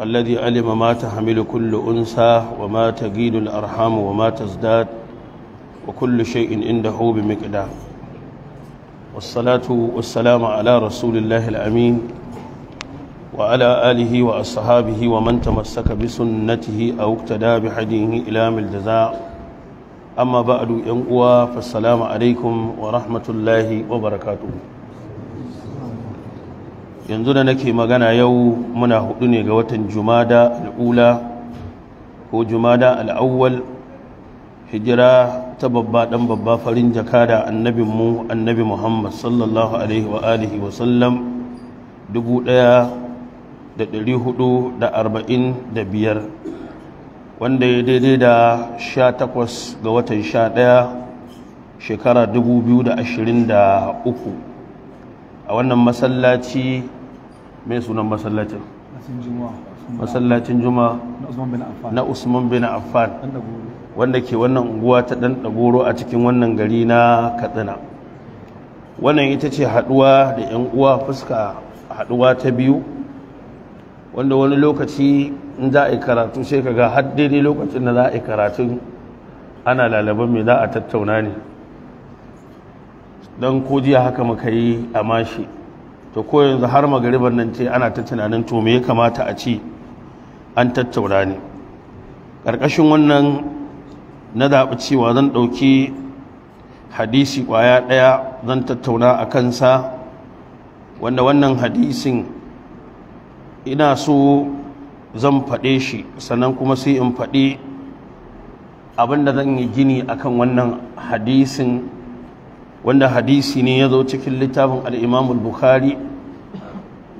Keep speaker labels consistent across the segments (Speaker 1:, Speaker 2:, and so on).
Speaker 1: الذي علم ما تحمل كل أنثى وما تجيد الأرحام وما تزداد وكل شيء عنده بمقدار والصلاة والسلام على رسول الله الأمين وعلى آله وأصحابه ومن تمسك بسنته أو اقتدى بحديه إلى الجزاء أما بعد ينقوى فالسلام عليكم ورحمة الله وبركاته yanzu da nake magana yau muna hudu ne ga watan jumada al'ula ko jumada al'awwal hijira ta babba dan babba farin jaka da annabinmu annabi muhammad sallallahu alaihi wa alihi wa sallam dubu ɗaya da ɗari hudu da arba'in da biyar wanda ya daidai da sha takwas ga watan sha ɗaya shekara dubu biyu da ashirin da uku a wannan masallaci mai sunan masallacin masallacin juma na usman bin affan wanda ke wannan unguwa ta dan dagoro a cikin wannan gari na katsina wannan ita ce haduwa da yan uwa fuska haɗuwa ta biyu wanda wani lokaci in za a yi karatu sai ka ga har daidai lokacin da za a yi karatu ana lalaban mai za a tattauna ne don ko jiya haka muka yi a mashi to ko yanzu har magariban nan ce ana ta tunanin to me ya kamata a ci an tattauna ne ƙarƙashin wannan na zaɓi cewa zan ɗauki hadisi ƙwaya ɗaya zan tattauna a kansa wanda wannan hadisin ina so zan faɗe shi sannan kuma sai in faɗi abinda zan yi gini akan wannan hadisin wanda hadisi ne ya zo cikin littafin al'imamu bukhari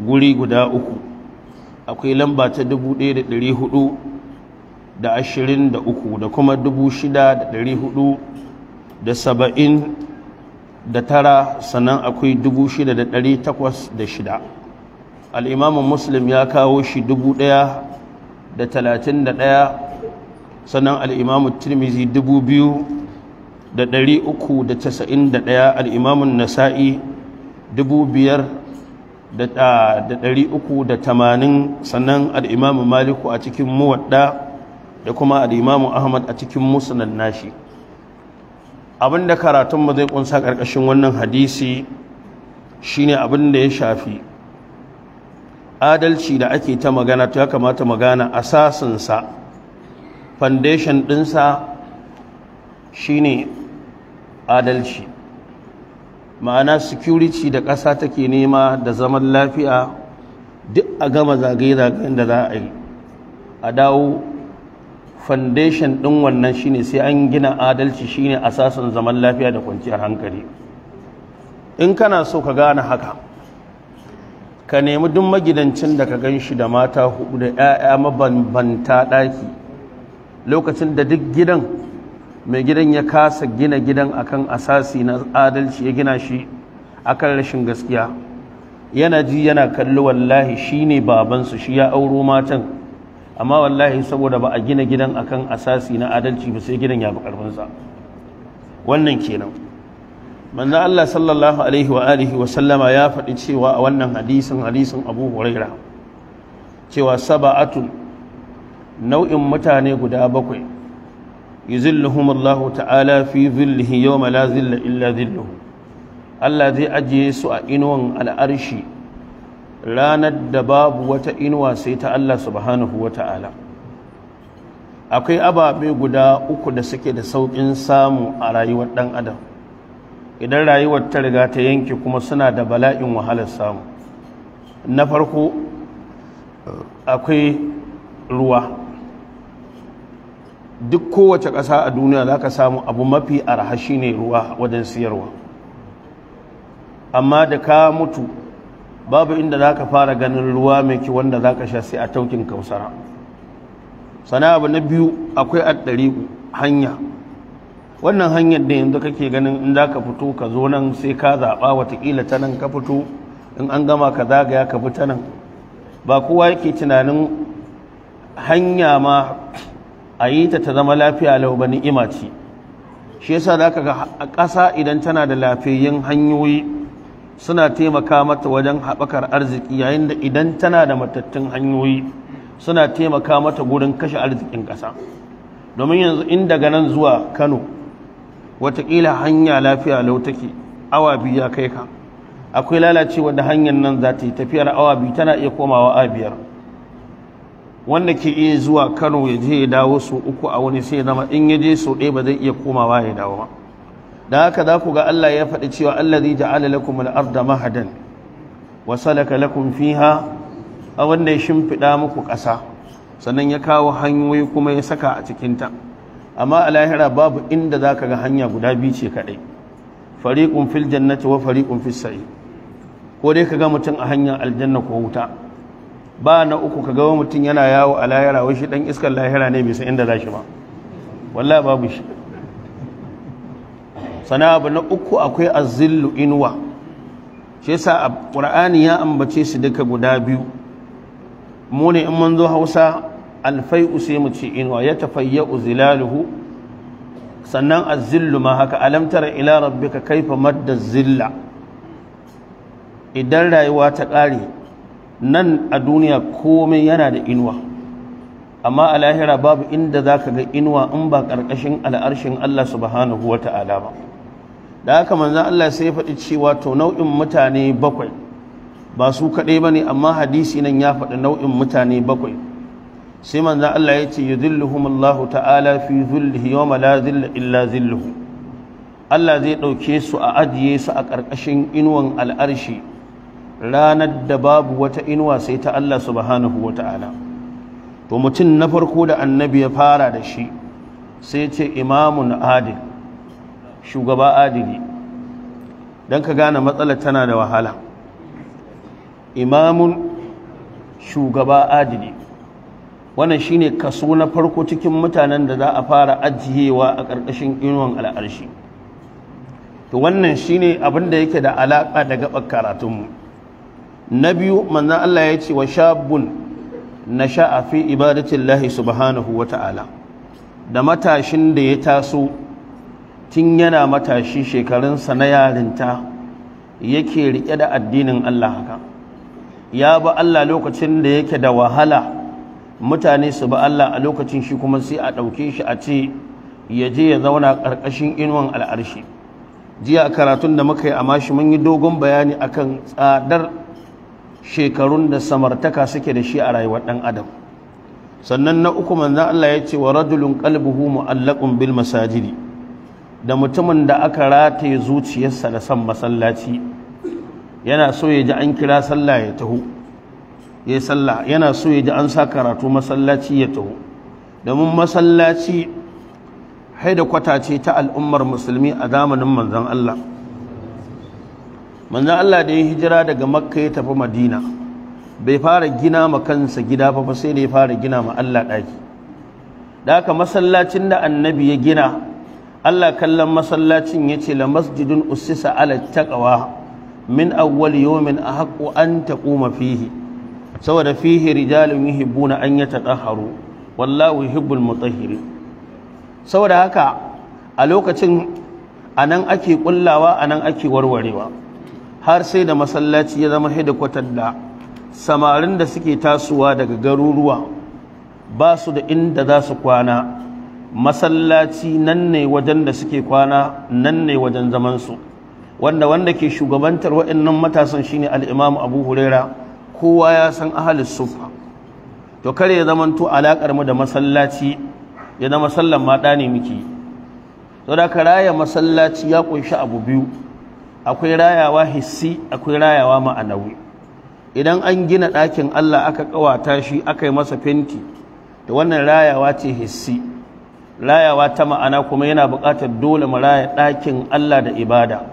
Speaker 1: guri guda uku akwai lamba ta ɗaya da da kuma da da tara. sannan akwai 6806 al'imamun muslim ya kawo shi da ɗaya. sannan al'imamun dubu biyu. da ɗari uku da casa'in da ɗaya al'imamun nasa'i dubu biyar da ɗari uku da tamanin sannan al'imamun maliku a cikin muwadda da kuma al'imamun ahmad a cikin musulun nashi abinda karatunmu zai kunsa ƙarƙashin wannan hadisi shine abin da ya shafi adalci da ake ta magana to ya kamata magana asasinsa foundation ɗinsa shine adalci ma'ana security da ƙasa take nema da zaman lafiya duk a gama zagaye-zagayen da za a yi a dawo foundation ɗin wannan shine sai an gina adalci shine asasin zaman lafiya da kwanciyar hankali in kana so ka gane haka ka nemi duk magidancin da ka gan shi da mata hudu da 'ya'ya mabambanta ɗaki lokacin da duk gidan mai gidan ya kasa gina gidan akan asasi na adalci ya gina shi akan rashin gaskiya yana ji yana kalli wallahi shine babansu shi ya auro matan amma wallahi saboda ba a gina gidan akan asasi na adalci ba sai gidan ya fi karfinsa wannan kenan manzo Allah sallallahu alaihi wa alihi wa sallama ya faɗi cewa a wannan hadisin hadisin Abu Huraira cewa sab'atun nau'in mutane guda bakwai yuzilluhum Allah ta'ala fi zillihi yawma la zilla illa zilluhu Allah zai ajiye su a inuwan al'arshi ranar da babu wata inuwa sai ta Allah subhanahu wa ta'ala akwai ababe guda uku da suke da sauƙin samu a rayuwar ɗan adam idan rayuwar ta riga ta yanke kuma suna da bala'in wahalar samu na farko akwai ruwa duk kowace ƙasa a duniya za ka samu abu mafi arha ne ruwa wajen siyarwa amma da ka mutu babu inda za ka fara ganin ruwa mai ki wanda za ka sha sai a taukin kausara sana abu na biyu akwai addari hanya wannan hanyar da yanzu kake ganin in za ka fito ka zo nan sai ka zaɓa watakila ta nan ka fito in an gama ka zagaya ka bi ta nan ba kowa yake tunanin hanya ma a yi ta ta zama lafiya lau ba imaci ce shi yasa da aka ga ƙasa idan tana da lafiyayin hanyoyi suna taimaka mata wajen haɓakar arziki yayin da idan tana da matattun hanyoyi suna taimaka mata gurin kashe arzikin ƙasa domin yanzu in daga nan zuwa kano watakila hanya lafiya lau take awa biyu kai ka akwai lalacewa da hanyar nan za ta yi tafiyar awa biyu tana iya komawa a biyar wanda ke iya zuwa Kano ya je ya dawo su uku a wani sai zama in ya je so ɗaya ba zai iya komawa ya dawo ba da haka za ku ga Allah ya faɗi cewa allah zai lakum al mahadan wa salaka lakum fiha a wanda ya shimfiɗa muku ƙasa sannan ya kawo hanyoyi kuma ya saka a cikin ta amma a lahira babu inda za ka ga hanya guda biyu ce kaɗai fariƙun fil jannati wa fariƙun fil sa'i ko dai ka ga mutum a hanyar aljanna ko wuta ba na uku ka gawa mutum yana yawo a lahira wai shi dan iskar lahira ne bisa inda za shi ba wallahi babu shi sana abu na uku akwai azillu inuwa shi yasa a qur'ani ya ambace su duka guda biyu mu ne in mun zo hausa alfai'u sai mu ce inuwa ya tafayya'u zilaluhu sannan azillu ma haka alam tara ila rabbika kaifa madda zilla idan rayuwa ta ƙare nan a duniya komai yana da inuwa amma a lahira babu inda za ka ga inuwa in ba ƙarƙashin al'arshin Allah subhanahu wa ta'ala ba da haka manzan Allah sai faɗi cewa to nau'in mutane bakwai ba su kaɗai ba ne amma hadisi nan ya faɗi nau'in mutane bakwai sai manzan Allah ya ce yudhilluhum Allah ta'ala fi dhillihi yawma la zilla illa zillihu. Allah zai ɗauke su a ajiye su a ƙarƙashin inuwan al'arshi ranar da babu wata inuwa sai ta Allah subhanahu wa ta'ala to mutum na farko da annabi ya fara da shi sai ce imamun adil shugaba adili don ka gane matsalar tana da wahala imamun shugaba adili wannan shine kaso na farko cikin mutanen da za a fara ajiyewa a ƙarƙashin inuwan al'arshi to wannan shine abin da yake da alaƙa da gaɓar karatunmu na biyu manzan Allah ya ce wa shabun na sha'afi ibadatin lahi subhanahu wa ta'ala da matashin da ya taso tun yana matashi shekarunsa na yarinta yake riƙe da addinin Allah haka ya ba Allah lokacin da yake da wahala mutane su ba Allah a lokacin shi kuma sai a ɗauke shi a ce ya je ya zauna ƙarƙashin inuwan al'arshi jiya karatun da muka yi a mashi mun yi dogon bayani akan tsadar shekarun da samartaka suke da shi a rayuwar ɗan adam sannan na uku manzan Allah ya ce wa rajulun qalbuhu mu'allaqun bil masajidi da mutumin da aka rataye zuciyarsa da san masallaci yana so ya ji an kira sallah ya taho yana so ya ji an sa karatu masallaci ya taho domin masallaci haida kwata ce ta al'ummar musulmi a zamanin manzan Allah manzon Allah da ya hijira daga makka ya tafi madina bai fara gina ma kansa gida fa sai da ya fara gina ma Allah ɗaki da haka masallacin da annabi ya gina Allah kallon masallacin ya ce la masjidun usisa ala taqwa min awwal yawmin ahqqu an taquma fihi saboda fihi rijalun yuhibbuna an yataqaharu wallahu yuhibbul mutahhirin saboda haka a lokacin anan ake kullawa anan ake warwarewa har sai da masallaci ya zama hidikwatar da samarin da suke tasowa daga garuruwa ba su da inda za su kwana masallaci nan ne wajen da suke kwana nan ne wajen zamansu wanda wanda ke shugabantar waɗannan matasan shine al'imamu abu huraira kowa ya san ahalis sufa to kare ya zamanto alakar mu da masallaci ya zama sallan ma ne muke to da raya masallaci ya ƙunshi abu biyu akwai rayawa hissi akwai rayawa ma'anawi idan an gina ɗakin Allah aka ƙawata shi aka yi masa fenti da wannan rayawa ce hissi rayawa ta ma'ana kuma yana buƙatar dole mu raya ɗakin Allah da ibada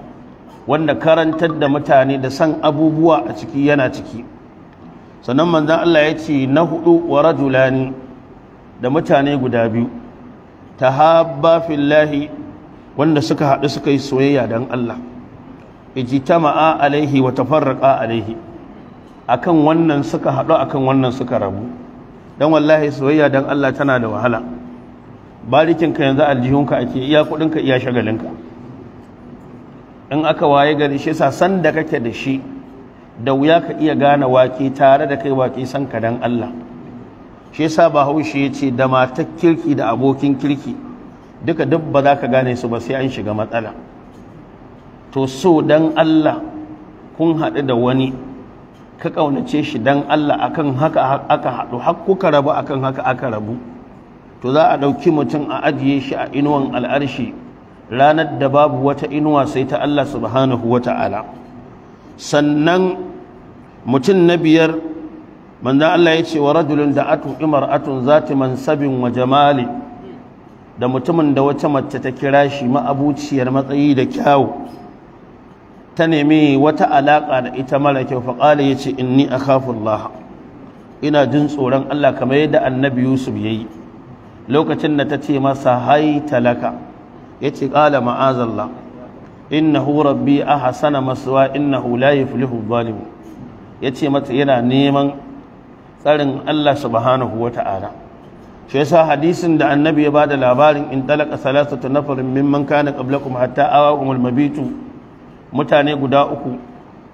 Speaker 1: wanda karantar da mutane da san abubuwa a ciki yana ciki sannan manzan Allah ya ce na hudu wa rajulani da mutane guda biyu Ta tahabba fillahi wanda suka haɗu suka yi soyayya don Allah ijtama alaihi wa tafarraqa alaihi akan wannan suka haɗu akan wannan suka rabu dan wallahi soyayya dan Allah tana da wahala barikin ka yanzu aljihunka ake iya kudin iya shagalin in aka waye gari shi sa san da kake da shi da wuya ka iya gane wake tare da kai waki san ka dan Allah shi sa bahaushe ya ce da matar kirki da abokin kirki duka duk ba za ka gane su ba sai an shiga matsala to so dan Allah kun haɗu da wani ka ƙaunace shi dan Allah akan haka aka haɗu har kuka rabu akan haka aka rabu to za a ɗauki mutum a ajiye shi a inuwan al'arshi ranar da babu wata inuwa sai ta Allah subhanahu wa ta'ala sannan mutum na biyar manzan Allah ya ce wa rajulun da atun imar'atun zati mansabin wa jamali da mutumin da wata mace ta kira shi ma'abuciyar matsayi da kyawu ta nemi wata alaƙa da ita mara kyau faƙala ya ce inni a kafullah ina jin tsoron Allah kamar yadda annabi Yusuf ya yi lokacin da ta ce masa hai talaka ya ce ƙala ma'azallah innahu rabbi a hasana masuwa innahu la yuflihu zalimu ya ce mata yana neman tsarin Allah subhanahu wa ta'ala shi yasa hadisin da annabi ya bada labarin in talaka salasatu nafarin mimman kana qablakum hatta awaqum mabitu mutane guda uku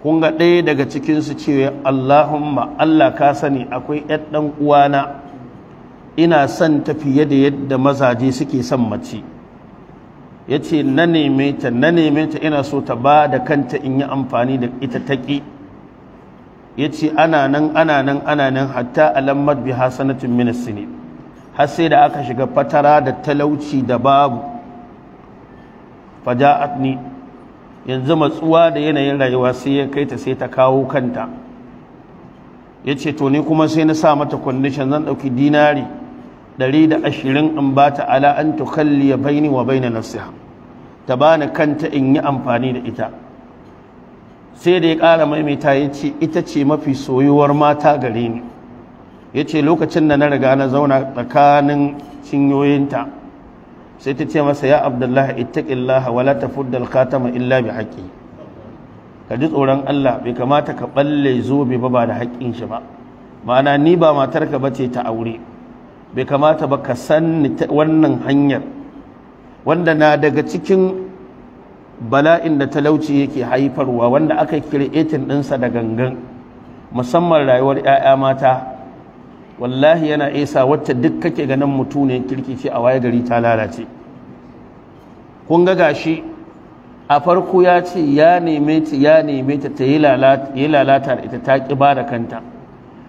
Speaker 1: kun ga ɗaya daga cikinsu cewa Allahumma Allah ka sani akwai ɗan ɗan uwana ina son ta fiye da yadda mazaje suke son mace ya ce na neme ta na neme ta ina so ta ba da kanta in yi amfani da ita taƙi ya ce ana nan ana nan ana nan hatta alamar biha sanatin hasanatin ne. har sai da aka shiga fatara da talauci da babu ni yanzu matsuwa da yanayin rayuwa sai ya kai ta sai ta kawo kanta ya ce to ni kuma sai na sa mata kwandishan zan ɗauki dinari ɗari da ashirin in ba ta ala an kalli ya baini wa baina nasiha ta bani kanta in yi amfani da ita sai da ya ƙara maimaita ya ce ita ce mafi soyuwar mata gare ni ya ce lokacin da na riga na zauna tsakanin cinyoyinta sai ta ce masa ya abdullahi ittaqillaha wala tafuddal khatama illa bi ka ji tsoron Allah bai kamata ka ɓalle zobe ba ba da haƙƙin shi ba ma'ana ni ba matarka ba ce ta aure bai kamata ba ka ta wannan hanyar wanda na daga cikin bala'in da talauci yake haifarwa wanda aka kire etin ɗinsa da gangan musamman rayuwar 'ya'ya mata wallahi yana isa wacce duk kake ganin mutuniyar kirki ce a waye gari ta lalace kun ga gashi a farko ya ce ya neme ta ya neme ta ta yi lalata da ita ta ƙi ba da kanta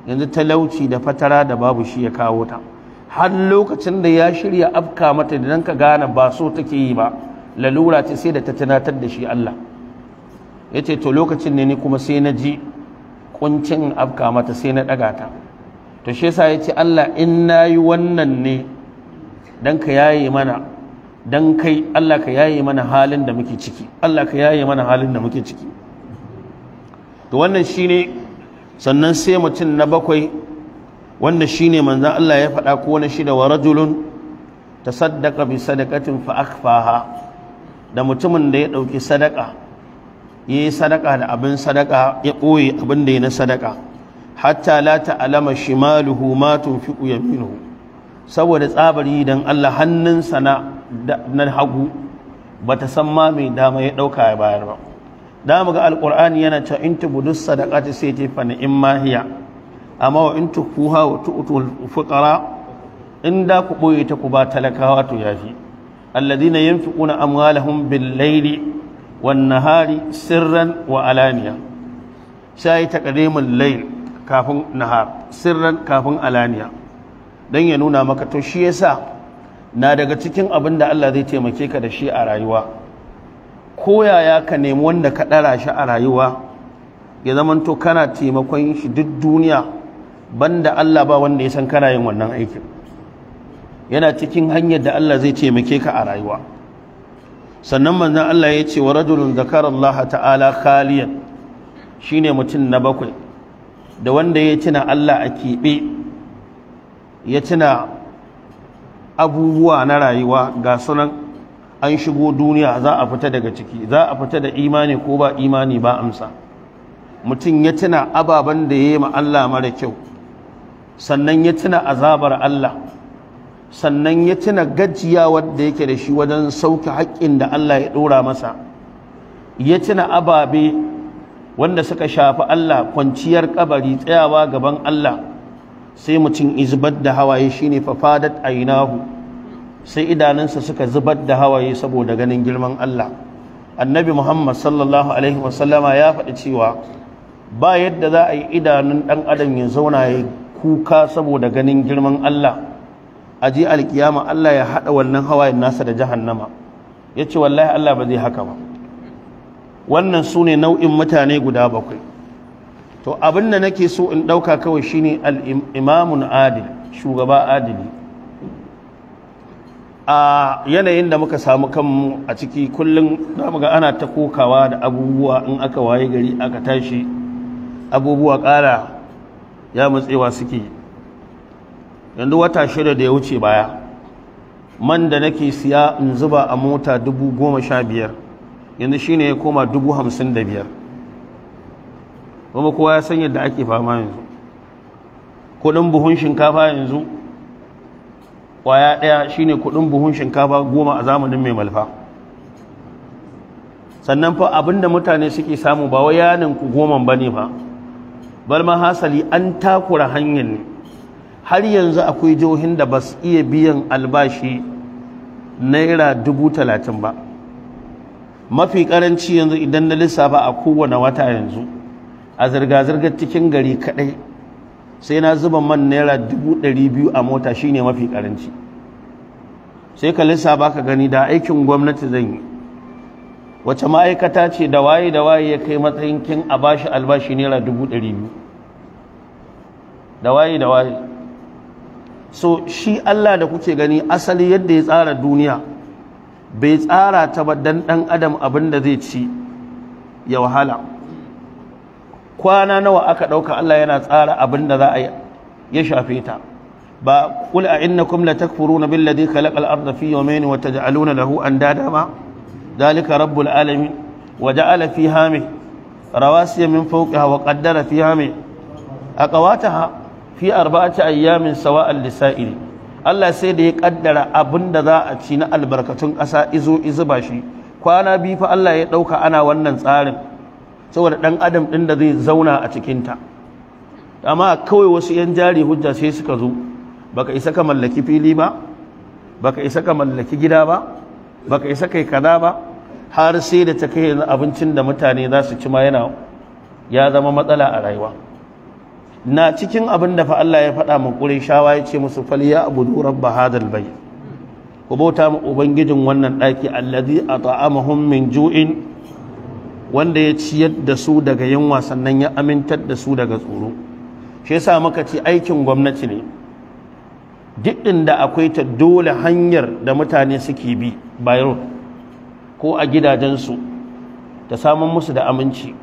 Speaker 1: yanzu talauci da fatara da babu shi ya kawo ta har lokacin da ya shirya afka mata da nan ka gane ba so take yi ba lalura ce sai da ta tunatar da shi Allah ya ce to lokacin ne ni kuma sai na ji kuncin afka mata sai na ɗaga ta to shi yasa yace Allah in nayi wannan ne dan ka yaye mana dan kai Allah ka yaye mana halin da muke ciki Allah ka yaye mana halin da muke ciki to wannan shine sannan sai mutum na bakwai wanda shine manzon Allah ya faɗa ko na shida wa rajulun tasaddaqa bi sadaqatin fa akfaha da mutumin da ya dauki sadaka yayi sadaka da abin sadaka ya koyi abin da ya na sadaka hatta la ta'lama shimaluhu ma tunfiqu yaminuhu saboda tsabari dan Allah hannunsa na na hagu bata san ma mai dama ya dauka ya bayar ba da mu ga alqur'ani yana cewa in tubudus sadaqati sai ta fa in ma hiya amma wa in tukuha wa tu'tul fuqara in da ku boye ta ku ba talakawa to yafi alladhina yanfiquna amwalahum bil layli wan nahari sirran wa alaniya sai ta qadimul layl kafin nahar sirran kafin alaniya don ya nuna maka to shi yasa na daga cikin abin da Allah zai taimake ka da shi a rayuwa ko yaya ka nemi wanda ka ɗara shi a rayuwa ya zamanto kana taimakon shi duk duniya banda Allah ba wanda ya san kana yin wannan aikin yana cikin hanyar da Allah zai taimake ka a rayuwa sannan manzon Allah ya ce wa rajulun zakara Allah ta'ala khaliyan shine mutum na bakwai da wanda ya cina Allah a keɓe ya tuna abubuwa na rayuwa ga sunan an shigo duniya za a fita daga ciki za a fita da imani ko ba imani ba amsa mutum ya cina ababen da ya yi ma Allah mara kyau sannan ya tuna azabar Allah sannan ya tuna gajiya wadda yake da shi wajen sauke haƙƙin da Allah ya ɗora masa ya tuna ababe wanda suka shafi Allah kwanciyar kabari tsayawa gaban Allah sai mutum izubar da hawaye shine fafadat ainahu sai idanunsa suka zubar da hawaye saboda ganin girman Allah annabi Muhammad sallallahu alaihi wasallama ya faɗi cewa ba yadda za a yi idanun ɗan adam ya zauna ya kuka saboda ganin girman Allah a ji alkiyama Allah ya haɗa wannan hawayen nasa da jahannama ya ce wallahi Allah ba zai haka ba wannan su ne nau'in mutane guda bakwai to abin da nake so in ɗauka kawai shine al'imamun adil shugaba adili a yanayin da muka samu kanmu a ciki kullum za mu ana ta kokawa da abubuwa in aka waye gari aka tashi abubuwa ƙara ya matsewa suke yanzu wata shida da ya wuce baya man da nake siya in zuba a mota dubu goma sha biyar yanzu shi ne ya koma dubu hamsin da biyar kuma kowa ya san yadda ake fama yanzu kudin buhun shinkafa yanzu kwaya ɗaya ne kuɗin buhun shinkafa goma a zamanin mai malfa sannan fa abinda mutane suke samu ba wa yanin ku goman ne ba. bal ma hasali an takura hanyar ne har yanzu akwai jihohin da ba su iya biyan albashi naira dubu talatin ba mafi karanci yanzu idan na lissafa a kowane wata yanzu a zirga-zirgar cikin gari kadai sai na zuba man naira dubu ɗari biyu a mota shine mafi karanci sai ka lissafa ka gani da aikin gwamnati zan yi wace ma'aikata ce da waye da waye ya kai matsayin kin a bashi albashi naira dubu ɗari biyu da waye da waye so shi Allah da kuke gani asali yadda ya tsara duniya bai tsara ta ba dan dan adam abin da zai ci ya wahala kwana nawa aka dauka Allah yana tsara abin da za a ya shafe ta ba qul a innakum latakfuruna billadhi khalaqal arda fi yawmayn wa taj'aluna lahu andada ma Dalika rabbul alamin wa ja'ala fiha rawasiya min fawqiha wa qaddara fiha aqwataha fi arba'ati ayyamin sawa'al lisa'ili Allah sai da ya kaddara abin da za a ci na albarkatun ƙasa izo izuba shi kwana biyu fa Allah ya ɗauka ana wannan tsarin saboda ɗan adam ɗin da zai zauna a cikinta amma kawai wasu 'yan jari hujja sai suka zo baka isa ka mallaki fili ba baka isa ka mallaki gida ba baka isa kai kaza ba har sai da ta kai abincin da mutane za su ci ma yana ya zama matsala a rayuwa na cikin abin da fa Allah ya faɗa min shawa ya ce musu fal ya abudu rabb hadal bayt ku bauta mu ubangijin wannan ɗaki alladhi at'amahum min ju'in wanda ya ciyar da su daga yunwa sannan ya amintar da su daga tsoro shi yasa muka ci aikin gwamnati ne duk inda akwai ta dole hanyar da mutane suke bi bayan ko a gidajensu ta samun musu da aminci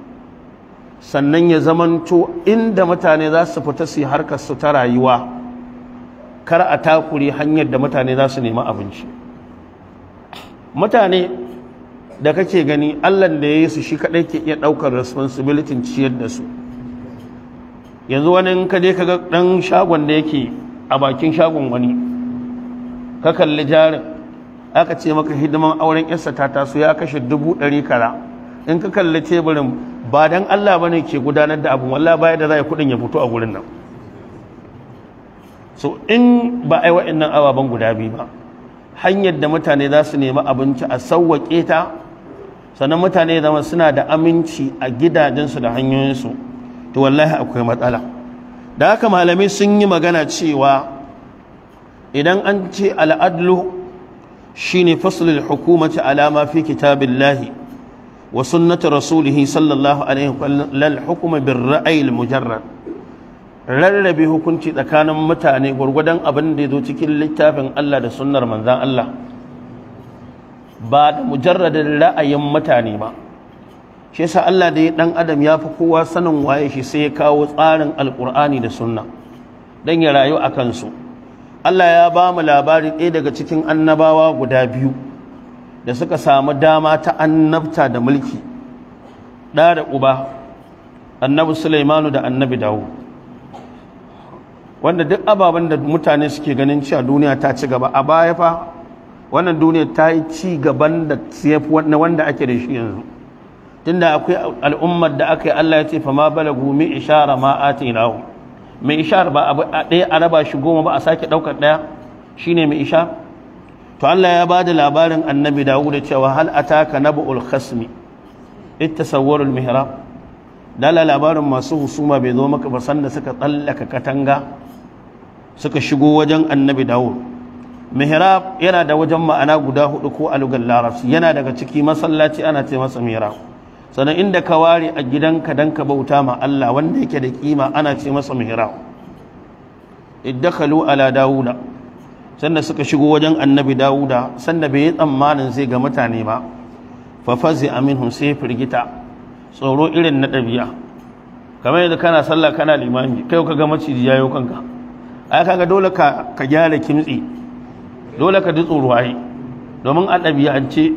Speaker 1: sannan ya zamanto inda mutane za su fita su harkar su ta rayuwa kar a takuri hanyar da mutane za su nemi abinci mutane da kake gani allah da ya yi su shi kaɗai ke iya ɗaukar responsibilitin ciyar da su yanzu wani in ka je ka ga ɗan shagon da yake a bakin shagon wani ka kalli jarin aka ce maka hidiman auren yarsa ta taso ya kashe dubu ɗari kara in ka kalli teburin ba don Allah ba ne ke gudanar da abun wallahi baya da za yi kudin ya fito a wurin nan so in ba a yi wa'annan ban guda biyu ba hanyar da mutane za su nemi abinci a sauwaƙe ta sannan mutane zama suna da aminci a gidajensu da hanyoyinsu to wallahi akwai matsala da haka malamai sun yi magana cewa idan an ce al'adlu shine faslul hukumati alama fi kitabillahi وسنة رسوله صلى الله عليه وسلم hukuma bin بالرأي المجرد rarrabe hukunci tsakanin mutane gwargwadon abin da ya zo cikin littafin Allah da sunnar manzan Allah ba da mujarradin ra'ayin mutane ba shi yasa Allah da ya dan adam ya fi kowa sanin waye shi sai ya kawo tsarin alkur'ani da sunna dan ya rayu a kansu Allah ya ba mu labari ɗaya daga cikin annabawa guda biyu da suka samu dama ta annabta da mulki Da da uba annabi sulaimanu da annabi dawo wanda duk ababen da mutane suke ganin cewa duniya ta ci gaba a baya fa wannan duniya ta yi ci gaban da na wanda ake da shi yanzu tunda akwai al'ummar da aka yi Allah ya ce fa ma balagu mi ishara ma atinahu mai ishar ba abu a ɗaya a raba shi goma ba a sake ɗaukar ɗaya shine mai ishar to Allah ya bada labarin annabi Dawud cewa hal ataka nabul khasmi ittasawwarul mihrab dala labarin masu husuma bai zo maka ba sanda suka tsallaka katanga suka shigo wajen annabi Dawud mihrab yana da wajen ma'ana guda hudu ko a lugar larabci yana daga ciki masallaci ana ce masa mihrab sannan inda ka ware a gidanka dan ka bauta ma Allah wanda yake da kima ana ce masa mihrab iddakalu ala dawuda sanda suka shigo wajen annabi dawuda sanda bai yi tsammanin zai ga mutane ba fafazi Aminu sai firgita tsoro irin na ɗabi'a kamar yadda kana sallah kana limami kai ka ga maciji yayo kanka ai kaga dole ka ka gyara kimtsi dole ka ji tsoro ai domin a ɗabi'ance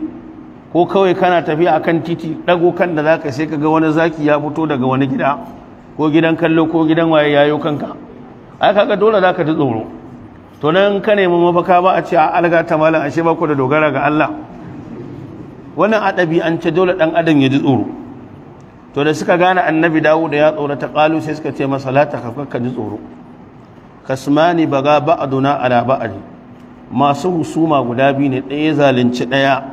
Speaker 1: ko kawai kana tafiya akan titi ɗago kan da zaka sai kaga wani zaki ya fito daga wani gida ko gidan kallo ko gidan waye yayo kanka ai kaga dole zaka ji tsoro to nan ka nemi mafaka ba a ce a alga ta malam ashe ba ku da dogara ga Allah wannan adabi ce dole dan adam ya ji tsoro to da suka gane annabi Dawud ya tsoro ta sai suka ce masa la takhaf ka ji tsoro kasmani baga ba'duna ala ba'd masu husuma guda biyu ne ɗaya zalunci ɗaya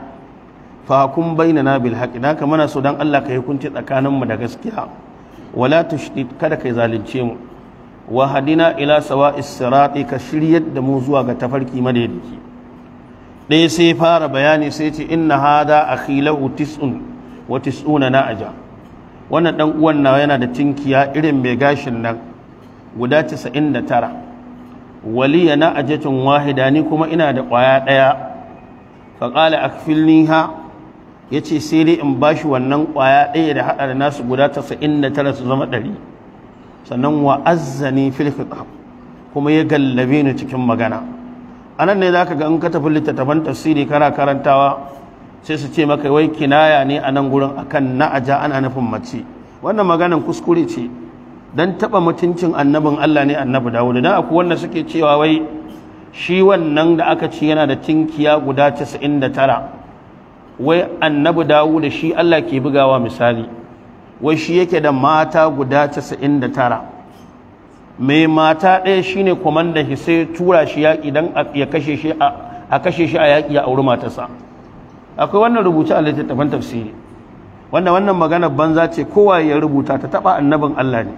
Speaker 1: fa baina na bil haqq dan ka mana so dan Allah ka kunci tsakaninmu da gaskiya wala tushtit kada kai zalunce mu wa hadina ila sawa sirati ka shiryar da mu zuwa ga tafarki jiki. ɗaya sai fara bayani sai ce inna hada a lahu tis'un wa tis'una wannan dan uwan yana da tinkiya irin mai gashin nan guda 99 waliya na'ajatun wahida ni kuma ina da ƙwaya ɗaya fa qala akfilniha ya ce sai dai in ba shi wannan ƙwaya ɗaya da haɗa da nasu guda tasa'in da tara su zama ɗari sannan wa azzani fil kuma ya gallabe ni cikin magana anan ne zaka ga in ka tafi littattafan tafsiri kana karantawa sai su ce maka wai kinaya ne a nan gurin akan na'aja ana nufin mace wannan maganan kuskure ce dan taba mutuncin annabin Allah ne annabi Dawud dan akwai wanda suke cewa wai shi wannan da aka ci yana da tinkiya guda 99 wai annabi Dawud shi Allah ke bugawa misali wai shi yake da mata guda 99 mai mata ɗaya shine kwamandan shi sai tura shi yaƙi don ya kashe shi a kashe shi a yaƙi ya auri matarsa akwai wannan rubuce a littattafan tafsiri wannan wannan magana banza ce kowa ya rubuta ta taɓa annabin Allah ne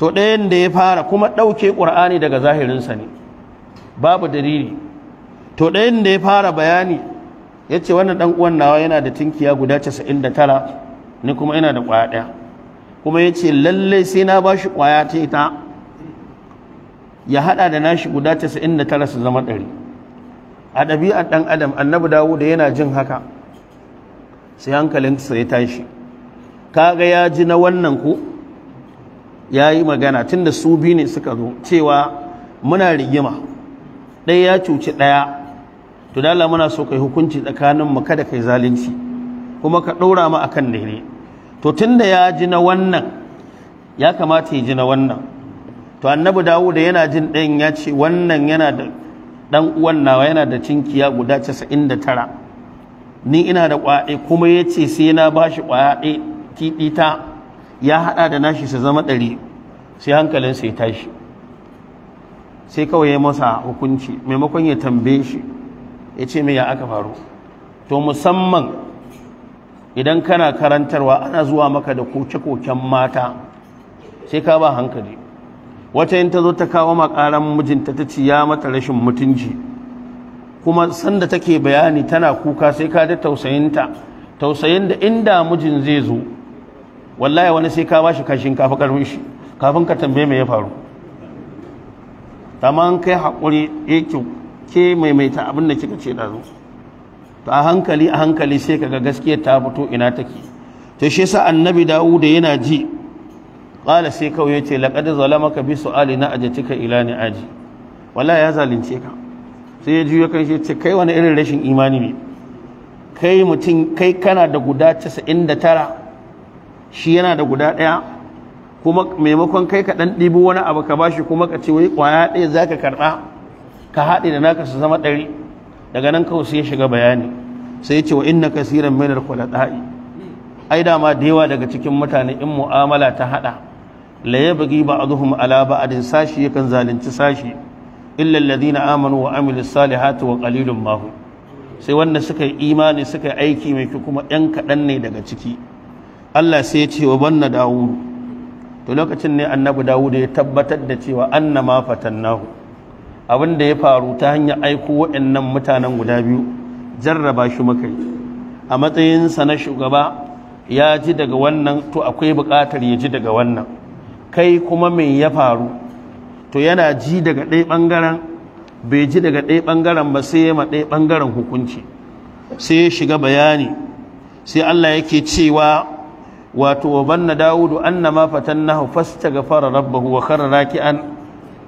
Speaker 1: to ɗayan da ya fara kuma ɗauke ƙur'ani daga zahirinsa ne babu dalili to ɗayan da ya fara bayani ya ce wannan ɗan uwan nawa yana da tinkiya guda casa'in da tara ni kuma ina da kwaya ɗaya kuma ya ce lallai sai na ba shi kwaya ta ita ya haɗa da nashi guda casa'in da tara su zama ɗari a ɗabi'ar ɗan adam annabi dawo da yana jin haka sai hankalinsa ya tashi kaga ya ji na wannan ku ya yi magana tunda su biyu ne suka zo cewa muna rigima ɗaya ya cuci ɗaya to dala muna so kai hukunci tsakaninmu kada kai zalunci kuma ka ɗora mu kan daidai to tunda ya ji na wannan ya kamata ya ji na wannan to annabi dawuda yana jin ɗayan ya ce wannan yana da ɗan uwan nawa yana da cinkiya guda casa'in da tara ni ina da ƙwaɗe kuma ya ce sai na ba shi ƙwaɗe tiɗita ya haɗa da nashi su zama ɗari sai hankalinsa ya tashi sai kawai ya masa hukunci maimakon ya tambaye shi ya ce mai ya aka faru to musamman idan kana karantarwa ana zuwa maka da koke-koken mata sai ka ba hankali wata yin ta zo ta kawo makaran mijinta ta ci ya mata rashin mutunci kuma sanda take bayani tana kuka sai ka da tausayinta tausayin da inda mijin zai zo wallahi wani sai ka bashi kashin kafin karfin shi kafin ka tambaye me ya faru amma kai haƙuri yake eh ke maimaita abin da kika ce da zuwa to a hankali a hankali sai kaga gaskiya ta fito ina take to shi yasa annabi Dawud yana ji qala sai kawai yace laqad zalamaka bi su'ali na ajatika ila ni aji wallahi ya zalunce ka sai ya juyo kan shi ce kai wani irin rashin imani ne kai mutum kai kana da guda 99 shi yana da guda ɗaya kuma maimakon kai ka ɗan ɗibi wani abu ka bashi kuma ka ce wai ƙwaya ɗaya za ka karɓa ka haɗe da naka su zama ɗari daga nan kawai sai ya shiga bayani sai ya ce wa inna kasiran min al-khulata'i ai dama da yawa daga cikin mutane in mu'amala ta hada la yabghi ba'dhum ala ba'din sashi yakan zalunci sashi illa alladhina amanu wa amilus salihati wa ƙalilun ma sai wanda suka yi imani suka yi aiki mai kyau kuma yan kaɗan ne daga ciki Allah sai ya ce wa banna dawud to lokacin ne annabi dawud ya tabbatar da cewa annama fatannahu abin da ya faru ta hanyar aiko waɗannan mutanen guda biyu jarraba shi makai a matsayinsa na shugaba ya ji daga wannan to akwai buƙatar ya ji daga wannan kai kuma me ya faru to yana ji daga ɗaya ɓangaren bai ji daga ɗaya ɓangaren ba sai ya ma ɗaya ɓangaren hukunci sai ya shiga bayani sai Allah yake cewa wato banna dawudu annama fatannahu fastaghfara rabbahu wa kharra raki'an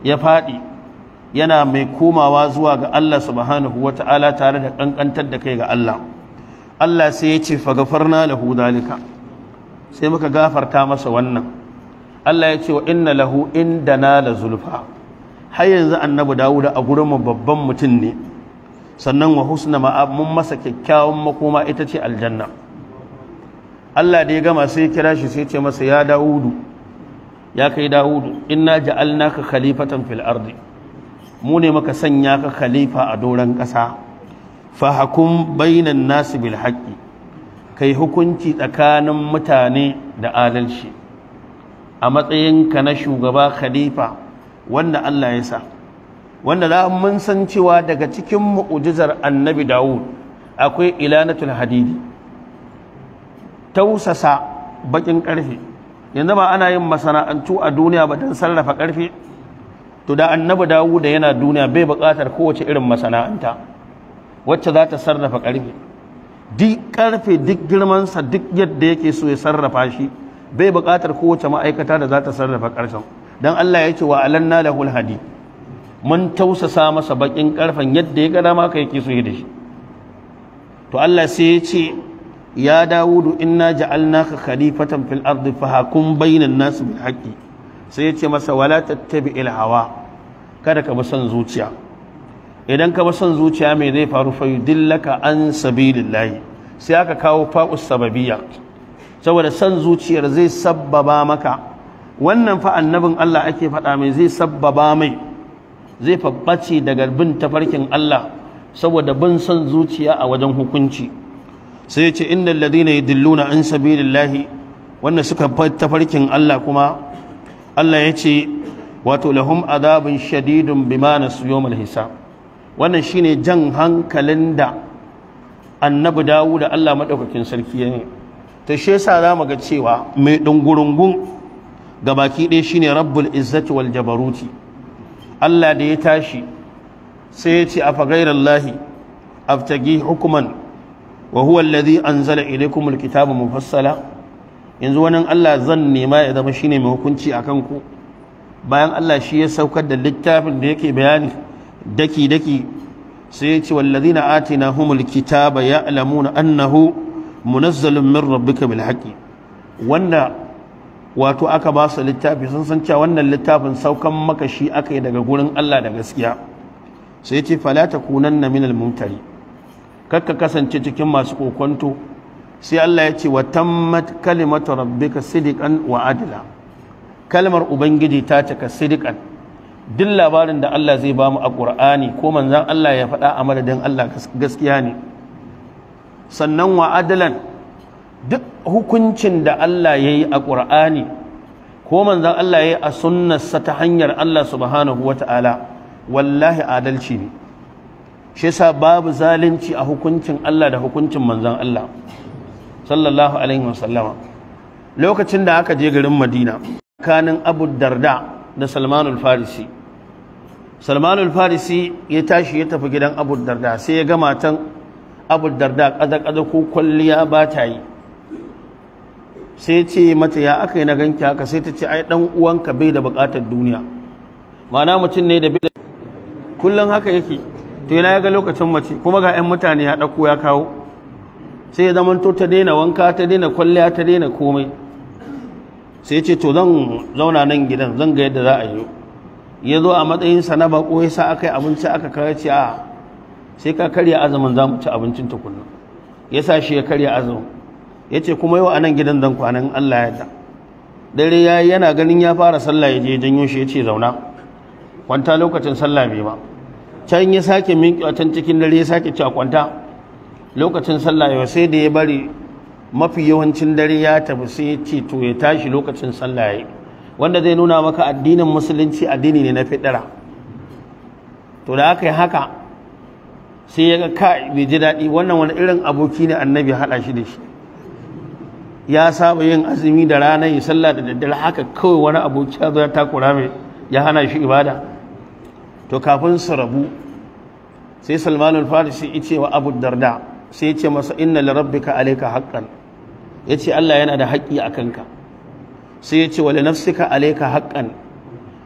Speaker 1: ya faɗi yana mai komawa zuwa ga Allah subhanahu wata'ala tare da kankantar da kai ga Allah Allah sai ya ce fagafarna lahu dalika sai muka gafarta masa wannan Allah ya ce wa inna lahu indana la zulfa har yanzu annabi Dawud a gurin babban mutum ne sannan wa husna ma'ab mun masa kyakkyawan makoma ita ce aljanna Allah da ya gama sai ya kira shi sai ya ce masa ya Dawudu ya kai Dawudu inna ja'alnaka khalifatan fil ardi mu ne maka sanya ka khalifa a doron ƙasa fahakun bainan nasu bil haƙƙi kai hukunci tsakanin mutane da adalci a matsayinka na shugaba khalifa wanda Allah ya sa wanda za mun san cewa daga cikin mu'ujizar annabi Dawud akwai ilanatul hadidi tausasa baƙin ƙarfe yanzu ba ana yin masana'antu a duniya ba don sarrafa ƙarfe to da annabi Dawuda da yana duniya bai buƙatar kowace irin masana'anta wacce za ta sarrafa ƙarfi. duk ƙarfe duk girmansa duk yadda yake so ya sarrafa shi bai buƙatar kowace ma'aikata da za ta sarrafa ƙarshen don Allah ya ce wa alanna lahul hadi mun tausasa masa bakin ƙarfen yadda ya gada maka yake so ya da shi to Allah sai ya ce ya dawudu inna ja'alnaka khalifatan fil ardi fahkum bainan nas bil haqqi sai ya ce masa wala tattabi hawa kada ka bi son zuciya idan ka bi son zuciya mai zai faru fa yudillaka an sabilillahi sai aka kawo fa'us sababiyya saboda son zuciyar zai sabbaba maka wannan fa annabin Allah ake faɗa mai zai sabbaba mai zai fabbace daga bin tafarkin Allah saboda bin son zuciya a wajen hukunci sai ya ce innal Dillu yudilluna an sabilillahi wannan suka tafarkin Allah kuma Allah ya ce wato lahum azabin shadidun bimana nasu yawmal hisa wannan shine jan hankalin da annabi dawu da Allah maɗaukakin sarki ya yi ta shi yasa zamu ga cewa mai ga baki ɗaya shine rabbul izzati wal jabaruti Allah da ya tashi sai ya ce afa ghairallahi abtagi hukuman wa huwa alladhi anzala ilaykumul kitaba mufassala yanzu wannan Allah zan nema ya zama shine mai hukunci akan ku bayan Allah shi ya saukar da littafin da yake bayani daki daki sai ya ce wallazina atinahumul kitaba na. annahu munazzalun min rabbika bil haqqi wanda wato aka ba su littafi sun san cewa wannan littafin saukan maka shi aka yi daga gurin Allah da gaskiya sai ya ce fala takunanna minal mumtari kakka kasance cikin masu kokonto sai Allah ya ce wa tammat kalimatu rabbika sidqan wa adla kalmar ubangiji ta cika sidikan duk labarin da Allah zai bamu a ƙur'ani ko manzan Allah ya faɗa a madadin Allah gaskiya ne sannan wa adalan duk hukuncin da Allah ya yi a ƙur'ani ko manzan Allah ya yi a sunnarsa ta hanyar Allah subhanahu ta'ala, wallahi adalci ne shi sa babu zalunci a hukuncin Allah da hukuncin manzan Allah sallallahu alaihi sallama. lokacin da aka je garin Madina tsakanin abu darda da salmanul farisi salmanul farisi ya tashi ya tafi gidan abu darda sai ya gama matan abu darda kada-kada ko kwalliya ba ta yi sai ce mata ya aka yi na ganki haka sai ta ce ai dan uwanka bai da bukatar duniya ma'ana mutum ne da bai kullum haka yake to yana ya ga lokacin mace kuma ga 'yan mutane ya ɗauko ya kawo sai ya zamanto ta daina wanka ta daina kwalliya ta daina komai sai ce to zan zauna nan gidan zan ga yadda za a yi ya zo a matsayinsa na bako ya sa aka yi abinci aka kare ce a sai ka karya azumin za mu ci abincin tukunna ya sa shi ya karya azumin ya ce kuma yau a nan gidan zan kwanan Allah ya dare ya yana ganin ya fara sallah ya je janyo shi ya ce zauna kwanta lokacin sallah bai ba can ya sake miƙewa can cikin dare ya sake cewa kwanta lokacin sallah yau sai da ya bari mafi yawancin dare ya tafi sai ya ce to ya tashi lokacin sallah yayi wanda zai nuna maka addinin musulunci addini ne na fiɗara to da aka yi haka sai ya ga ka bai ji daɗi wannan wani irin aboki ne annabi haɗa shi da shi ya saba yin azumi da rana yi sallah da daddare haka kawai wani aboki ya zo ya takura mai ya hana shi ibada to kafin su rabu sai salmanul farisi ya ce wa abu darda sai ya ce masa inna lirabbika alayka haqqan yace Allah yana da haƙƙi a kanka sai ya ce wale nafsika alaika haƙƙan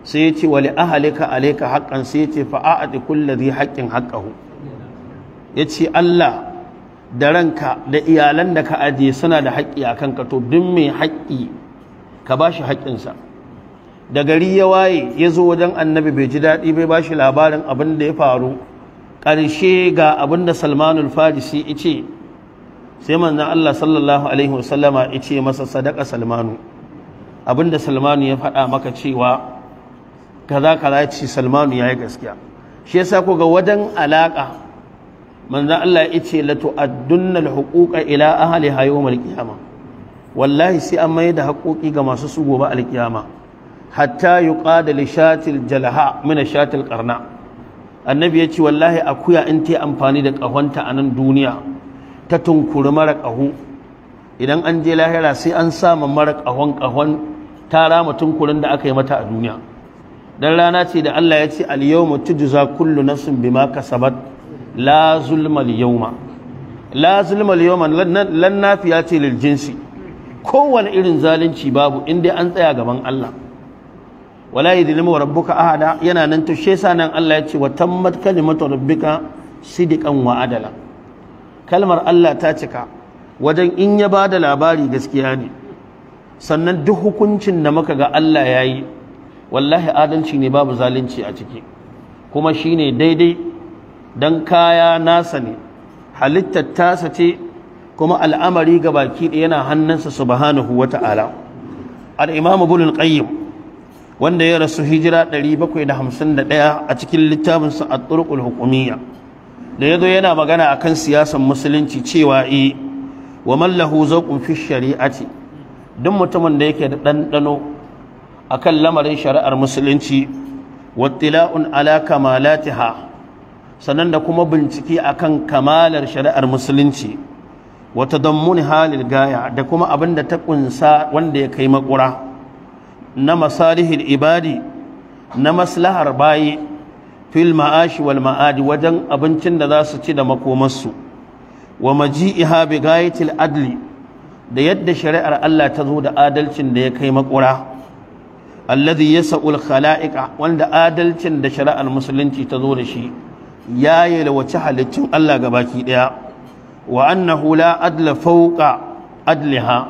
Speaker 1: sai ya ce wale ahalika alaika haƙƙan sai ya ce fa'a'ati kullazi haƙƙin haƙƙahu ya ce Allah da ranka da iyalan da ka ajiye suna da haƙƙi a kanka to duk mai haƙƙi ka ba shi sa da gari ya waye ya zo wajen annabi bai ji daɗi bai ba shi labarin abin da ya faru ƙarshe ga abin da salmanul farisi ya ce sai manzon Allah sallallahu alaihi wasallama ya ce masa sadaka salmanu abinda salmanu ya faɗa maka cewa kaza kaza ya salmanu ya yi gaskiya shi yasa ku ga wajen alaƙa manzon Allah ya ce la tu'addunna ila ahliha yawm al wallahi sai an mai da haƙoƙi ga masu su gobe al hatta yuqada li shatil Jalha, min shatil qarna annabi ya ce wallahi akuya in ta amfani da ƙahonta a nan duniya ta tunkuri mara ƙaho idan an je lahira sai an samu mara ƙahon ƙahon tara tunkurin da aka yi mata a duniya dan rana ce da Allah ya ce al-yawma tujza kullu nafsin bima kasabat la zulma al-yawma la zulma al-yawma lan nafiya ce lil jinsi kowane irin zalunci babu inda an tsaya gaban Allah wala yadlimu rabbuka ahada yana nan to shesa nan Allah ya ce wa tammat kalimatu rabbika sidqan wa adala kalmar Allah ta cika wajen in ya ba da labari gaskiya ne sannan duk hukuncin da muka ga Allah ya yi wallahi adalci ne babu zalunci a ciki kuma shi ne daidai don kaya nasa ne halittar tasa ce kuma al'amari ga baki da yana hannunsa subhanahu wa ta'ala al'imamu bulul qayyim wanda ya rasu hijira 751 a cikin littafinsa a turkul hukumiyya da ya zo yana magana a kan siyasan musulunci cewa e wa mallahu zaukun fi shari'ati duk mutumin da yake da ɗanɗano a kan lamarin shari'ar musulunci wattila'un ala kamalatiha sannan da kuma bincike a kan kamalar shari'ar musulunci wata muni halil gaya da kuma abin da ta ƙunsa wanda ya kai makura na masalihil ibadi na maslahar bayi fil ma'ashi wal ma'adi wajen abincin da za su ci da makomarsu wa maji'iha bi ghayatil adli da yadda shari'ar Allah ta zo da adalcin da ya kai makura alladhi yas'ul khala'iqa wanda adalcin da shari'ar musulunci ta zo da shi ya yalwaci halittun Allah gabaki daya wa annahu la adla fawqa adliha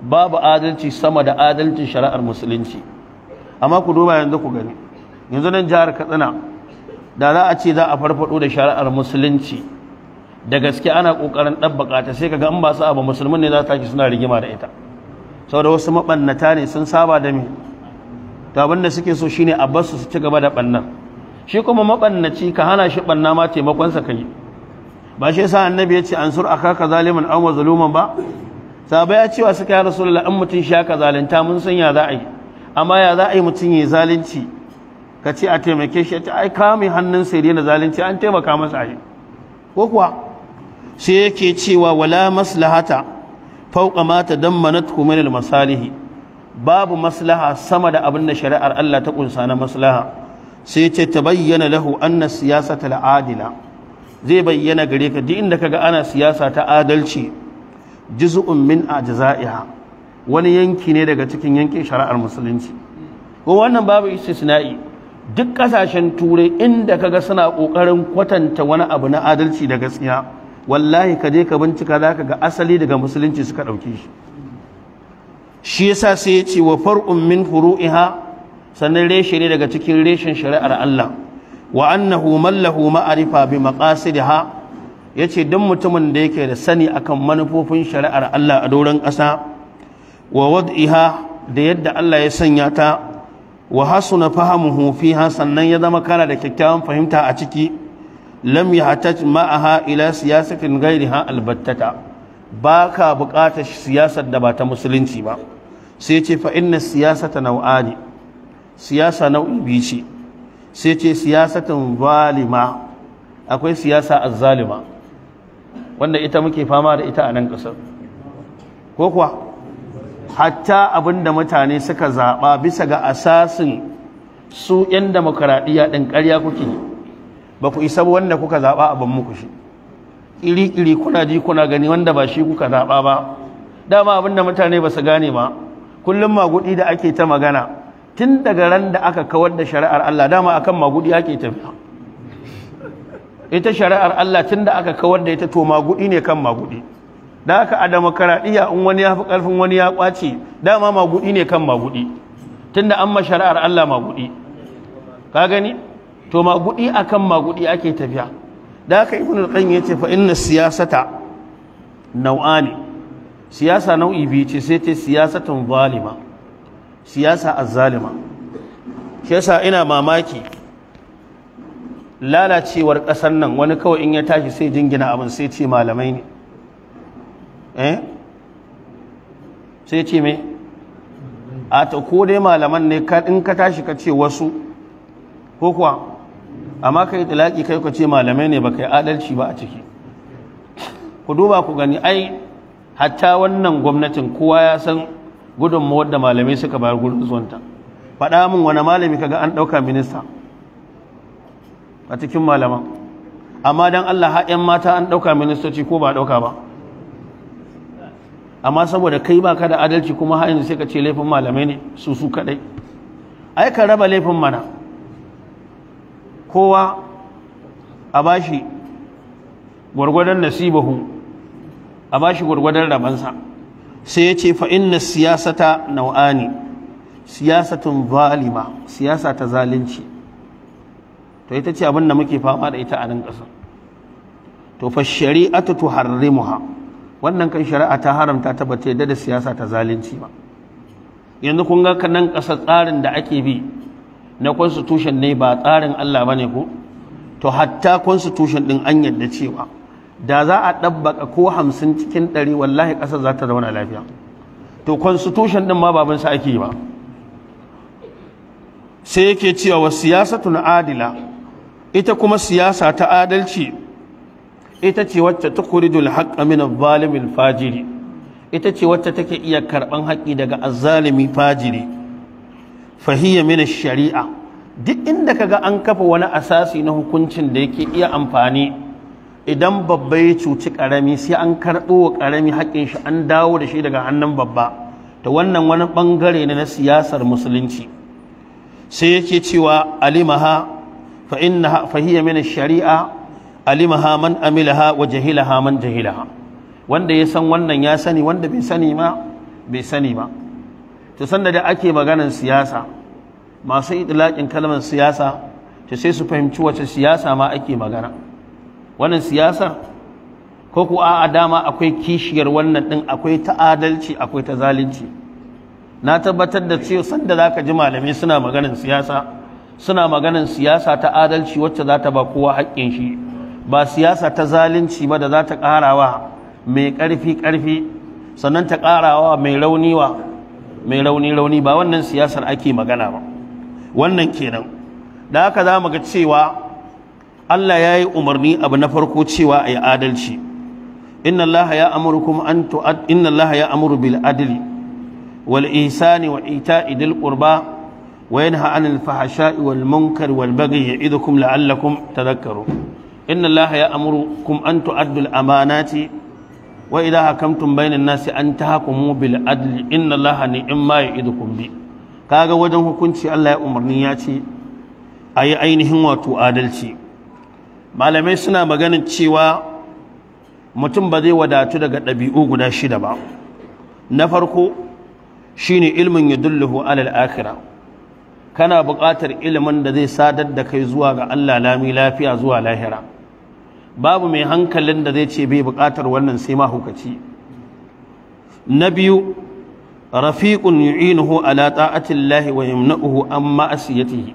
Speaker 1: babu adalci sama da adalcin shari'ar musulunci amma ku duba yanzu ku gani yanzu nan jihar Katsina da za a ce za a farfado da shari'ar musulunci da gaske ana kokarin dabbaka ta sai kaga in ba su abu musulmin ne za ta ki suna rigima da ita saboda wasu mabannata ne sun saba da me to suke so shine a bar su ci gaba da bannan shi kuma mabannaci ka hana shi banna ma taimakon sa kai ba shi yasa annabi ya ce an ansur akaka zaliman aw mazluman ba sabai ya cewa suka ya rasulullahi in mutun shi ka zalunta mun san ya za a yi amma ya za a yi mutun ya zalunci ka ce a taimake shi ce ai kame hannun sai na zalunci an taimaka masa ai ko kuwa sai yake cewa wala maslahata fawqa ma tadammanathu min masalihi babu maslaha sama da abin da shari'ar Allah ta kunsa na maslaha sai ce tabayyana lahu anna siyasata al zai bayyana gare ka duk inda kaga ana siyasa ta adalci juz'un min ajza'iha wani yanki ne daga cikin yankin shari'ar musulunci ko wannan babu istisna'i duk kasashen turai inda kaga suna kokarin kwatanta wani abu na adalci da gaskiya wallahi ka je ka bincika zaka ga asali daga musulunci suka dauke shi shi yasa sai ya ce wa far'un min furu'iha sannan reshe ne daga cikin reshen shari'ar Allah wa annahu man lahu ma'arifa bi maqasidiha yace duk mutumin da yake da sani akan manufofin shari'ar Allah a doron ƙasa wa wad'iha da yadda Allah ya sanya ta wa hasuna fahamuhu fiha sannan ya zama kana da kyakkyawan fahimta a ciki lam yahtaj ma'aha ila siyasatin ghayriha albattata baka buƙatar siyasar da ba ta musulunci ba sai ce fa inna siyasata nau'ani siyasa nau'i biyu ce sai ce siyasatan zalima akwai siyasa azzalima wanda ita muke fama da ita a nan kasar ko kuwa hatta abin da mutane suka zaɓa bisa ga asasin su 'yan demokaraɗiyya ɗin ƙarya kuke ba ku isa wanda kuka zaɓa abin muku shi iri-iri kuna ji kuna gani wanda ba shi kuka zaɓa ba dama abin da mutane ba su gane ba kullum magudi da ake ta magana tun daga ran da aka kawar da shari'ar Allah dama akan magudi ake tafiya ita shari'ar Allah tun da aka kawar da ita to magudi ne kan magudi da haka a demokaradiyya in wani ya fi karfin wani ya kwace dama magudi ne kan magudi tunda an ma shari'ar Allah magudi ka gani to magudi akan magudi ake tafiya da haka ibnu al-qayyim yace fa inna siyasata nau'ani siyasa nau'i biyu ce sai ce siyasatun zalima siyasa az-zalima shi yasa ina mamaki lalacewar ƙasar nan wani kawai in ya tashi sai jingina abin sai ce malamai ne eh sai ce me a ta ko dai malaman ne in ka tashi ka ce wasu ko kuwa amma kai talaki kai ka ce malamai ne ba yi adalci ba a ciki ku duba ku gani ai hatta wannan gwamnatin kowa ya san gudunmawar da malamai suka bayar gudun zuwanta faɗa min wani malami kaga an ɗauka minista a cikin malaman amma don allah ha'yan mata an ɗauka ministoci ko ba a ɗauka ba amma saboda kai ba ka da adalci kuma har yanzu sai ka ce laifin malamai ne su su kadai ai ka raba laifin mana kowa a bashi gwargwadon nasibahu a bashi gwargwadon rabansa sai ya ce fa inna siyasata nau'ani siyasatun zalima siyasa ta zalunci to ita ce abin da muke fama da ita a nan ƙasa to fa shari'atu tuharrimuha wannan kan shari'a ta haramta ta bace da siyasa ta zalunci ba yanzu kun ga nan ƙasa tsarin da ake bi na constitution ne ba tsarin Allah bane ko to hatta constitution din an yadda cewa da za a dabbaka ko hamsin cikin ɗari wallahi ƙasar za ta zauna lafiya to constitution din ma baban sa ake ba sai yake cewa siyasatun adila ita kuma siyasa ta adalci ita ce wacce tukhrijul haqqa min adh fajiri ita ce wacce take iya karɓan haƙi daga azzalimi fajiri fahiyya min sharia duk inda kaga an kafa wani asasi na hukuncin da yake iya amfani idan babba ya cuci ƙarami sai an karɓo wa ƙarami haƙin shi an dawo da shi daga hannun babba ta wannan wani ɓangare ne na siyasar musulunci sai yake cewa alimaha fa innaha sharia alimaha man amilaha wa jahilaha man jahilaha wanda ya san wannan ya sani wanda bai sani ma bai sani ba to sanda da ake maganar siyasa masu idlakin kalmar siyasa to sai su fahimci wace siyasa ma ake magana wannan siyasar ko ku a dama akwai kishiyar wannan din akwai ta adalci akwai ta zalunci na tabbatar da cewa sanda zaka ji malamai suna maganar siyasa suna maganar siyasa ta adalci wacce za ta ba kowa haƙƙin shi ba siyasa ta zalunci ba da za ta ƙarawa mai ƙarfi ƙarfi sannan ta ƙarawa mai rauni wa mai rauni rauni ba wannan siyasar ake magana ba wannan kenan da haka za mu ga cewa Allah ya yi umarni abu na farko cewa a yi adalci inna Allah ya amurkum an inna Allah ya amuru bil adli wal ihsani wa ita'i dil qurba وينهى عن الفحشاء والمنكر والبغي يعظكم لعلكم تذكرون inna allaha ya amurukum an tu'addul amanati wa idha hakamtum bainan nasi an tahkumu bil adli inna allaha ni'ma ya'idukum bi kaga wajen hukunci Allah ya umarni ya ce ayi ainihin wato adalci malamai suna maganin cewa mutum ba zai wadatu daga ɗabi'u guda shida ba na farko shine ilmin yadulluhu alal akhirah kana buƙatar ilimin da zai sadar da kai zuwa ga Allah lami lafiya zuwa lahira babu mai hankalin da zai ce bai buƙatar wannan sai mahukaci na biyu rafiqun yu'inuhu ala ta'ati Allah wa yamna'uhu an ma'asiyatihi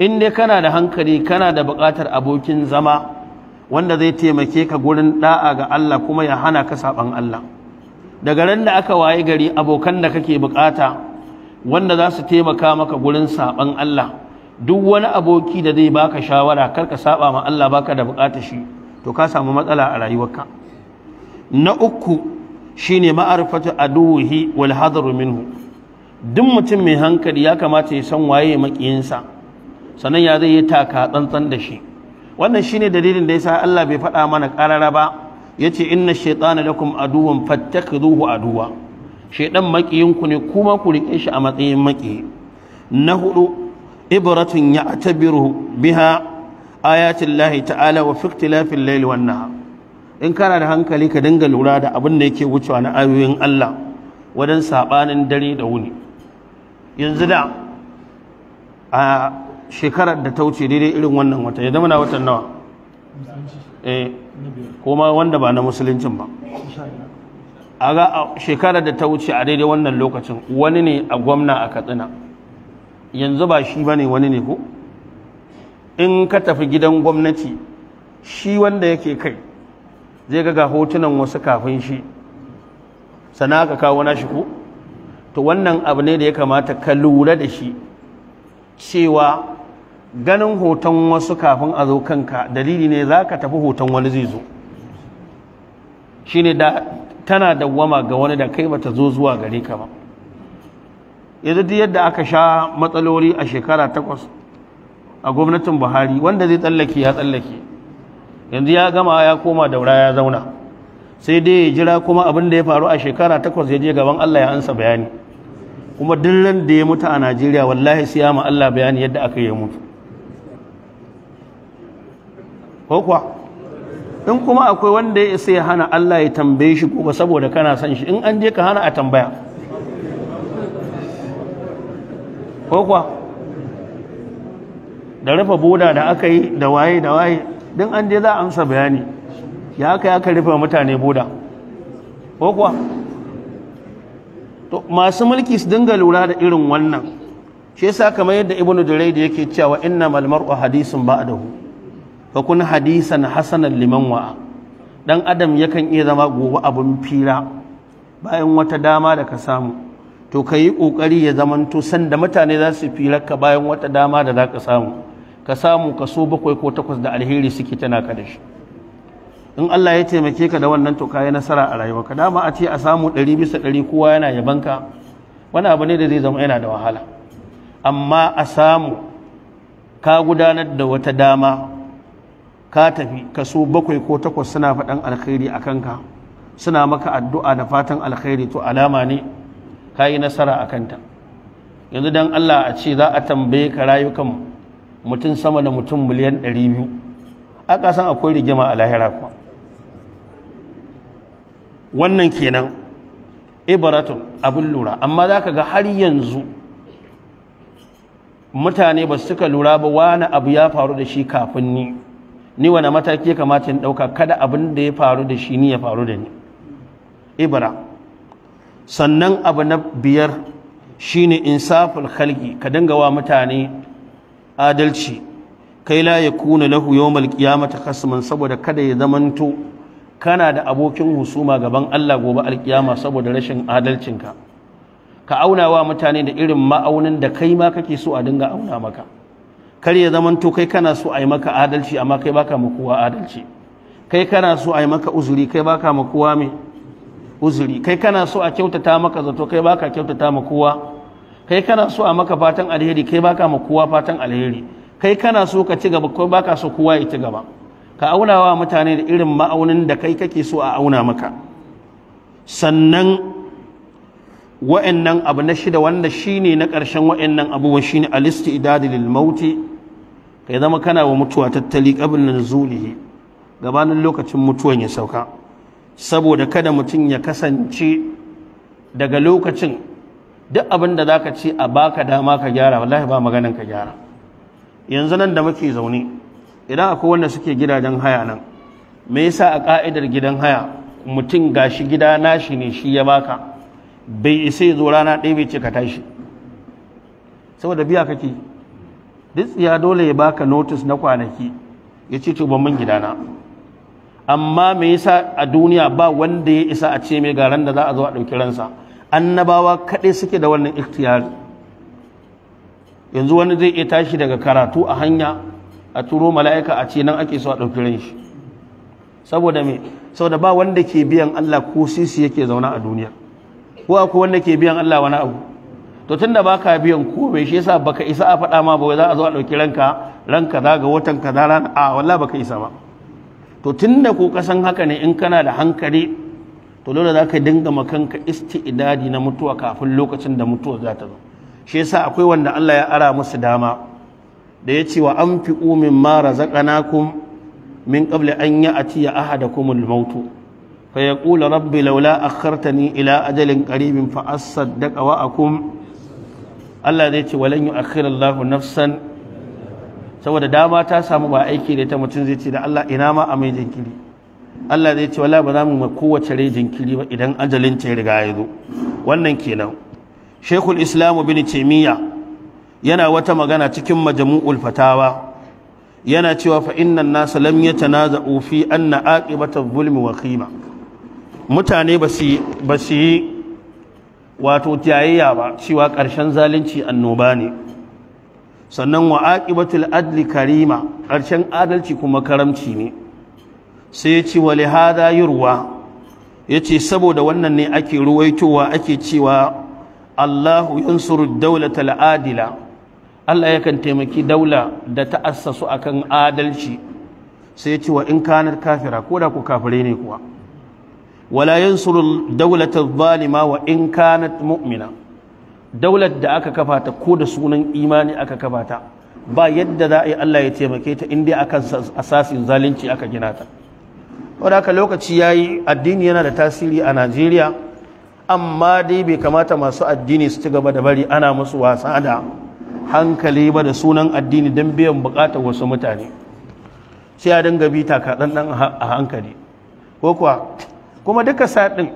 Speaker 1: in dai kana da hankali kana da buƙatar abokin zama wanda zai taimake ka gurin da'a ga Allah kuma ya hana ka saɓan Allah daga ran da aka waye gari abokan da kake buƙata wanda za su taimaka maka gurin saban Allah duk wani aboki da zai baka shawara kar ka saba ma Allah baka da bukatar shi to ka samu matsala a rayuwarka na uku shine ma'arifatu aduhi wal hadaru minhu duk mutum mai hankali ya kamata ya san waye makiyinsa sannan ya zai yi taka tsantsan da shi wannan shine dalilin da yasa Allah bai faɗa mana ƙarara ba yace inna shaytana lakum aduwwan a aduwa shaidan makiyinku ne kuma ku rike shi a matsayin maki na hudu ibratun ya atabiru biha ayatin lahi ta'ala wa fiktilafin ikhtilafil wannan. in kana da hankali ka dinga lura da abin da yake wucewa na ayoyin Allah wajen sabanin dare da wuni yanzu da a shekarar da ta wuce daidai irin wannan wata ya zama na watan nawa eh kuma wanda ba na musuluncin ba a ga shekarar da ta wuce a daidai wannan lokacin wani ne a gwamna a katsina yanzu ba shi ba wani ne ko in ka tafi gidan gwamnati shi wanda yake kai zai ga ga hotunan wasu kafin shi sana ka kawo na shi ko to wannan abu ne da ya kamata ka lura da shi cewa ganin hoton wasu kafin a zo kanka dalili ne za ka tafi hoton wani zai zo shi ne da tana dawwama ga wani da kai bata zo zuwa gare ka ba yanzu duk yadda aka sha matsaloli a shekara takwas a gwamnatin buhari wanda zai tsallake ya tsallake yanzu ya gama ya koma daura ya zauna sai dai ya jira kuma abin da ya faru a shekara takwas ya je gaban allah ya ansa bayani kuma dillan da ya mutu a najeriya wallahi sai ya ma allah bayani yadda aka yi mutu in kuma akwai wanda ya isa ya hana Allah ya tambaye shi ko saboda kana son shi in an je ka hana a tambaya ko kuwa da rufe boda da aka yi da waye da waye din an je za a amsa bayani ya aka yi aka rufe mutane boda ko kuwa to masu mulki su dinga lura da irin wannan shi yasa kamar yadda ibnu jurayda yake cewa innamal mar'u hadisun ba'dahu fa kun hadisan hasanan liman wa'a dan adam yakan iya zama gobe abun fira bayan wata dama da ka samu to ka yi ƙoƙari ya zamanto sanda mutane za su fira ka bayan wata dama da za ka samu ka samu kaso bakwai ko takwas da alheri suke tana ka da shi in Allah ya taimake ka da wannan to kai nasara a rayuwarka dama a ce a samu ɗari bisa ɗari kowa yana yabanka wani abu ne da zai zama yana da wahala amma a samu ka gudanar da wata dama ka tafi so bakwai ko takwas suna faɗan alkhairi a kanka suna maka addu'a da fatan alkhairi to alama ne ka yi nasara a kanta yanzu don Allah a ce za a tambaye ka rayukan mutum sama da mutum miliyan 200 a san akwai rigima a lahira kuwa wannan kenan ibaratun abin lura amma za ka ga har yanzu mutane ba su suka lura ba wani abu ya faru da shi kafin ni ni wani mataki ya kamata in ɗauka kada abin da ya faru da shi ni ya faru da ni ibra sannan abu na biyar shine insaful khalqi ka dinga wa mutane adalci kai la yakuna lahu yawmal qiyamati khasman saboda kada ya zamanto kana da abokin husuma gaban Allah gobe alkiyama saboda rashin adalcinka ka auna wa mutane da irin ma'aunin da kai ma kake so a dinga auna maka kar ya zama to kai kana so a yi maka adalci amma kai baka ma kowa adalci kai kana so a yi maka uzuri kai baka ma kowa mai uzuri kai kana so a kyautata maka zato kai baka kyautata ma kowa kai kana so a maka fatan alheri kai baka ma kowa fatan alheri kai kana so ka ci gaba kai baka so kowa ya ci gaba ka auna wa mutane da irin ma'aunin da kai kake so a auna maka sannan wa'annan abu na shida wanda shine na ƙarshen wa'annan abubuwan shine alisti idadilil mauti kai zama kana wa mutuwa tattali qabla nuzulihi gabanin lokacin mutuwan ya sauka saboda kada mutum ya kasance daga lokacin duk abin da zaka ce a baka dama ka gyara wallahi ba maganin ka gyara yanzu nan da muke zaune idan akwai wanda suke gidajen haya nan me yasa a ka'idar gidan haya mutum gashi gida nashi ne shi ya baka bai isa zo rana ɗaya bai ce ka tashi saboda biya kake duk dole ya baka notice na kwanaki ya ce to ban gidana amma me yasa a duniya ba wanda ya isa a ce mai garan da za a zo a ɗauki ransa annabawa kaɗai suke da wannan ikhtiyari yanzu wani zai iya tashi daga karatu a hanya a turo mala'ika a ce nan ake so a ɗauki ran shi saboda me saboda ba wanda ke biyan Allah ko sisi yake zauna a duniya ko akwai wanda ke biyan Allah wani abu to tunda baka biyan komai shi yasa baka isa a faɗa ma ba za a zo a ɗauki ranka ranka za ga watan kaza ran a wallahi baka isa ba to tunda ko kasan haka ne in kana da hankali to dole za ka dinga makanka isti'dadi na mutuwa kafin lokacin da mutuwa za ta zo shi yasa akwai wanda Allah ya ara musu dama da ya ce wa anfiqu mimma razaqnakum min qabli an ya'tiya ahadakumul mautu laula ربي ila أخرتني إلى أجل قريب فأصدق وأكون Allah zai ce walan yu'akhkhir Allahu nafsan saboda dama ta samu ba aiki da ta mutum zai ce da Allah ina ma a mai jinkiri Allah zai ce wala ba za mu kowace rai jinkiri ba idan ajalin ta riga ya zo wannan kenan Sheikhul Islam bin Taymiya yana wata magana cikin Majmu'ul Fatawa yana cewa fa innan nas lam yatanaza'u fi anna aqibata adh-dhulmi wa khima mutane ba su su wato tiyayya ba cewa ƙarshen zalunci annoba ne sannan wa aqibatul adli karima ƙarshen adalci kuma karamci ne sai ya ce li hada yurwa ya ce saboda wannan ne ake ruwaitowa ake cewa Allahu yansuru al-adila Allah yakan taimaki daula da ta assasu akan adalci sai ya wa in kanar kafira koda da ku kafire ne kuwa wala yansuru dawlatal zalima wa in kanat mu'mina daulat da aka kafa ta ko da sunan imani aka kafa ta ba yadda za a yi Allah ya taimake ta in dai akan asasin zalunci aka gina ta Wadaka haka lokaci yayi addini yana da tasiri a Najeriya amma dai bai kamata masu addini su ci gaba da bari ana musu wasa da hankali ba da sunan addini don biyan bukatar wasu mutane sai a dinga bi taka ɗanɗan a hankali ko kuwa kuma duka saɗin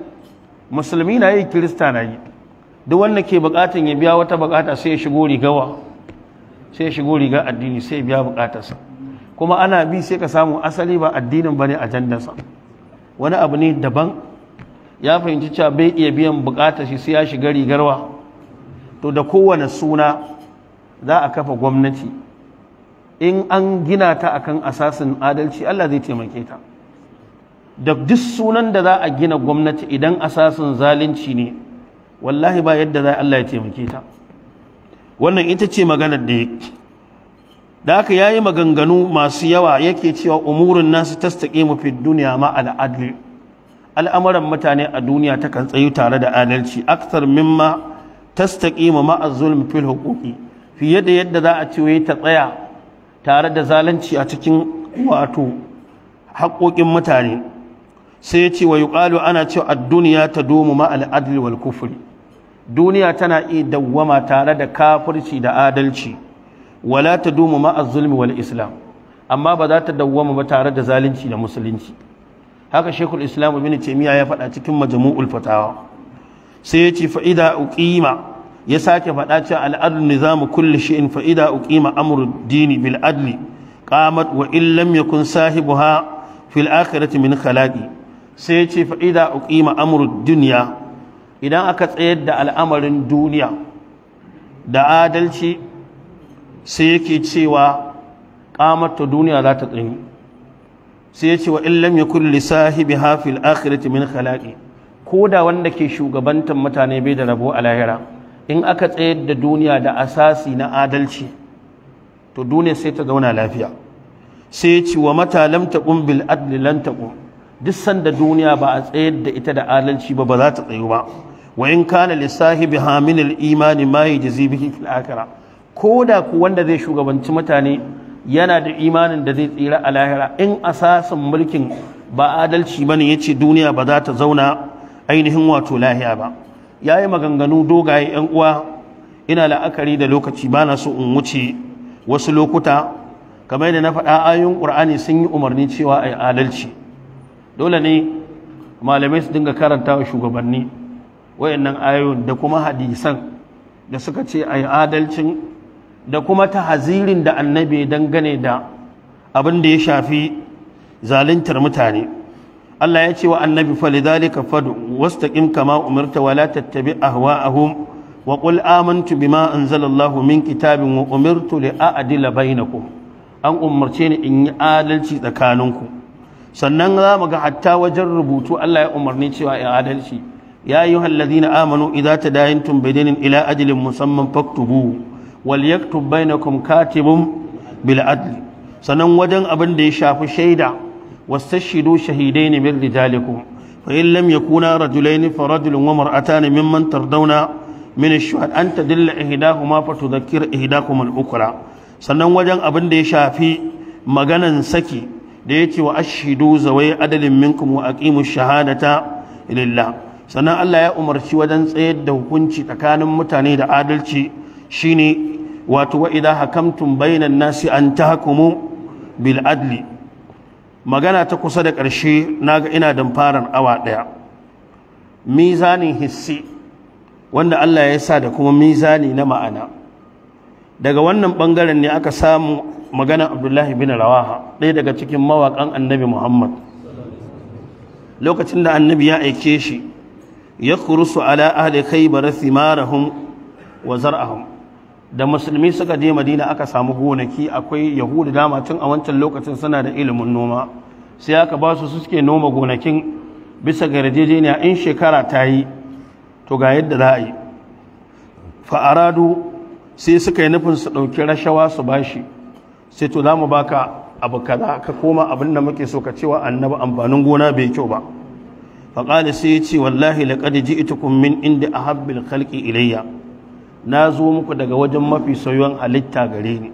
Speaker 1: musulmi na yi kirista na yi duk wanda ke bukatan ya biya wata bukata sai ya shigo rigawa sai ya shigo riga addini sai ya biya bukatarsa kuma ana bi sai ka samu asali ba addinin ba ne a jandarsa wani abu ne daban ya fahimci cewa bai iya biyan bukatar shi sai ya shiga rigarwa to da kowane suna za a kafa gwamnati in an gina ta akan asasin adalci Allah zai taimake ta da duk sunan da za a gina gwamnati idan asasin zalunci ne wallahi ba yadda za Allah ya taimake ta wannan ita ce maganar da da aka yayi maganganu masu yawa yake cewa umurun nasu tastaqimu fid dunya ma al al'amuran mutane a duniya takan tsayu tare da adalci aksar mimma tastaqimu ma az-zulm fil huquqi fiye da yadda za a ce ta tsaya tare da zalunci a cikin wato haƙoƙin mutane sai ya ce wa yuqalu ana cewa ad ta tadumu ma al-adl wal kufri duniya tana iya dawwama tare da kafirci da adalci wala tadumu ma az-zulmi wal islam amma ba za ta dawwama ba tare da zalunci da musulunci haka shekul islam ibn taymiya ya faɗa cikin majmu'ul fatawa sai ya ce fa idza uqima ya sake faɗa cewa al-adl nizamu kulli shay'in fa fa'ida uqima amru ad-dini bil adli qamat wa in lam yakun sahibuha fil akhirati min khalaqi sai ya ce fa'ida uqima amrud duniya idan aka tsayar da al'amarin duniya da adalci sai yake cewa ƙamata duniya za ta tsanyi sai ya ce wa illam yakul li sahibiha fil akhirati min khalaqi ko da wanda ke shugabantar mutane bai da rabo a lahira in aka tsayar da duniya da asasi na adalci to duniya sai ta zauna lafiya sai ya ce wa mata lam taqum bil adli lan taqum duk sanda duniya ba a tsayar da ita da adalci ba ba za ta tsayu ba wa in kana li sahibi haminil imani ma yajzi bihi fil akhirah ko da ku wanda zai shugabanci mutane yana da imanin da zai tsira a lahira in asasin mulkin ba adalci bane yace duniya ba za ta zauna ainihin wato lahiya ba yayi maganganu dogaye yan uwa ina la'akari da lokaci bana so in wuce wasu lokuta kamar yadda na faɗa ayoyin ƙur'ani sun yi umarni cewa ai adalci dole ne malamai su dinga karanta wa shugabanni wayannan ayoyin da kuma hadisan da suka ce ayi adalcin da kuma ta hazirin da annabi dangane da abin da ya shafi zaluntar mutane Allah ya ce wa annabi falidhalika fadu wastaqim kama umirta wala tattabi ahwa'ahum wa qul amantu bima anzalallahu min kitabin wa umirtu li a'dila bainakum an umarce ni in yi adalci tsakaninku sannan za mu ga hatta wajen rubutu Allah ya umarni cewa ya adalci ya yi halladina amanu idan ta dayantum bidinin ila ajilin musamman faktubu wal yaktub bainakum katibun bil adl sannan wajen abin da ya shafi shaida wastashidu shahidai min rijalikum fa in lam yakuna rajulaini fa rajulun wa mar'atani mimman tardawna min ash-shuhada an tadilla ihdahuma fa tudhakkir ihdakum al-ukhra sannan wajen abin da ya shafi maganan saki da ya ce wa ashidu zawai adalin minkum wa aqimu shahadata lillah sannan Allah ya umarci wajen tsayar da hukunci tsakanin mutane da adalci shine wato wa idan hakamtum bainan nasi an tahkumu bil adli magana ta kusa da ƙarshe naga ina farar awa ɗaya mizanin hissi wanda Allah ya sa da kuma mizani na ma'ana daga wannan ɓangaren ne aka samu magana abdullahi bin rawaha ɗaya daga cikin mawaƙan annabi muhammad lokacin da annabi ya aike shi ya kurusu ala ahli bari thimarahum wa zar'ahum da musulmi suka je madina aka samu gonaki akwai yahudu dama tun a wancan lokacin suna da ilimin noma sai aka ba su suke noma gonakin bisa ga yarjejeniya in shekara ta yi to ga yadda za a yi fa'aradu sai suka yi nufin su ɗauki rashawa su bashi sai to za mu baka abu kaza ka koma abin da muke so ka cewa annabi amfanin gona bai kyau ba faƙali sai ya ce wallahi laƙad ji'tukum min inda ahabbil khalqi ilayya na zo muku daga wajen mafi soyuwan halitta gare ni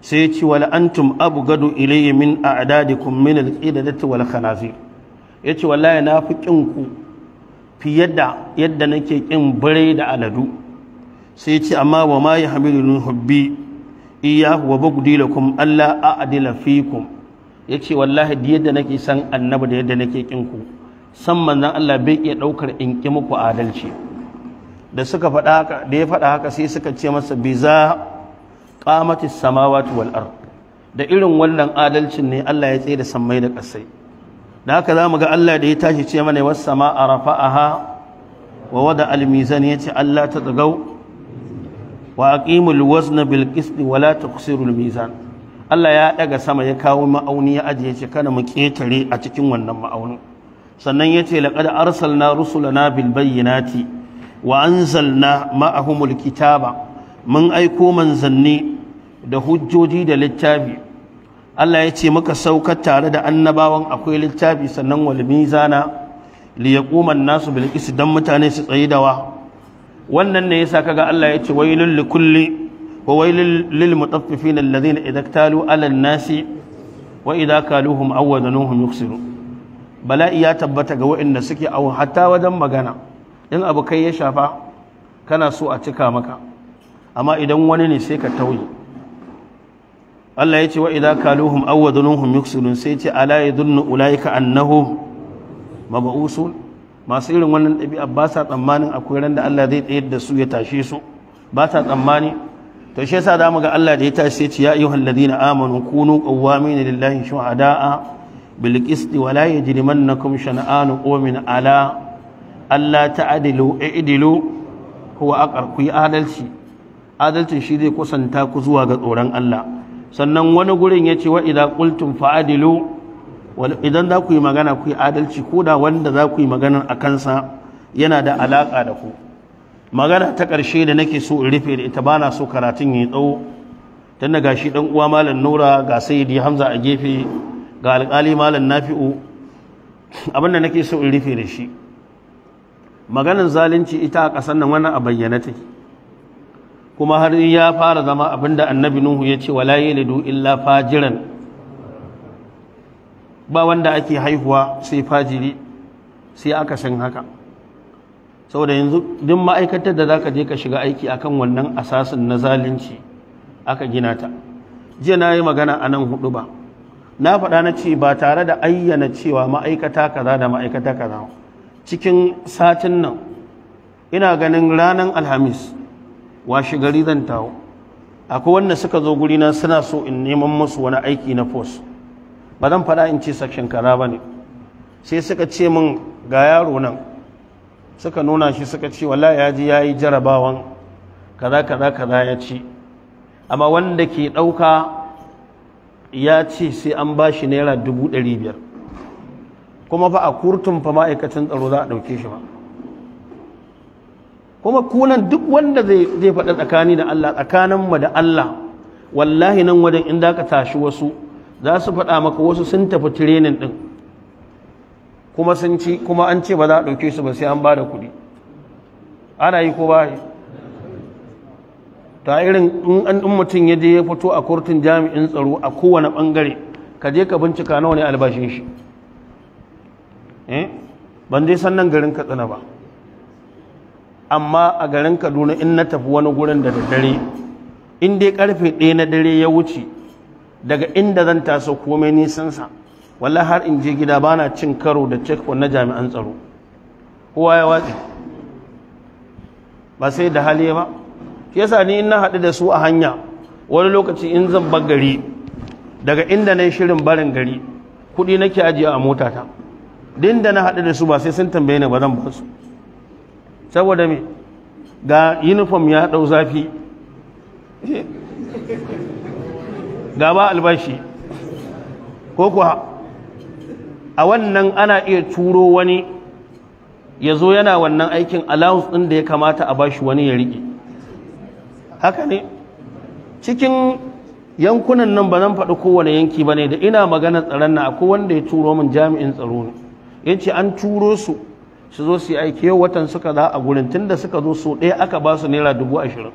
Speaker 1: sai ya ce wala antum abgadu ilayya min a'dadikum min al-qidadati wal khanazir yace wallahi na fi kin ku fiye da yadda nake ƙin bare da aladu sai ya ce amma wa ma yahmilun hubbi iyahu wa bugdi lakum alla a'dila fikum yace wallahi da yadda nake san annabi da yadda nake kin ku san manzon Allah bai iya daukar in ki muku adalci da suka faɗa haka da ya faɗa haka sai suka ce masa biza qamatis samawati wal ard da irin wannan adalcin ne Allah ya tsaye da sammai da ƙasai da haka za mu ga Allah da ya tashi ce mana was sama'a ha? wa wada al mizan yace Allah ta tsagau wa aqimul wazna bil qisti wa la tuqsirul mizan Allah ya daga sama ya kawo ma'auni ya ajiye shi kana mu ketare a cikin wannan ma'aunin sannan yace laqad arsalna rusulana bil bayyinati wa anzalna ma'ahumul kitaba mun aiko manzanni da hujjoji da littafi Allah yace muka saukar tare da annabawan akwai littafi sannan wal mizana li an-nasu bil qisti dan mutane su tsayi dawa wannan ne yasa kaga Allah ya ce wailul likulli wa wailul lil mutaffifin alladhina idza iktalu ala nasi wa idza kaluhum aw wadanuhum yuksiru bala'i ya tabbata ga waɗanda suke au hatta wajen magana in abu kai ya shafa kana so a cika maka amma idan wani ne sai ka tauye Allah ya ce wa idza kaluhum aw wadanuhum yuksirun sai ce ala yadunnu ulaika annahu mab'usun masu irin wannan ɗabi'a ba sa tsammanin akwai ran da Allah zai tsayar da su ya tashe su ba sa tsammani to shi yasa zamu ga Allah da ya tashi sai ce ya ayyuhal ladina amanu kunu qawwamin lillahi shuhada'a bil qisti wa la yajrimannakum shana'anu qawmin ala Allah ta'dilu i'dilu huwa aqar ku yi adalci adalcin shi zai kusanta ku zuwa ga tsoron Allah sannan wani gurin yace wa idza qultum fa'adilu idan za ku yi magana ku yi adalci ko da wanda za ku yi maganar a kansa yana da alaƙa da ku magana ta ƙarshe da nake so in rufe da ita ba na so karatun yi tsawo tun da gashi ɗan uwa malam nura ga sayyidi hamza a gefe ga alƙali malam nafi'u abin da nake so in rufe da shi maganar zalunci ita a ƙasar nan wannan a bayyana ta. kuma har ya fara zama abin da annabi nuhu ya ce wala yalidu illa fajiran ba wanda ake haihuwa sai fajiri sai aka san haka saboda yanzu duk ma'aikatar da za ka je ka shiga aiki akan wannan asasin na zalunci aka gina ta jiya na yi magana a nan hudu ba na faɗa na ce ba tare da ayyana cewa ma'aikata kaza da ma'aikata kaza cikin satin nan ina ganin ranar alhamis washe gari zan tawo akwai wanda suka zo gurina suna so in neman musu wani aiki na force ba zan faɗa in ce sakshin kaza ba ne sai suka ce min ga yaro nan suka nuna shi suka ce wala ya ji ya yi jarabawan kaza kaza kaza ya ci amma wanda ke ɗauka ya ce sai an ba shi naira dubu ɗari biyar kuma fa a kurtun fa ma'aikacin tsaro za a ɗauke shi ba kuma kunan duk wanda zai faɗa tsakani da Allah tsakaninmu da Allah wallahi nan wajen in da ka tashi wasu za su faɗa maka wasu sun tafi tirenin ɗin kuma sun ci kuma an ce ba za a ɗauke su ba sai an ba da kuɗi ana yi ko ba yi ta irin in mutum ya je ya fito a kurtin jami'in tsaro a kowane ɓangare ka je ka bincika nawa ne albashin shi eh? ban dai san nan garin katsina ba amma a garin kaduna in na tafi wani gurin da daddare in dai karfe ɗaya na dare ya wuce daga inda zan taso komai nisansa wallahi har in je gida bana cin karo da checkpoint na jami'an tsaro kowa ya watsi ba sai da hali ba shi yasa ni in na haɗu da su a hanya wani lokaci in zan bar gari daga inda na shirin barin gari kuɗi nake ajiye a motata ta dinda na haɗu da su ba sai sun tambaye ni ba zan ba su saboda me ga uniform ya ɗau zafi Gaba albashi ko kuwa a wannan ana iya turo wani ya zo yana wannan aikin allowance ɗin da ya kamata a bashi wani ya riƙe haka ne cikin yankunan nan ba zan faɗi kowane yanki ba ne da ina magana tsaron na akwai wanda ya turo min jami'in tsaro ne ya ce an turo su su zo su yi aiki yau watan suka za a gurin tun da suka zo so ɗaya aka ba su naira dubu ashirin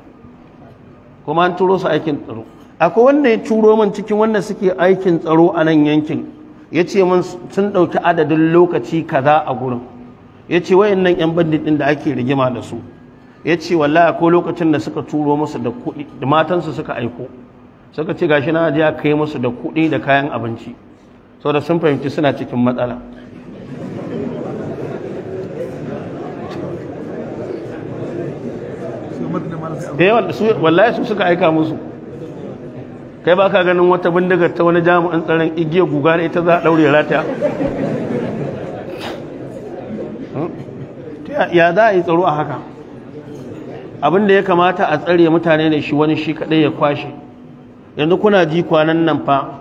Speaker 1: kuma an turo su aikin tsaro akwai wanda ya turo min cikin wanda suke aikin tsaro a nan yankin ya ce min sun ɗauki adadin lokaci kaza a gurin ya ce nan 'yan bandit ɗin da ake rigima da su ya ce wallahi akwai lokacin da suka turo musu da kuɗi da matansu suka aiko suka ce gashi na je a kai musu da kuɗi da kayan abinci da sun fahimci suna cikin matsala da yawan wallahi su suka aika musu kai ba ka ganin wata bindigar ta wani jami'an tsaron igiyar guga da ita za a ɗaure rata hmm? ya za a yi tsaro a haka abin da ya kamata a tsare mutane da shi wani shi kaɗai ya kwashe yanzu kuna ji kwanan nan fa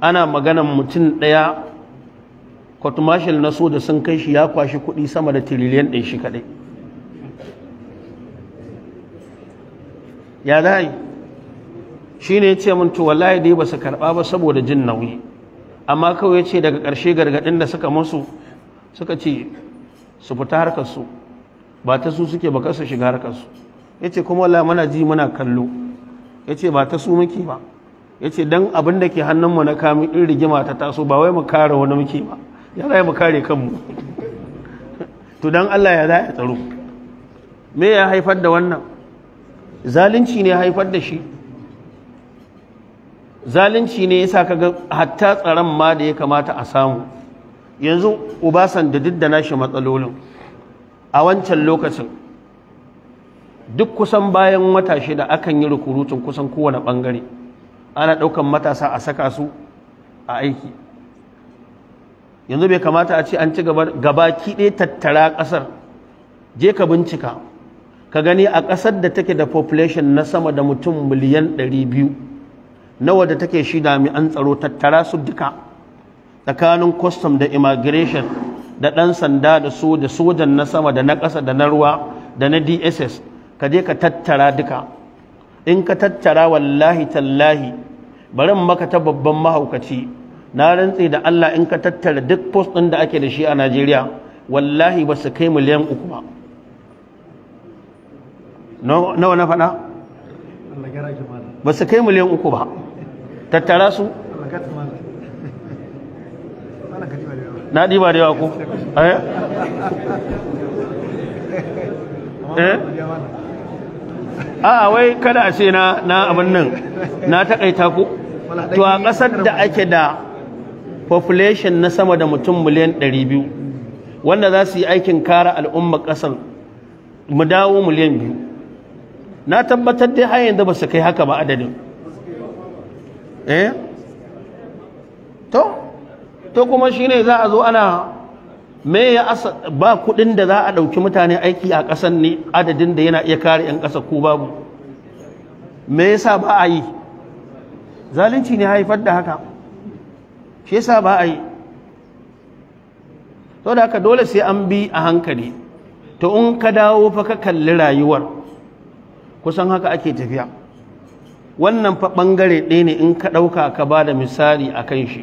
Speaker 1: ana maganan mutum ɗaya kwatumashin na so da sun kai shi ya kwashe kuɗi sama da tiriliyan ɗaya shi kaɗai ya za a yi shine ya ce min to wallahi dai ba su karɓa ba saboda jin nauyi amma kawai ya ce daga ƙarshe gargaɗin da suka musu suka ce su fita harkar su ba ta su suke ba su shiga harkar su ya ce kuma wallahi muna ji muna kallo ya ce ba ta su muke ba ya ce don abin da ke hannunmu na kamun in rigima ta taso ba wai mu kare wani muke ba ya zai mu kare kanmu to don Allah ya zai tsaro me ya haifar da wannan zalunci ne haifar da shi zalunci ne yasa kaga hatta tsaron ma da ya kamata a samu yanzu ubasan da duk da nashi matsalolin a wancan lokacin duk kusan bayan wata shida akan yi rukurutun kusan kowane bangare ana daukan matasa a saka su a aiki yanzu bai kamata a ce an ci gaba ki ɗaya tattara ƙasar je ka bincika ka gani a ƙasar da take da population na sama da mutum miliyan 200 nawa da take shi an tsaro tattara su duka tsakanin kwastam da immigration da ɗan sanda da so da sojan na sama da na ƙasa da na ruwa da na dss ka je ka tattara duka in ka tattara wallahi tallahi barin maka ta babban mahaukaci na rantse da allah in ka tattara duk post ɗin da ake da shi a najeriya wallahi ba su kai miliyan uku ba nawa na faɗa ba su kai miliyan uku ba tattara su na diba da yawa ko eh eh a wai kada a ce na na abin nan na takaita ku to a ƙasar da ake da population na sama da mutum miliyan 200 wanda za su yi aikin kara al'umma ƙasar mu dawo miliyan biyu na tabbatar dai har yanzu ba su kai haka ba adadin eh to to kuma shine za a zo ana me ya ba kudin da za a dauki mutane aiki a kasan ne adadin da yana iya kare yan kasa ko babu me yasa ba a yi zalunci ne haifar da haka shi yasa ba a yi to da haka dole sai an bi a hankali to in ka dawo fa ka kalli rayuwar kusan haka ake tafiya wannan fa ɓangare ɗaya ne in ka ɗauka ka ba da misali a kan shi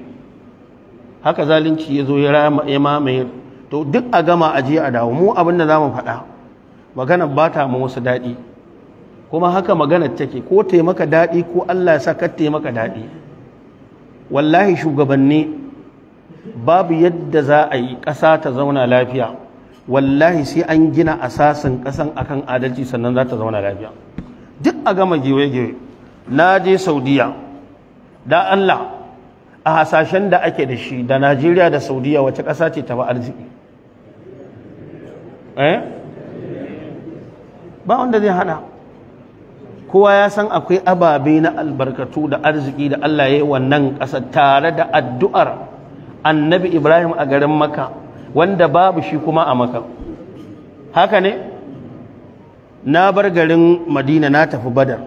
Speaker 1: haka zalunci ya zo ya mamaye to duk a gama a je a dawo mu abin da za mu faɗa magana ba ta mu wasu daɗi kuma haka magana take ko taimaka daɗi ko allah ya sa ka taimaka daɗi wallahi shugabanni babu yadda za a yi ƙasa ta zauna lafiya wallahi sai an gina asasin ƙasan akan adalci sannan za ta zauna lafiya duk a gama gewe-gewe na je saudiya da allah a hasashen da ake da shi da najeriya da saudiya wace ƙasa ce ta arziki? Eh, ba wanda zai hana kowa ya san akwai ababe na albarkatu da arziki da allah ya yi wannan ƙasa tare da addu'ar annabi ibrahim a garin maka wanda babu shi kuma a maka haka ne na bar garin madina na tafi badar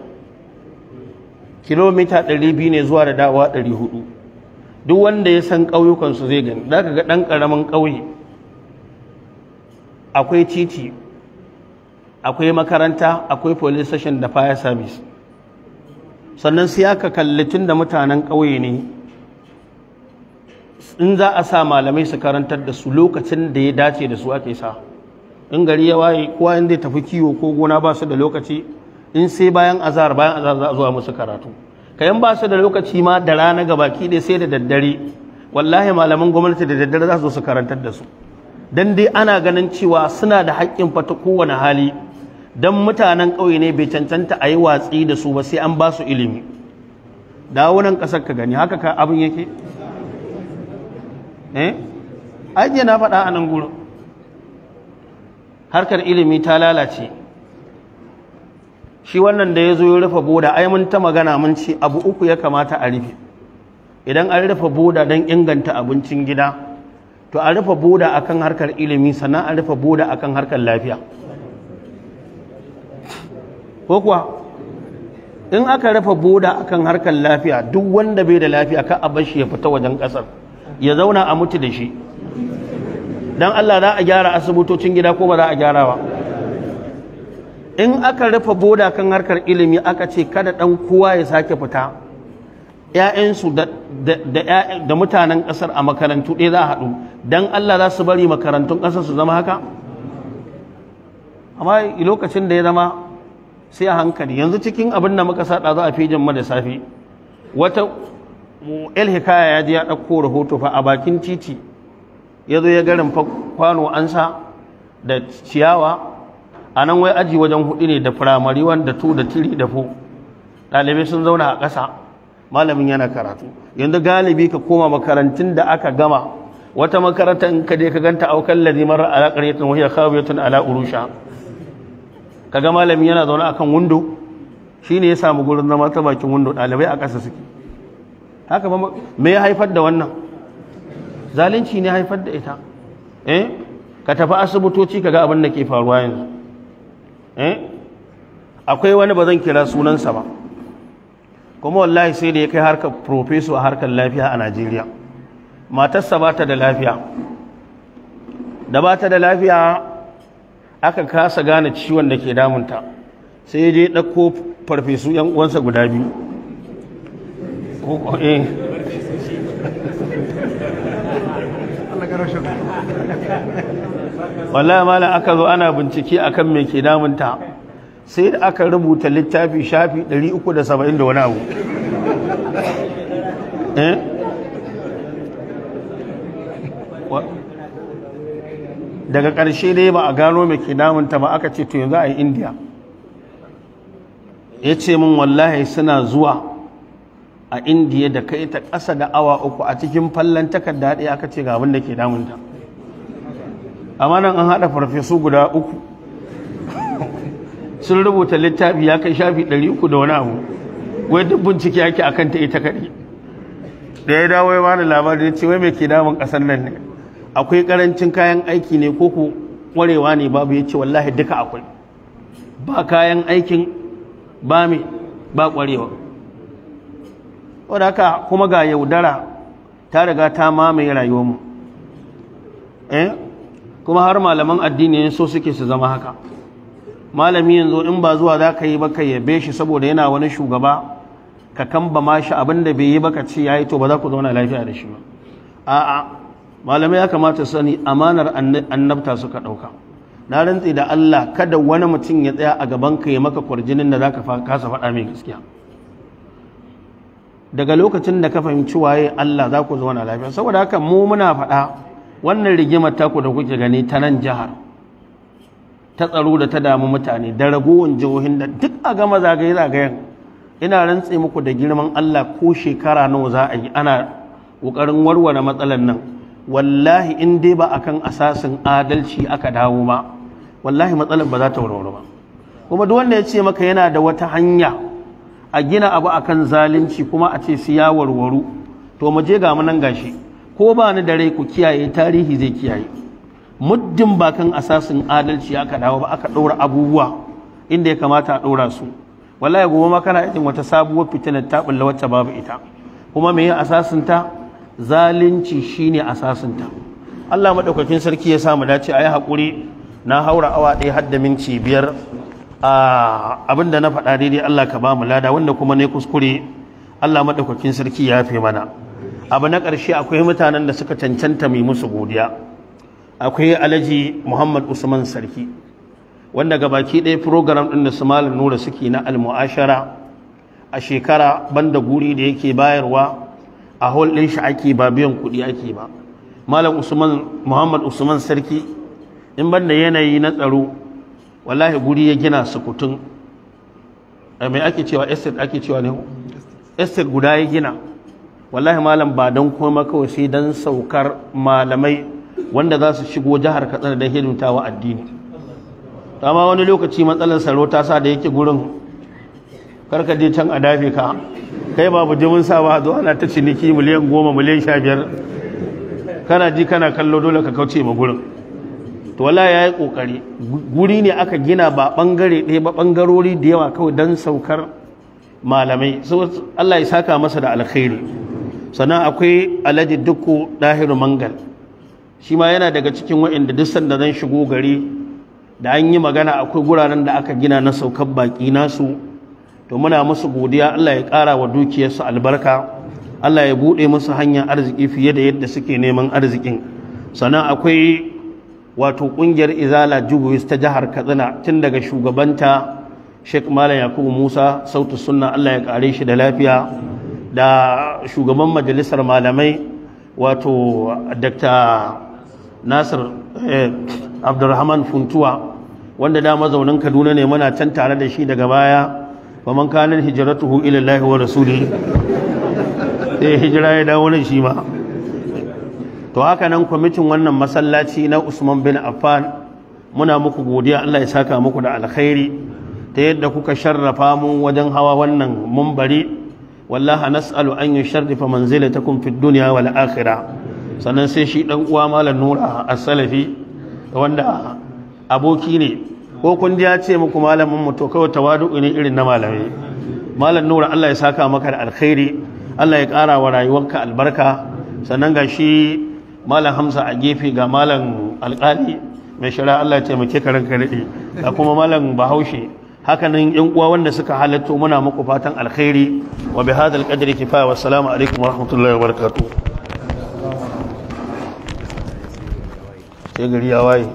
Speaker 1: kilomita ɗari biyu ne zuwa da dawa ɗari 400 duk wanda ya san ƙauyukansu zai gani za ka ga ɗan ƙaramin ƙauye akwai titi akwai makaranta akwai police station da fire service sannan sai aka kalli tun da mutanen ƙauye ne in za a sa malamai su karantar da su lokacin da ya dace da su ake sa in gari ya waye kowa in zai tafi kiwo ko gona ba su da lokaci in sai bayan azhar bayan azhar za a zuwa musu karatu kayan ba su da lokaci ma da rana ga baki dai sai da daddare wallahi malaman gwamnati da daddare za su su karantar da su dan dai ana ganin cewa suna da haƙƙin fata kowane hali dan mutanen ƙauye ne bai cancanta a yi watsi da su ba sai an ba su ilimi dawo nan ƙasar ka gani haka ka abin yake eh ajiye na faɗa a nan gurin harkar ilimi ta lalace shi wannan da ya zo ya rufe boda ai mun ta magana mun ce abu uku ya kamata a rufe idan an rufe boda don inganta abincin gida to a rufe boda akan harkar ilimi sannan a rufe boda akan harkar lafiya ko kuwa in aka rufe boda akan harkar lafiya duk wanda bai da lafiya ka a bar shi ya fita wajen kasar ya zauna a mutu da shi dan Allah za a gyara asibitocin gida ko ba za a gyara ba in aka rufe boda kan harkar ilimi aka ce kada ɗan kowa ya sake fita ‘ya'yansu da mutanen ƙasar a makarantu ɗaya za a haɗu don Allah za su bari makarantun ƙasar su zama haka amma lokacin da ya zama sai a hankali yanzu cikin abin da muka saɗa za a fi jimma da safe wata el hikaya ya ji ya ɗauko rahoto fa a bakin titi ya zo ya garin kwano ansa da ciyawa a nan wai aji wajen hudu ne da firamari wanda tu da tiri da fo ɗalibai sun zauna a ƙasa malamin yana karatu yanzu galibi ka koma makarantun da aka gama wata makaranta in ka je ka ganta aukan ladhi marar ala qaryatin wa hiya khawiyatun ala urusha kaga malamin yana zaune akan Shi shine ya samu gurin zama ta bakin wundo ɗalibai a ƙasa suke haka ba me ya haifar da wannan zalunci ne haifar da ita eh ka tafi asibitoci kaga abin da ke faruwa yanzu Eh? akwai wani ba zan kira sunansa ba kuma wallahi sai da ya kai harkar profeso a harkar lafiya a najeriya matarsa ba ta da lafiya da ba ta da lafiya aka kasa gane ciwon da ke damunta sai dai ɗauko farfesu yan uwansa guda biyu eh. wallahi malam aka zo ana bincike akan me ke damunta sai da aka rubuta littafi shafi 370 da wani abu eh? daga ƙarshe dai ba a gano me ke damunta ba aka ce to yanzu a yi indiya ya ce min wallahi suna zuwa a indiya da kai ta ƙasa da awa uku a cikin fallon takarda ɗaya aka ce ga abin da ke damunta amma nan an haɗa farfesu guda uku sun rubuta littafi ya kai shafi ɗari uku da wani abu wai duk bincike yake a kanta ita kaɗai da ya dawo ya bani labarin ya ce wai mai ke damun ƙasar nan ne akwai ƙarancin kayan aiki ne ko ku ƙwarewa ne babu ya ce wallahi duka akwai ba kayan aikin ba mai ba ƙwarewa wadda haka kuma ga yaudara ta riga ta mamaye rayuwarmu eh kuma har malaman addini ne so suke su zama haka malami yanzu in ba zuwa za ka yi ba ka yabe shi saboda yana wani shugaba ka kamba ma shi abin da bai yi ba ka ce ya yi to ba za ku zauna lafiya da shi ba a'a malamai ya kamata sani amanar annabta suka ɗauka na rantse da Allah kada wani mutum ya tsaya a gaban ka ya maka kwarjinin da za ka kasa faɗa mai gaskiya daga lokacin da ka fahimci waye Allah za ku zauna lafiya saboda haka mu muna faɗa wannan rigimar taku da kuke gani ta nan jihar ta tsaro da ta damu mutane da ragowar jihohin da duk a gama zagaye zagayen ina rantse muku da girman Allah ko shekara nawa za a yi ana ƙoƙarin warware matsalar nan wallahi in dai ba akan asasin adalci aka dawo ba wallahi matsalar ba za ta warware ba kuma duk wanda ya ce maka yana da wata hanya a gina abu akan zalunci kuma a ce su ya warwaru to mu je ga mu nan gashi ko ba ni da rai ku kiyaye tarihi zai kiyaye muddin bakan asasin adalci aka dawo ba aka ɗora abubuwa inda ya kamata a ɗora su wallahi gobe ma kana yin wata sabuwar fitinar ta bulla wacce babu ita kuma me asasin ta zalunci shine asasin ta Allah madaukakin sarki ya samu dace ayi hakuri na haura awa ɗaya har da minti biyar abinda na faɗa daidai Allah ka ba mu lada wanda kuma ne kuskure Allah madaukakin sarki ya fi mana abu na ƙarshe akwai mutanen da suka cancanta mai musu godiya akwai alaji muhammad usman sarki wanda gabaki ɗaya program ɗin da su malam nura suke na almu'ashara a shekara banda guri da yake bayarwa a hol ɗin shi ake ba biyan kuɗi ake ba malam usman muhammad usman sarki in banda yanayi na tsaro wallahi guri ya gina sukutun mai ake cewa estate ake cewa ne estate guda ya gina wallahi malam ba don koma kawai sai don saukar malamai wanda za su shigo jihar katsina da hidimtawa addini Ta ma wani lokaci matsalar tsaro ta sa da yake gurin karka je can a dafe ka kai babu jimin sa ba zuwa na ta ciniki miliyan goma miliyan sha biyar kana ji kana kallo dole ka kauce ma gurin to wala ya yi ƙoƙari guri ne aka gina ba ɓangare ɗaya ba ɓangarori da yawa kawai don saukar malamai So Allah ya saka masa da alkhairi sannan akwai alhaji dukku ɗahiru mangal shi ma yana daga cikin waɗanda duk sanda zan shigo gari da an yi magana akwai guraren da aka gina na saukar baƙi nasu to muna musu godiya Allah ya ƙara wa dukiyarsu albarka Allah ya buɗe musu hanyar arziki fiye da yadda suke neman arzikin sannan akwai wato ƙungiyar izala jubuis ta jihar katsina tun daga shugabanta Sheik malam yakubu musa sautu sunna Allah ya ƙare shi da lafiya da shugaban majalisar malamai wato dr nasir eh, abdurrahman funtuwa wanda da mazaunin kaduna ne muna can tare da shi daga baya ba man kanar hijiratuhu ilallahi wa rasuli sai hijira ya dawo nan shi ma to haka nan kwamitin wannan masallaci na usman bin affan muna muku godiya allah ya saka muku da alkhairi ta yadda kuka sharrafa mu wajen hawa wannan mumbari wallaha nas'alu an yusharrifa manzilatakum fid duniya wal akhirah sannan sai shi ɗan uwa malam nura as-salafi wanda aboki ne ko kun ji ya ce muku malamin mu to kawai tawadu ne irin na malamai malam nura Allah ya saka maka da alkhairi Allah ya ƙara wa rayuwarka albarka sannan ga shi malam Hamza a gefe ga malam alƙali mai shara Allah ya taimake ka ranka daɗe ga kuma malam Bahaushe hakanan yan uwa wanda suka halatto muna muku fatan alkhairi wa bi hadha alqadri kifaya wa assalamu alaikum wa rahmatullahi wa barakatuh sai gari ya waye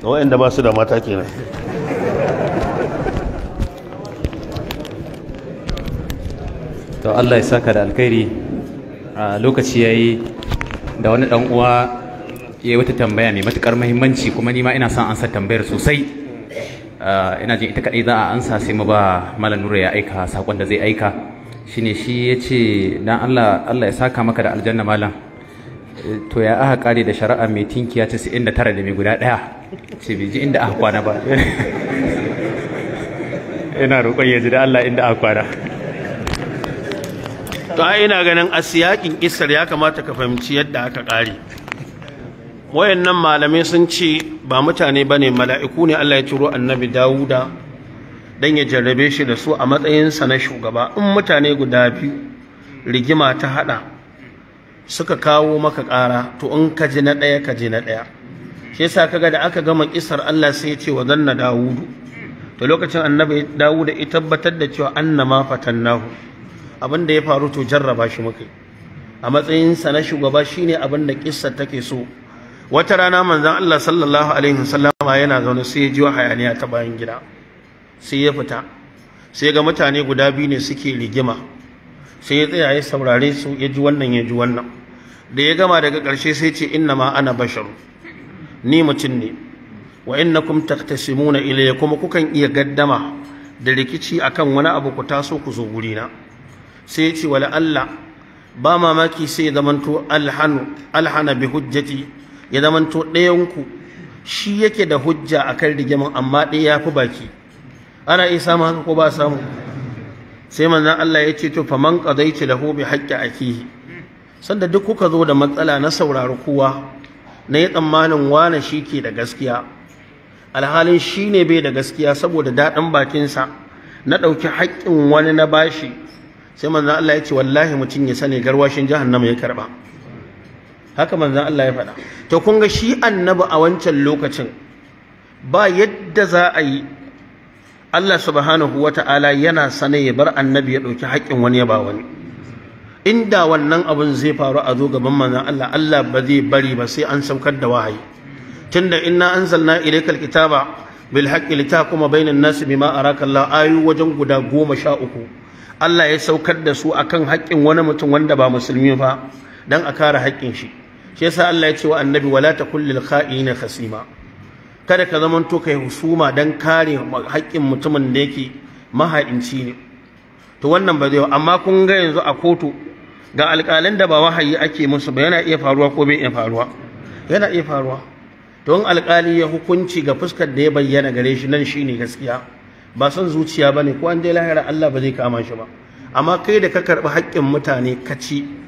Speaker 1: ga wayanda ba su da
Speaker 2: mata kenan to Allah ya saka da alkhairi a lokaci yayi da wani dan uwa yayi wata tambaya mai matukar muhimmanci kuma ni ma ina son an sa tambayar sosai Eh, ina jin ita kaɗai za a ansa sai mu ba malam nura ya aika sakon da zai aika ne shi ce dan Allah Allah ya saka maka da aljanna malam eh, to ya aka kare da shari'a mai tinkiya ta tara da mai guda ɗaya. ce bai ji inda aka kwana ba ina roƙon ya ji da Allah inda aka kwana
Speaker 1: to ai ina ganin asiyakin isar ya kamata ka fahimci yadda aka kare wayannan malamai sun ce ba mutane bane mala'iku ne Allah ya turo annabi Dawuda dan ya jarrabe shi da su a matsayin sa na shugaba in mutane guda biyu rigima ta hada suka kawo maka kara to in ka ji na ɗaya ka ji na ɗaya shi yasa kaga da aka gama kisar Allah sai ya ce wa zanna Dawudu to lokacin annabi Dawuda ya tabbatar da cewa annama fatannahu abin da ya faru to jarraba shi muka a matsayinsa na shugaba shine abin da kissar take so wata rana manzon Allah sallallahu alaihi wasallama yana zaune sai ya ji hayaniya ta bayan gida sai ya fita sai ga mutane guda biyu ne suke rigima sai ya tsaya ya saurare su ya ji wannan ya ji wannan da ya gama daga ƙarshe sai ce inna ma ana basharu ni mutum ne wa innakum taqtasimuna ilayya kuma kukan iya gaddama da rikici akan wani abu ku taso ku zo na sai ya ce wala Allah ba mamaki sai zamanto alhanu alhana bi hujjati ya zamanto ɗayanku shi yake da hujja a kan rigimin amma ɗaya ya fi baki ana iya samun haka ko ba samu sai manzan Allah ya ce to faman qadaitu lahu bi haqqi akihi sanda duk kuka zo da matsala na saurari kowa na yi tsammanin wane shi ke da gaskiya alhalin shi ne bai da gaskiya saboda daɗin bakinsa na ɗauki haƙƙin wani na bashi sai manzan Allah ya ce wallahi mutum ya sani garwashin jihar jahannama ya karɓa haka manzon Allah ya faɗa to kun ga shi annabi a wancan lokacin ba yadda za a yi Allah subhanahu wata'ala yana sane ya bar annabi ya ɗauki haƙƙin wani ya ba wani inda wannan abin zai faru a zo gaban manzon Allah Allah ba zai bari ba sai an saukar da wahayi tunda inna anzalna ilaykal kitaba bil haqqi litahkuma bainan nasi bima araka Allah ayu wajen guda goma sha uku Allah ya saukar da su akan haƙƙin wani mutum wanda ba musulmi ba dan a kare haƙƙin shi shi yasa Allah ya ce wa annabi wala ta lil kha'ina khasima kada ka zaman to kai husuma dan kare haƙƙin mutumin da yake maha'inci ne to wannan ba zai amma kun ga yanzu a kotu ga alƙalan da ba wahayi ake musu ba yana iya faruwa ko bai iya faruwa yana iya faruwa to in alƙali ya hukunci ga fuskar da ya bayyana gare shi nan shine gaskiya ba son zuciya bane ko an dai lahira Allah ba zai kama shi ba amma kai da ka karɓi haƙƙin mutane ka ci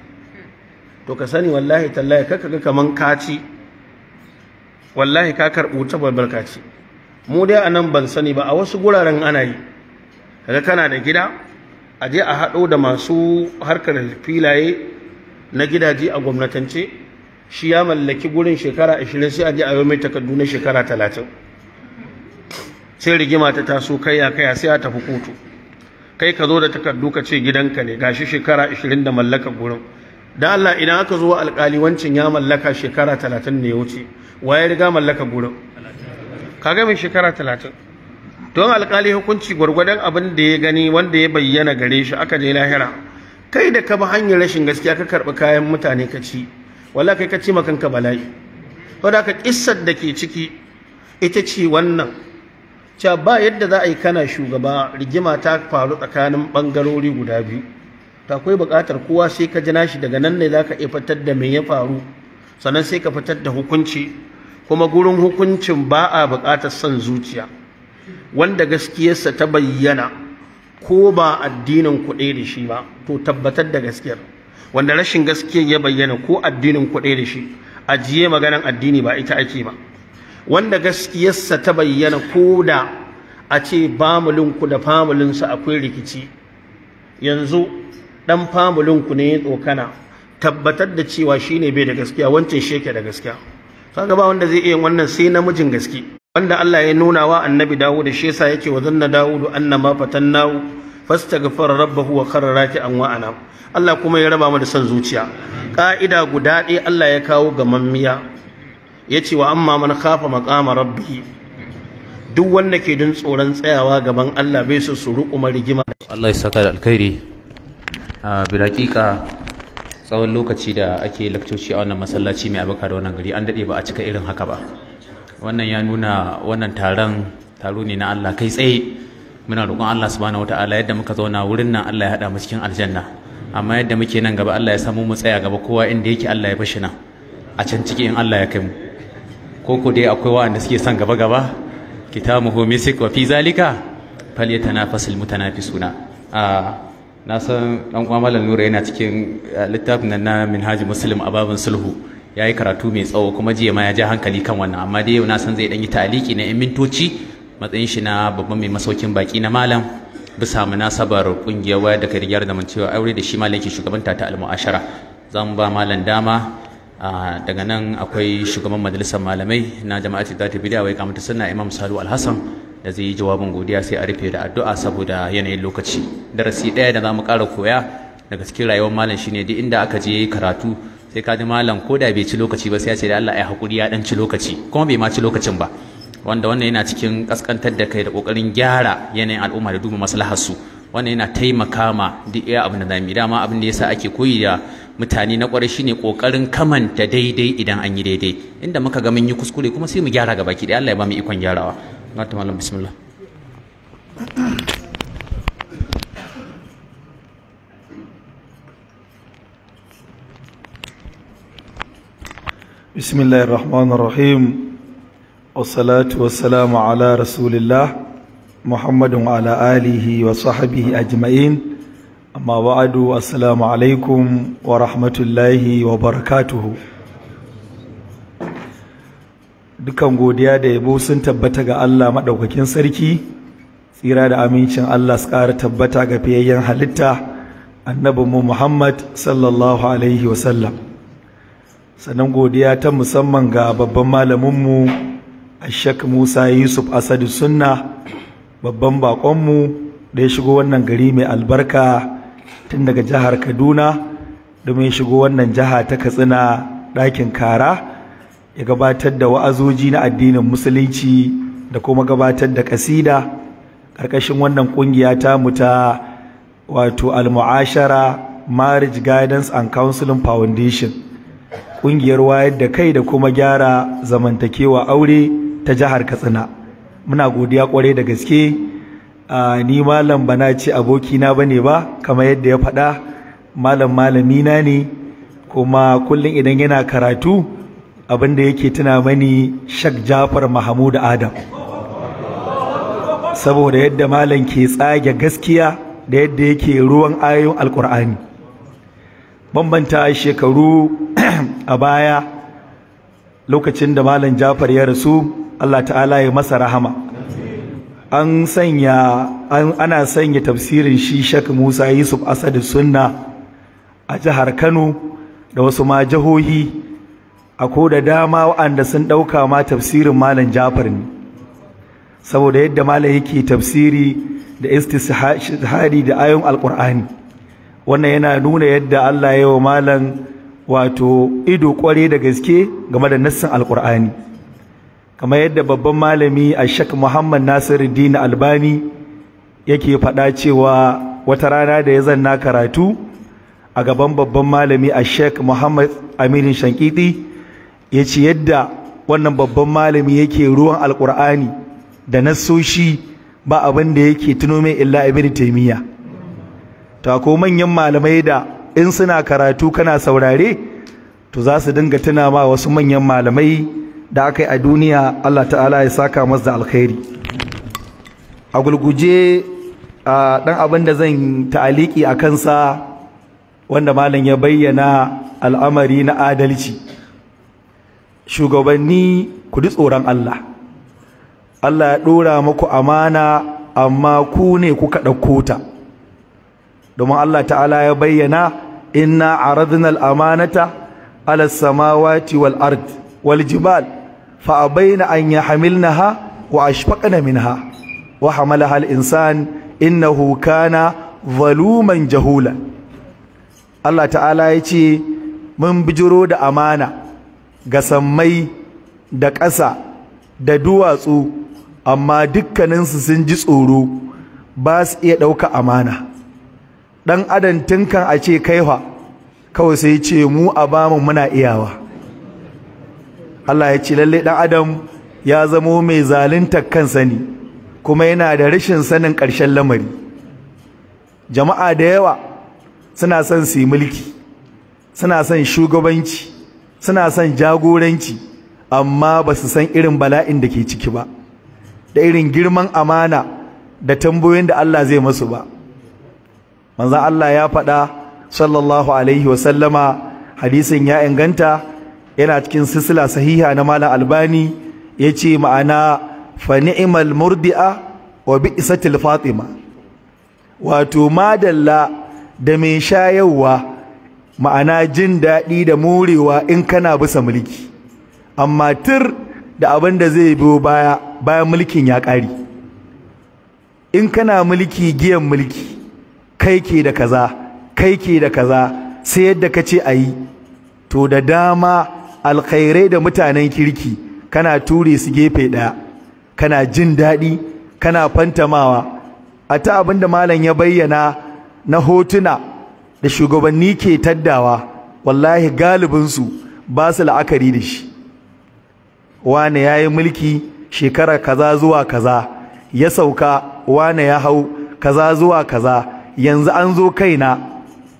Speaker 1: to ka sani wallahi tallahi kaka ga kaman kaci wallahi ka karbu ta babbar kaci mu dai anan ban sani ba a wasu guraren ana yi kaga kana da gida a je a haɗo da masu harkar filaye na gidaje a gwamnatance shi ya mallaki gurin shekara 20 sai a je a yi mai takardu na shekara talatin sai rigima ta taso kaiya kaiya sai a tafi kotu kai ka zo da takardu ka ce gidanka ne gashi shekara 20 da mallaka gurin da Allah idan aka zo alƙali wancin ya mallaka shekara talatin ne wuce wa ya riga mallaka gurin kaga mai shekara talatin don alƙali hukunci gwargwadon abin da ya gani wanda ya bayyana gare shi aka je lahira kai da ka bi hanyar rashin gaskiya ka karɓi kayan mutane ka ci wala kai ka ci makanka bala'i da ka kissar da ke ciki ita ce wannan cewa ba yadda za a yi kana shugaba rigima ta faru tsakanin bangarori guda biyu akwai buƙatar kowa sai ka jina shi daga nan ne za ka iya fitar da me ya faru sannan sai ka fitar da hukunci kuma gurin hukuncin ba a buƙatar son zuciya wanda gaskiyarsa ta bayyana ko ba addinin kuɗe da shi ba to tabbatar da gaskiyar wanda rashin gaskiyar ya bayyana ko addinin kuɗe da shi ajiye maganan addini ba ita ake ba wanda gaskiyarsa ta bayyana ko da a ce famulinku da famulinsa akwai rikici yanzu dan famulin ku ne tsokana tabbatar da cewa shine bai da gaskiya wancan sheke da gaskiya kaga ba wanda zai iya wannan sai namijin gaske wanda Allah ya nuna wa annabi Dawud shi yasa yake wa zanna Dawud annama fatannahu fastaghfara rabbahu wa kharra raki'an wa ana Allah kuma ya raba mu da son zuciya ka'ida guda ɗaya Allah ya kawo ga mammiya yace wa amma man khafa maqama rabbihi duk wanda ke don tsoron tsayawa gaban Allah bai su su riƙuma rigima
Speaker 2: Allah ya saka da alkhairi biraƙiƙa tsawon lokaci da ake lakcoci a wannan masallaci mai abaka da wannan gari an daɗe ba a cika irin haka ba wannan ya nuna wannan taron taro ne na Allah kai tsaye muna roƙon Allah subhanahu wataala yadda muka zauna wurin nan Allah ya haɗa mu cikin aljanna amma yadda muke nan gaba Allah ya samu mu tsaya gaba kowa inda yake Allah ya bashi nan a can ciki in Allah ya kai mu Ko ko dai akwai waɗanda suke son gaba gaba kitabu misik wa fi zalika falyatanafasul mutanafisuna a na san dan uwa malam nura yana cikin eh, littafin nan na minhaji muslim a babin sulhu ya yi karatu mai tsawo kuma jiya ma ya ja hankali kan wannan amma dai yau na san zai ɗan yi taliki na yan mintoci matsayin shi na babban mai masaukin baki na malam bisa munasabar kungiyar wayar da kai da mun cewa aure da shi malam ke shugabanta ta almu'ashara zan ba malam dama daga nan akwai shugaban majalisar malamai na jama'a ta bi da wai kamata sunna imam salu alhassan da zai yi jawabin godiya sai a rufe da addu'a saboda yanayin lokaci darasi ɗaya da za mu ƙara koya daga cikin rayuwar malam shine duk inda aka je karatu sai ka ji malam ko da bai ci lokaci ba sai ya ce da Allah ya hakuri ya dan ci lokaci kuma bai ma ci lokacin ba wanda wannan yana cikin kaskantar da kai da kokarin gyara yanayin al'umma da duba maslahar su wannan yana taimaka ma duk iya abin da zamu dama abin da yasa ake koyi da mutane na kwarai shine kokarin kamanta daidai idan an yi daidai inda muka ga mun yi kuskure kuma sai mu gyara gaba ki da Allah ya ba mu ikon gyarawa na ta malam bismillah
Speaker 3: بسم الله الرحمن الرحيم والصلاة والسلام على رسول الله محمد وعلى آله وصحبه أجمعين أما بعد السلام عليكم ورحمة الله وبركاته dukan godiya da yabo sun tabbata ga Allah maɗaukakin sarki tsira da amincin Allah su ƙara tabbata ga fiyayyen halitta annabinmu Muhammad sallallahu alaihi wasallam sannan godiya ta musamman ga babban malaminmu Ashak Musa Yusuf Asadu Sunna babban baƙonmu da ya shigo wannan gari mai albarka tun daga jihar Kaduna domin ya shigo wannan jiha ta Katsina ɗakin kara ya gabatar da wa'azoji na addinin musulunci da kuma gabatar da kasida ƙarƙashin wannan ƙungiya ta mu wato al-mu'ashara marriage guidance and counseling foundation Ƙungiyar wayar da kai da kuma gyara zamantakewa aure ta jihar Katsina muna godiya kwarai da gaske ni malam ba na ce abokina ba ne ba kamar yadda ya faɗa malam malami na ne kuma kullum idan yana karatu abinda yake tuna mani Shak Jafar Mahmud Adam saboda yadda malam ke tsage gaskiya da yadda yake ruwan ayoyin alkur'ani bambanta shekaru a baya lokacin da malam Jafar ya rasu Allah ta'ala ya masa rahama an sanya ana sanya tafsirin shi Shak Musa Yusuf Asad Sunna a jihar Kano da wasu ma jihohi ako da dama waɗanda sun ɗauka ma tafsirin malam jafar ne saboda yadda malam yake tafsiri da istishari da ayon alkur'ani wannan yana nuna yadda Allah ya wa malam wato ido kware da gaske game da nassin alkur'ani kamar yadda babban malami a shak muhammad nasiruddin albani yake faɗa cewa wata rana da ya zanna karatu a gaban babban malami a shek muhammad aminin shankiti ya ce yadda wannan babban malami yake ruwan alkur'ani da nasoshi ba abin da yake tuno mai illa ibn taimiyya to ko manyan malamai da in suna karatu kana saurare to za su dinga tuna ma wasu manyan malamai da aka yi a duniya Allah ta'ala ya saka masu da alkhairi a gulguje a dan abin da zan ta'aliki a kansa wanda malam ya bayyana al'amari na adalci shugabanni ku ji tsoron Allah Allah ya dora muku amana amma ku ne kuka ɗauko ta domin Allah ta'ala ya bayyana inna aradna al-amanata ala samawati wal ard wal jibal fa abaina an yahmilnaha wa ashfaqna minha wa hamalaha al-insan innahu kana zaluman jahula Allah ta'ala ya ce mun bijiro da amana ga sammai da ƙasa da duwatsu amma dukkaninsu sun ji tsoro ba su iya ɗauka amana ɗan adam tunkan a ce kaiwa kawai sai ce mu a bamu muna iyawa Allah ya ce lalle ɗan adam ya zamo mai zaluntar kan sani kuma yana da rashin sanin ƙarshen lamari jama'a da yawa suna son su yi mulki suna son shugabanci suna son jagoranci amma ba su san irin bala'in da ke ciki ba da irin girman amana da tambayoyin da Allah zai masu ba manzon Allah ya faɗa sallallahu alaihi wa sallama hadisin ya inganta yana cikin sisila sahiha na malam albani ya ce ma'ana fa ni'mal murdi'a wa bi'satil fatima wato madalla da mai shayarwa ma'ana jin daɗi da morewa in kana bisa mulki amma tur da abin da zai biyo baya bayan mulkin ya ƙare in kana mulki giyan mulki kai ke da kaza kai ke da kaza sai yadda ka ce a yi to da dama alkhairai da mutanen kirki kana ture su gefe ɗaya kana jin daɗi kana fantamawa a ta abin da malam ya bayyana na hotuna da shugabanni ke taddawa wallahi galibinsu ba su la'akari da shi wane ya yi mulki shekara kaza zuwa kaza ya sauka wane ya hau kaza zuwa kaza yanzu an zo kaina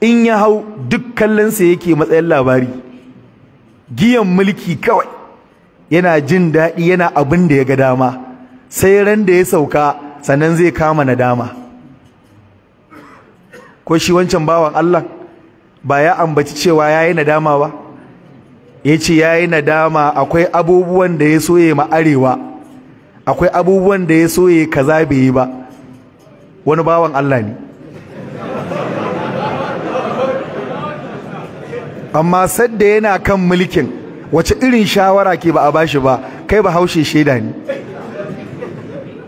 Speaker 3: in ya hau duk kallonsa yake matsayin labari giyan mulki kawai yana jin daɗi yana abin da ya ga dama sai ran da ya sauka sannan zai kama nadama dama ko shi wancan bawan Allah ba ya ambaci cewa yayi nadama ba yace yayi nadama akwai abubuwan da ya soye ma arewa akwai abubuwan da ya soye kaza bai ba wani bawan Allah ne amma sadda yana kan mulkin wace irin shawara ke ba a bashi ba kai ba haushe shaida ne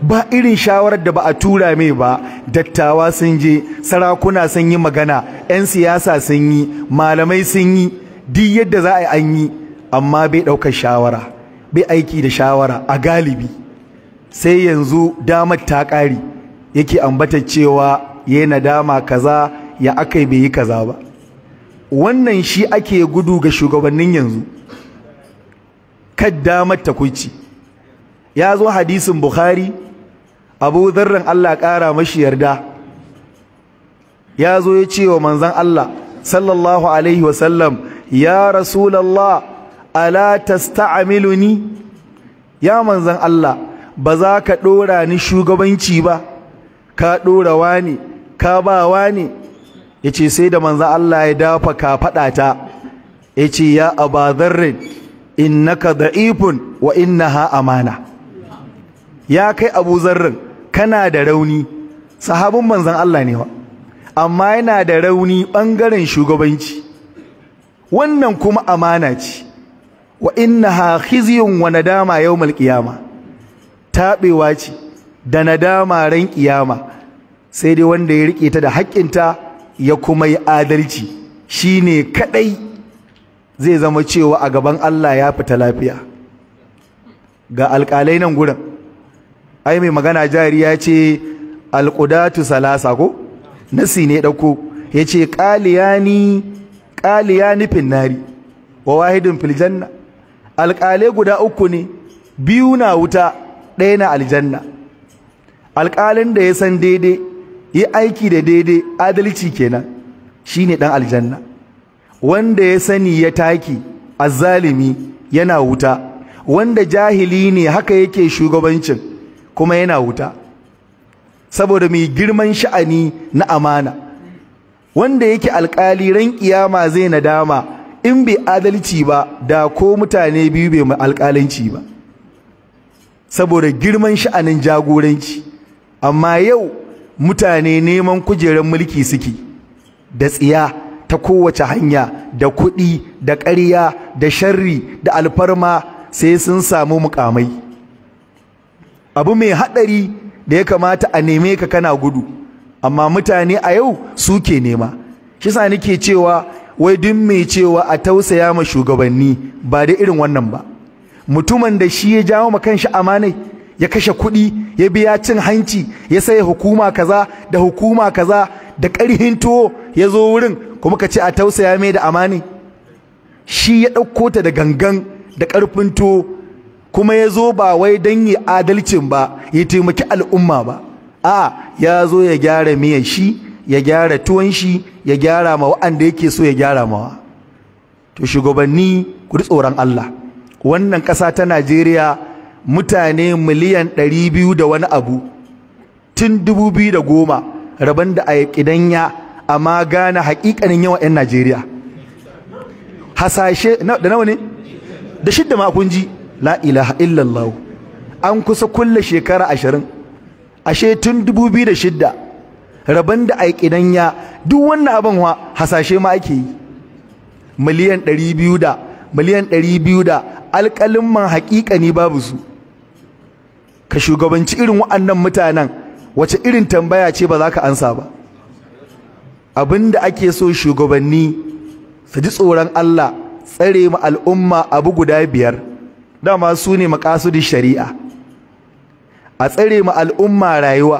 Speaker 3: ba irin shawarar da ba a tura mai ba dattawa sun je sarakuna sun yi magana 'yan siyasa sun yi malamai sun yi duk yadda za a yi an yi amma bai ɗaukar shawara bai aiki da shawara a galibi sai yanzu damar ta ƙari yake ambata cewa ya nadama kaza ya aka bai yi kaza ba wannan shi ake gudu ga shugabannin yanzu kad damar ta kuci ya zo hadisin bukhari abu zarren Allah ƙara mashi yarda ya zo ya ce wa manzan Allah sallallahu alaihi wasallam ya rasulallah ala tasta'amiluni ya manzan Allah ba za ka ɗora ni shugabanci ba ka ɗora wani ka ba wani ya ce sai da manzan Allah ya dafa ka faɗata ya ce ya abazarrin innaka da'ifun wa innaha amana ya kai abu zarrin kana da rauni sahabin manzon Allah ne wa amma yana da rauni ɓangaren shugabanci wannan kuma amana ce wa ha khizyun wa nadama yawmal qiyama Taɓewa ce da nadama ran kiyama sai dai wanda ya rike ta da haƙƙinta ya kuma yi adalci Shi ne kaɗai zai zama cewa a gaban Allah ya fita lafiya ga alƙalai nan gurin ai mai magana jari ya ce alƙudatu salasa ko nasi ne dauko yace ya nufin finnari wa wahidin filjanna. alƙale guda uku ne biyu na wuta ɗaya na aljanna Alƙalin da ya san daidai yi aiki da daidai adalci kenan shine ɗan aljanna wanda ya sani ya taki azzalimi yana wuta wanda jahili ne haka yake shugabancin kuma yana wuta saboda mai girman sha'ani na amana wanda yake alkali ran kiyama zai nadama in bai adalci ba da ko mutane biyu bai alkalanci ba saboda girman sha'anin jagoranci amma yau mutane neman kujerar mulki suke da tsiya ta kowace hanya da kuɗi da ƙarya da sharri da alfarma sai sun samu mukamai abu mai haɗari da ya kamata a neme ka kana gudu amma mutane a yau suke nema shi sa nake cewa wai duk mai cewa a tausaya ma shugabanni ba da irin wannan ba mutumin da shi ya jawo ma kanshi amanai ya kashe kuɗi ya biya cin hanci ya saya hukuma kaza da hukuma kaza da ƙarhin tuwo ya zo wurin kuma ka ce a tausaya mai da amani shi ya ɗauko ta da gangan da ƙarfin tuwo kuma ya zo ba wai don yi adalcin ba ya taimaki al'umma ba a ya zo ya gyara miyan shi ya gyara tuwon shi ya gyara ma wa'anda yake so ya gyara mawa to shugabanni ku tsoron Allah wannan ƙasa ta Najeriya mutane miliyan ɗari biyu da wani abu tun dubu biyu da goma rabon da a ƙidanya amma gane haƙiƙanin yawan 'yan Najeriya hasashe da nawa ne da shidda ma kun ji la ilaha illallah an kusa kulle shekara ashirin ashe tun dubu biyu da shidda rabon da ya duk wannan abin wa hasashe ma ake yi miliyan ɗari biyu da miliyan ɗari biyu da alƙalin man haƙiƙa ne babu su ka shugabanci irin wa'annan mutanen wace irin tambaya ce ba za ka ansa ba abin da ake so shugabanni su ji tsoron Allah tsare ma al'umma abu guda biyar dama su ne makasudin shari'a a tsare ma al'umma rayuwa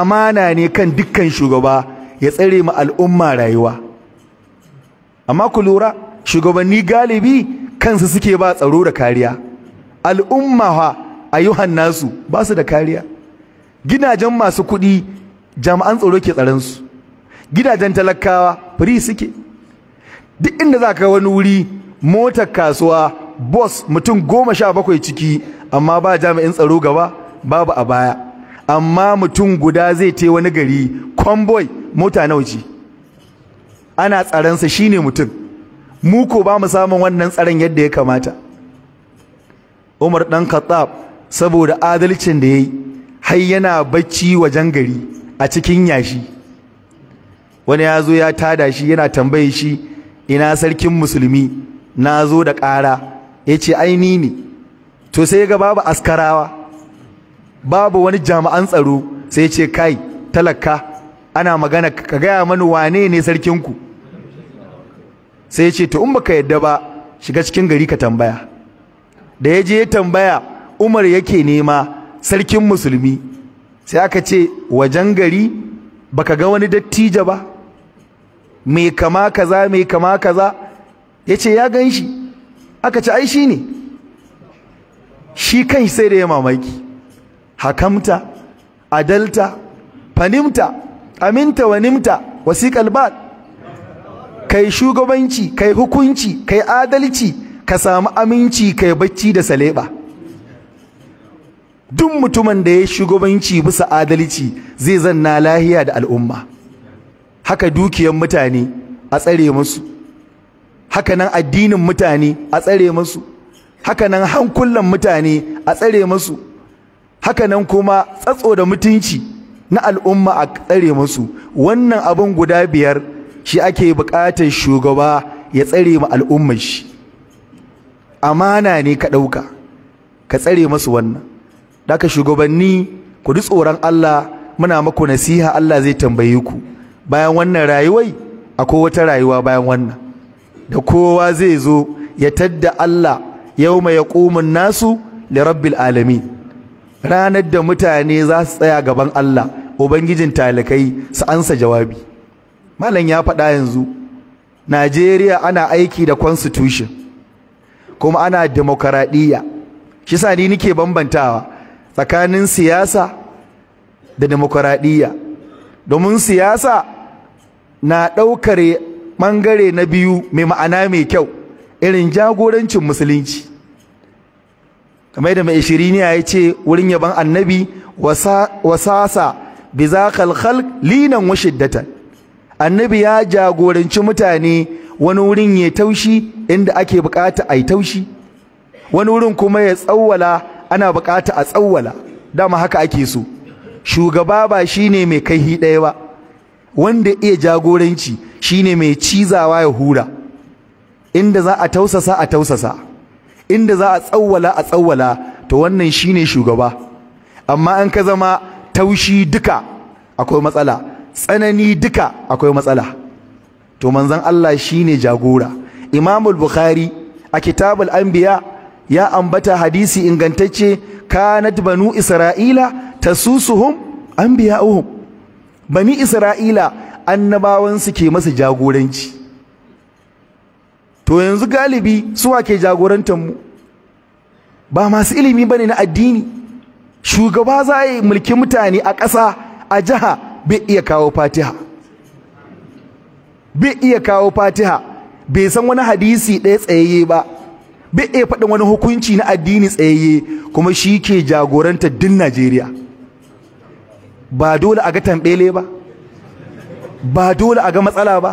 Speaker 3: amana ne kan dukkan shugaba ya tsare ma al'umma rayuwa amma ku lura shugabanni galibi kansu suke ba tsaro da kariya al'umma ha ayuhan nasu ba su da kariya gidajen masu kuɗi jami'an tsaro ke su gidajen talakawa firi suke duk inda za ka wani wuri motar kasuwa bos mutum goma sha bakwai ciki amma ba jami'in tsaro gaba babu a baya amma mutum guda zai te wani gari convoy mota nawa ce ana tsaransa shine mutum mu ko ba mu samun wannan tsaron yadda ya kamata Umar dan Khattab saboda adalcin da yayi har yana bacci wajen gari a cikin yashi wani ya zo ya tada shi yana tambaye shi ina sarkin musulmi na zo da ƙara ya ce aini ne to sai ya ga babu askarawa babu wani jami'an tsaro sai ya ce kai talaka ana magana ka gaya mani wane ne sarkinku sai ya ce to in baka yadda ba shiga cikin gari ka tambaya da ya je ya tambaya umar yake nema sarkin musulmi sai aka ce wajen gari baka ga wani dattija ba mai kama kaza mai kama kaza ya ce ya gan shi aka ce ai shi ne shi kai sai da ya mamaki hakamta adalta fanimta aminta wanimta nimta wasiƙal kai shugabanci kai hukunci kai adalci ka samu aminci kai bacci da saleba duk mutumin da ya shugabanci bisa adalci zai zanna lahiya da al'umma haka dukiyar mutane a tsare musu hakanan addinin mutane a tsare musu hakanan hankulan mutane a tsare masu hakanan kuma tsatso da mutunci na al'umma a tsare masu wannan abin guda biyar shi ake buƙatar shugaba ya tsare ma al'umma shi amana ne ka ɗauka ka tsare masu wannan daka shugabanni ku ji tsoron Allah muna maku nasiha Allah zai tambaye ku bayan wannan rayuwai akwai wata rayuwa bayan wannan da kowa zai zo ya tadda Allah yau yauma ƙumin nasu da rabbil alami. ranar da mutane za su tsaya gaban Allah ubangijin talakai su ansa jawabi malam ya faɗa yanzu Najeriya ana aiki da constitution kuma ana demokaradiyya shi sa ni nake bambantawa tsakanin siyasa da demokaradiyya domin siyasa na ɗaukar ɓangare na biyu mai ma'ana mai kyau irin jagorancin musulunci kamar yadda mai ishiriniya ya ce wurin yaban annabi wasasa bi za kalkal linan washiddata annabi ya jagoranci mutane wani wurin ya taushi inda ake bukata a yi taushi wani wurin kuma ya tsawwala ana bukata a tsawwala dama haka ake so shugaba ba shine mai kai ɗaya ba wanda iya jagoranci shine mai cizawa ya hura inda za a tausasa a tausasa inda za a tsawwala a tsawwala to wannan shine shugaba amma an ka zama taushi duka akwai matsala tsanani duka akwai matsala to manzon Allah shine jagora Imamul bukhari a kitabul anbiya ya ambata hadisi ingantacce kanat banu isra'ila tasusuhum anbiya'uhum bani isra'ila annabawansu ke masa jagoranci to yanzu galibi suwa ke jagorantar mu ba masu ilimi bane na addini shugaba za a yi mulki mutane a ƙasa a jiha bai iya kawo fatiha bai iya kawo fatiha bai san wani hadisi ɗaya tsayayye ba bai iya faɗin wani hukunci na addini tsayayye kuma shi ke jagorantar din najeriya ba dole a ga tambele ba ba dole a ga matsala ba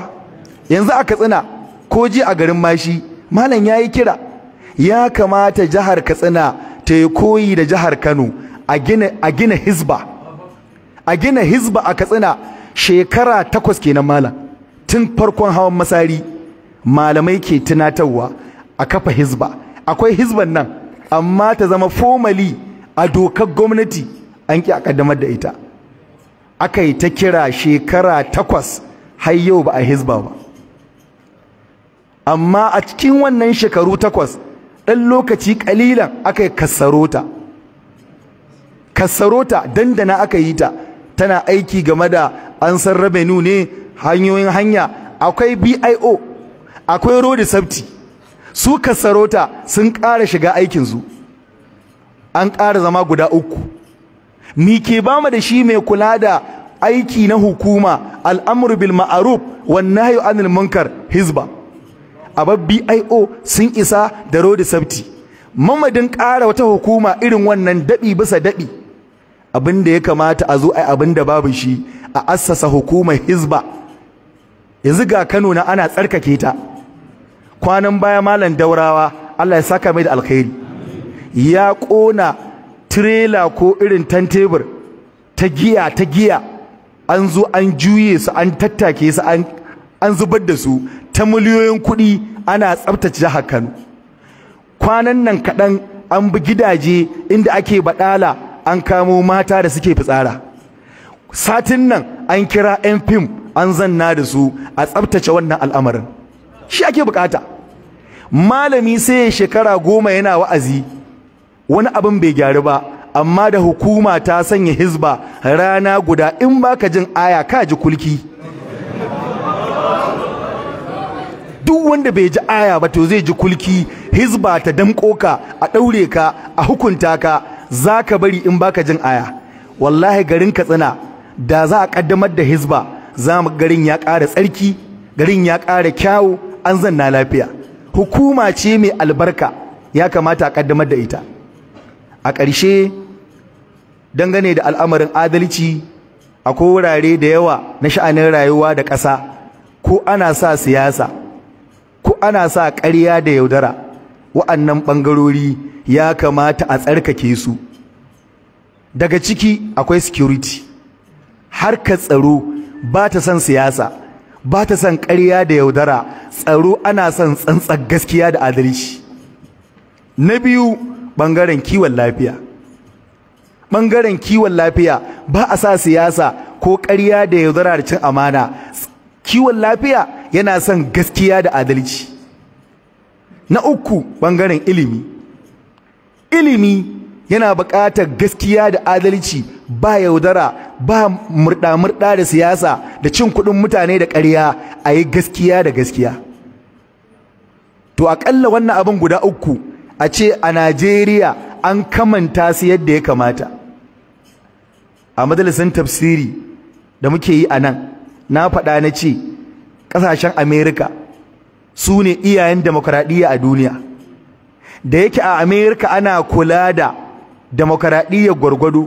Speaker 3: yanzu a katsina ko ji a garin mashi malam yayi kira ya kamata jihar katsina ta yi koyi da jihar kano a gina hizba a gina hizba a katsina shekara takwas kenan malam tun farkon hawan masari malamai ke tunatarwa a kafa hizba akwai hizban nan amma ta zama fomali a dokar gwamnati an ki a kaddamar da ita aka yi ta kira shekara takwas har yau ba a hisba ba amma a cikin wannan shekaru takwas ɗan lokaci ƙalilan aka yi kassarota kassarota dandana aka yi ta tana aiki game da an san rabenu ne hanyoyin hanya akwai bio akwai rodi sabti su kasarota sun ƙara shiga aikinsu an ƙara zama guda uku mi ke ba mu da shi mai kula da aiki na hukuma al'amru bil ma'ruf wan nahyu anil munkar hizba abab BIO sun isa da road safety mamadin ƙara wata hukuma irin wannan dabi bisa dabi abin da ya kamata a zo ai abin da babu shi a assasa hukumar hizba yanzu ga Kano na ana tsarkake ta kwanan baya malam Daurawa Allah ya saka mai da alkhairi ya kona tirela ko irin tantebur ta giya ta giya an zo an juye su an tattake su an zubar da su ta miliyoyin kuɗi ana tsabtace hakan. Kano kwanan nan kaɗan an bi gidaje inda ake baɗala an kamo mata da suke fitsara satin nan an kira 'yan fim an zanna da su a tsabtace wannan al'amarin shi ake bukata malami sai shekara goma yana wa'azi wani abin bai gyaru ba amma da hukuma ta sanya hizba rana guda in baka jin aya ka ji kulki duk wanda bai ji aya ba to zai ji kulki hizba ta damƙo ka a ɗaure ka a hukunta ka za ka bari in baka jin aya wallahi garin katsina da za a kaddamar da hizba za mu garin ya ƙara tsarki garin ya ƙara kyawu an zanna lafiya hukuma ce mai albarka ya kamata a kaddamar da ita a ƙarshe dangane da al'amarin adalci akwai wurare da yawa na sha'anin rayuwa da ƙasa ko ana sa siyasa ko ana sa ƙarya da yaudara wa'annan ɓangarori ya kamata a tsarkake su daga ciki akwai security harkar tsaro ba ta son siyasa ba ta son ƙarya da yaudara tsaro ana son tsantsar gaskiya da adalci na biyu ɓangaren kiwon lafiya ɓangaren kiwon lafiya ba a sa siyasa ko ƙarya da yaudara da cin amana kiwon lafiya yana son gaskiya da adalci na uku ɓangaren ilimi ilimi yana buƙatar gaskiya da adalci ba yaudara ba murɗa-murɗa da siyasa da cin kuɗin mutane da ƙarya a yi gaskiya da gaskiya to aƙalla wannan abin guda uku a ce a Najeriya an kamanta su yadda ya kamata a madalisan tafsiri da muke yi a nan na faɗa na ce ƙasashen Amerika su ne iyayen demokuraɗiyya a duniya da yake a Amerika ana kula da demokuraɗiyyar gwargwado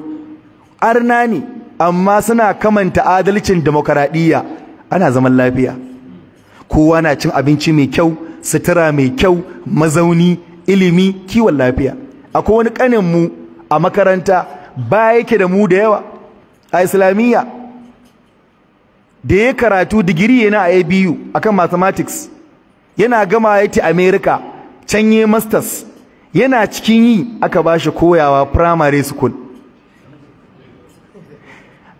Speaker 3: arna ne amma suna kamanta adalcin demokuraɗiyya ana zaman lafiya kowa na cin abinci mai kyau sutura mai kyau mazauni ilimi kiwon lafiya akwai wani kanin mu a makaranta ba yake da mu da yawa a islamiyya da ya karatu digiri yana a ABU akan mathematics yana gama ya America can yi masters yana cikin yi aka ba shi koyawa primary school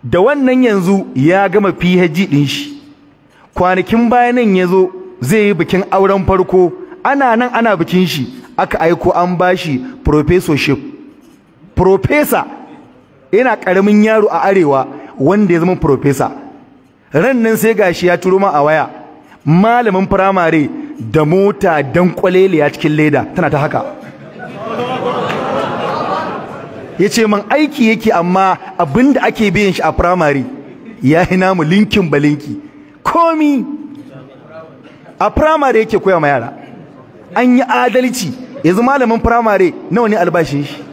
Speaker 3: da wannan yanzu ya gama PhD din shi kwanakin bayanan ya zo zai yi bikin auren farko ana nan ana bikin shi aka aiko an bashi professorship professor yana karamin yaro a arewa wanda ya zama professor ran nan sai gashi ya turo ma a waya malamin firamare da mota dan kwaleliya cikin leda tana ta haka Yace min man aiki yake amma abinda ake biyan shi a firamare ya yi namu linkin balinki komi a firamare yake koya ma yara an yi adalci yanzu malamin firamare nawa ne albashin shi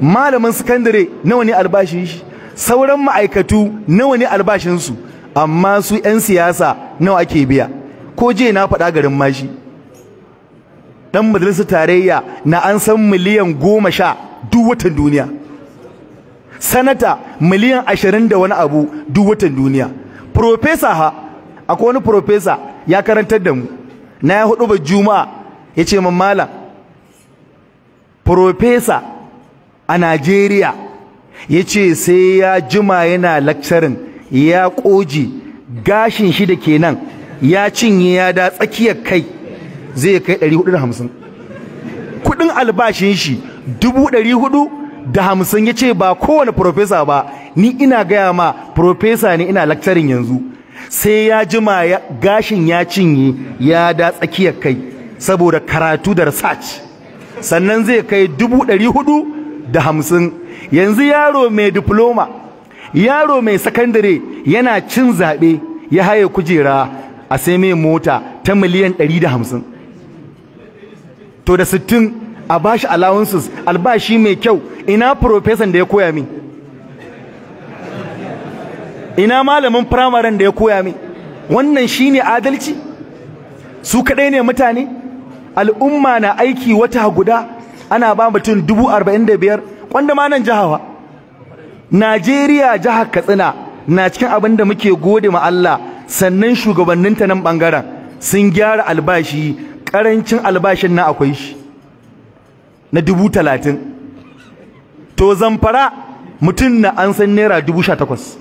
Speaker 3: malamin sakandare nawa ne albashin shi sauran ma'aikatu nawa ne su amma su 'yan siyasa nawa ake biya ko je na faɗa garin mashi dan majalisar tarayya na an san miliyan goma sha duk watan duniya sanata miliyan ashirin da wani abu duk watan duniya profesa ha akwai wani profesa ya karantar da mu na ya hudu ba juma'a ya ce min malam profesa a najeriya ya ce sai ya jima yana lakcarin ya koji gashin shi da ke nan ya cinye ya da tsakiyar kai zai kai 450 kudin albashin shi 450 ya ce ba kowane profesa ba ni ina gaya ma profesa ne ina lakcarin yanzu sai ya jima gashin ya cinye ya da tsakiyar kai saboda karatu da research sannan zai kai dubu ɗari hudu da hamsin yanzu yaro mai diploma yaro mai sakandare yana cin zaɓe ya haye kujera a sai mai mota ta miliyan ɗari da hamsin to da sittin a bashi allowances albashi mai kyau ina profesan da ya koya min ina malamin firamaren da ya koya min wannan shi ne adalci su kaɗai ne mutane al'umma na aiki wata guda ana ba mutum dubu arba'in da biyar wanda ma nan jihawa najeriya jihar katsina na cikin abin da muke gode ma allah sannan shugabanninta nan bangaren sun gyara albashi karancin albashin na akwai shi na dubu talatin to zamfara mutum na an san naira dubu sha takwas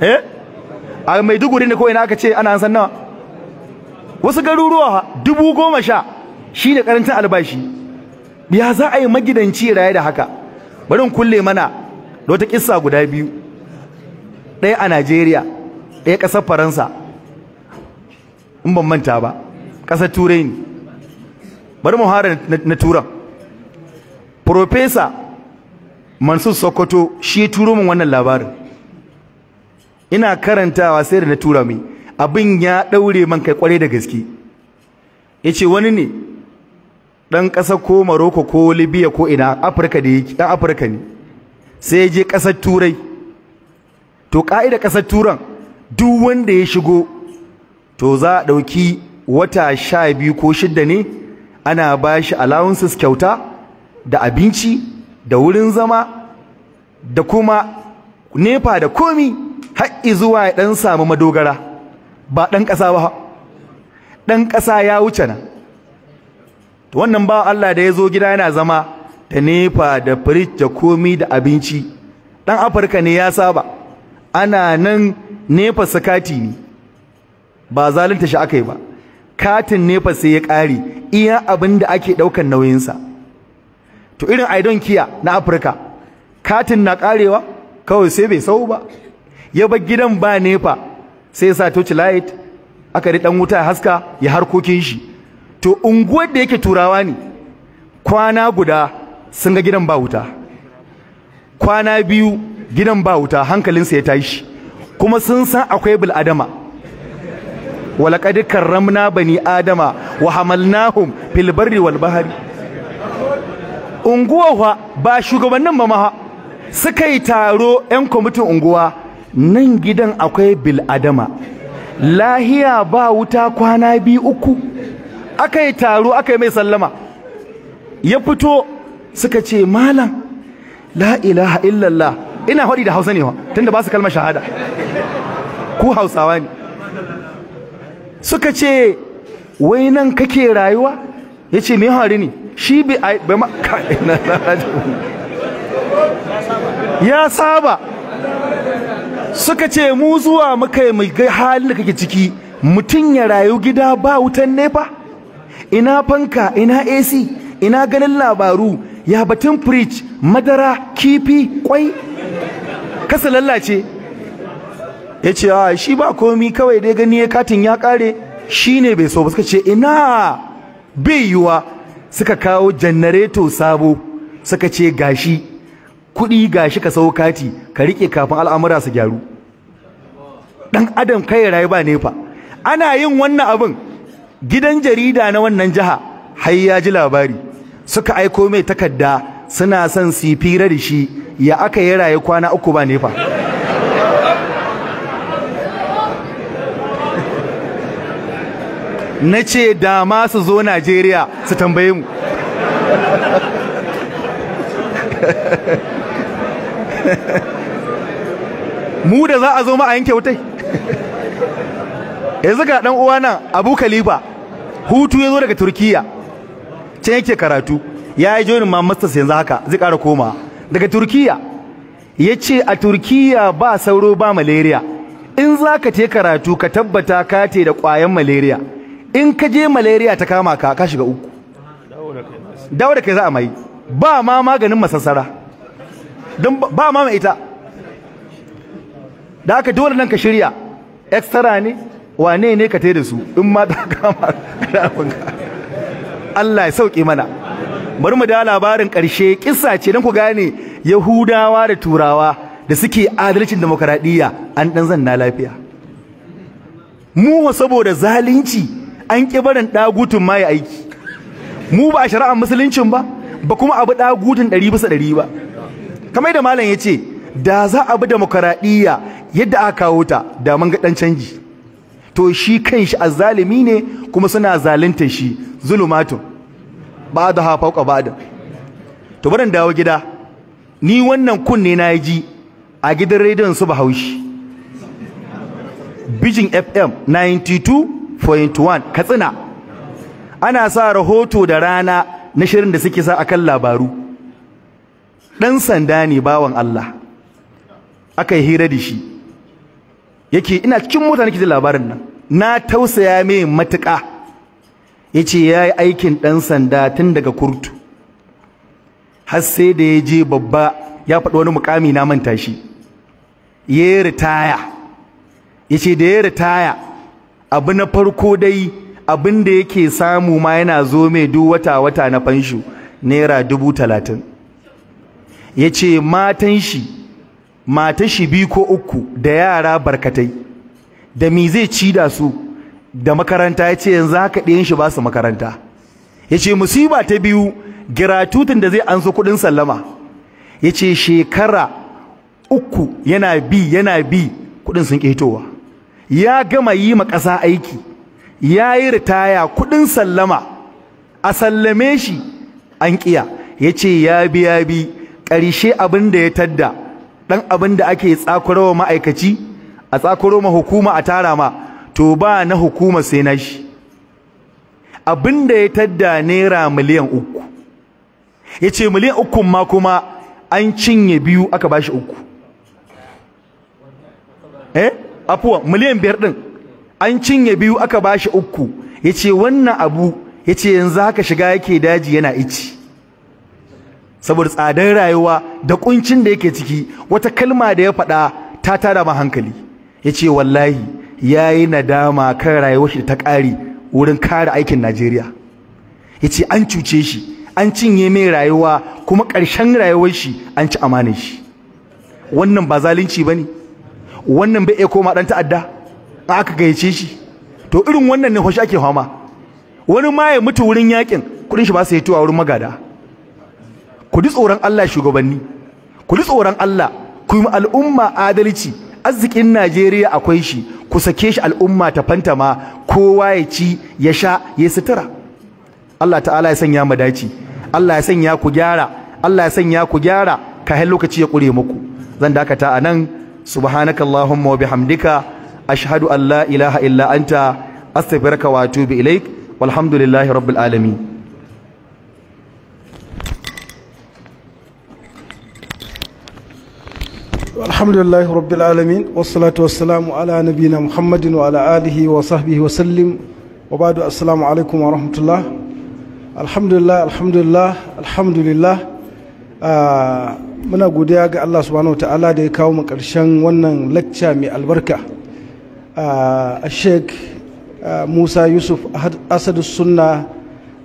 Speaker 3: eh a maiduguri ne ko ina aka ce ana san nawa wasu garuruwa dubu goma sha shi ne karancin albashi ya za a yi magidanci raye da haka bari in kulle mana da wata kissa guda biyu ɗaya a najeriya ɗaya ƙasar faransa in ban manta ba ƙasar turai ne bari mu hara na turan Profesa mansur sokoto shi ya turo min wannan labarin ina karantawa sai da na tura mai abin ya daure man kai kwarai da gaske yace wani ne dan ƙasa ko Morocco ko Libya ko ina Afirka da yake dan Afirka ne sai ya je ƙasar Turai to ka'ida ƙasar Turan duk wanda ya shigo to za a ɗauki wata sha biyu ko shidda ne ana ba shi allowances kyauta da abinci da wurin zama da kuma nepa da komi haƙƙi zuwa ya ɗan samu madogara ba ɗan ƙasa ba ɗan ƙasa ya wuce na wannan ba Allah da ya zo gida yana zama da nefa da firij da komi da abinci ɗan afirka ne ya saba ana nan nefa kati ne ba zalunta shi aka yi ba katin nefa sai ya ƙare iya abin da ake ɗaukan nauyinsa to irin aidon kiya na afirka katin na ƙarewa kawai sai bai sau ba ya bar gidan ba nefa sai sa torch light aka ri dan wuta haska ya harkokin shi to unguwar da yake turawa ne kwana guda sun ga gidan ba wuta kwana biyu gidan ba wuta hankalinsa ya tashi kuma sun san akwai bil adama karramna bani adama wa hamalnahum fil barri wal bahri unguwa ba shugabannin ba ma suka yi taro 'yan kwamitin unguwa nan gidan akwai bil'adama lahiya ba wuta kwana biyu uku aka yi taro aka yi mai sallama ya fito suka ce malam la ilaha illallah ina haɗi da hausa ne wa tunda ba su kalmar shahada ku hausawa ne suka ce wai nan kake rayuwa ya ce me hari ne shi bi a bai ma ya saba suka ce mu zuwa muka yi mai halin da kake ciki mutum ya rayu gida ba wutan nefa ina fanka ina ac ina ganin labaru ya batun fridge madara kifi kwai kasa lallace ya ce a shi ba komi kawai dai gani ya katin ya kare shi ne bai so ba suka ce ina bai yiwa suka kawo janareto sabo suka ce gashi kuɗi ga shi ka sau kati ka riƙe kafin al'amura su gyaru ɗan adam kai rayu ba nefa ana yin wannan abin gidan jarida na wannan jiha har ya ji labari suka aiko mai takarda suna son su yi da shi ya aka yi raye kwana uku ba nefa na ce da ma su zo Najeriya su tambaye mu mu da za a zo ma a yanke wutai yanzu ga dan uwa nan Abu Khalifa hutu ya zo daga Turkiya can yake karatu ya yi joinin ma masters yanzu haka zai ƙara koma daga Turkiya ya ce a Turkiya ba sauro ba malaria in za ka te karatu ka tabbata ka te da ƙwayan malaria in ka je malaria ta kama ka ka shiga uku dawo da kai za a mai ba ma maganin masassara don ba ma mai ita da haka dole nan ka shirya extra ne wane ne ka da su in ma ta kama Allah ya sauke mana bari mu da labarin ƙarshe kissa ce don ku gane Yahudawa da Turawa da suke adalcin demokradiyya an dan zanna lafiya mu saboda zalunci an ƙi barin dagutun ma ya aiki mu ba a shari'ar musuluncin ba ba kuma abu dagutun ɗari bisa ɗari ba kamar da malam ya ce da za a bi demokaradiyya yadda aka kawo ta da mun ga dan canji to shi kanshi azzalimi ne kuma suna zalunta shi ba da ha ka ba'da to barin dawo gida ni wannan kunne na ji a gidan rediyon su Bahaushe Bijin FM 92.1 Katsina ana sa rahoto da rana na shirin da suke sa akan labaru ɗan sanda ne bawan Allah aka yi hira da shi yake ina cikin mutane kiji labarin nan na tausaya mai matuƙa yace ya yi aikin ɗan sanda tun daga kurtu har sai da ya je babba ya faɗi wani mukami na manta shi ya ritaya ya ce da ya ritaya abu na farko dai abin da yake samu ma yana zo mai duk wata wata na fanshu naira dubu talatin ya ce matan shi matan shi biyu ko uku da yara barkatai da me zai ci da su da makaranta ya ce yanzu haka ɗayan shi ba su makaranta ya ce musiba ta biyu giratutun da zai anso kuɗin sallama ya ce shekara uku yana bi yana bi kuɗin sun ƙetowa ya gama yi ma ƙasa aiki ya yi ritaya kuɗin sallama a sallame shi an ƙiya ya ce ya bi ya bi ƙarshe abin da ya tadda ɗan abin da ake tsakurawa ma'aikaci a tsakuro ma hukuma a tara ma to ba na hukuma sai na shi abin da ya tadda naira miliyan uku ya ce miliyan uku ma kuma an cinye biyu aka bashi uku eh afuwa miliyan biyar ɗin an cinye biyu aka shi uku ya ce wannan abu ya ce yanzu haka shiga yake daji yana ici saboda tsadar rayuwa da kuncin da yake ciki wata kalma da ya faɗa ta tara ma hankali ya ce wallahi ya yi nadama kan rayuwar shi ta ƙari wurin kare aikin najeriya ya ce an cuce shi an cinye mai rayuwa kuma ƙarshen rayuwar shi an ci amanin shi wannan ba zalunci ba ne wannan bai iya koma ɗan ta'adda aka gayyace shi to irin wannan ne hoshi ake fama wani ma ya mutu wurin yakin kuɗin shi ba su yi tuwa wurin magada ku ji tsoron Allah shugabanni ku ji tsoron Allah ku yi al'umma adalci arzikin Najeriya akwai shi ku sake shi al'umma ta fantama kowa ya ci ya sha ya sutura Allah ta'ala ya sanya mu dace Allah ya sanya ku gyara Allah ya sanya ku gyara ka har lokaci ya kure muku zan dakata anan allahumma wa bihamdika ashhadu an la ilaha illa anta astaghfiruka wa atubu ilaik walhamdulillahi rabbil alamin
Speaker 4: alhamdulillahi rabbil alamin wassalatu wassalamu ala nabiyina muhammadin wa ala alihi wa sahbihi wa sallim wa ba'du assalamu alaikum wa rahmatullah alhamdulillah alhamdulillah alhamdulillah ah, muna godiya ga Allah subhanahu wa ta'ala da ya kawo mu karshen wannan lacca mai albarka ah, a sheik ah, Musa Yusuf Asadu Sunna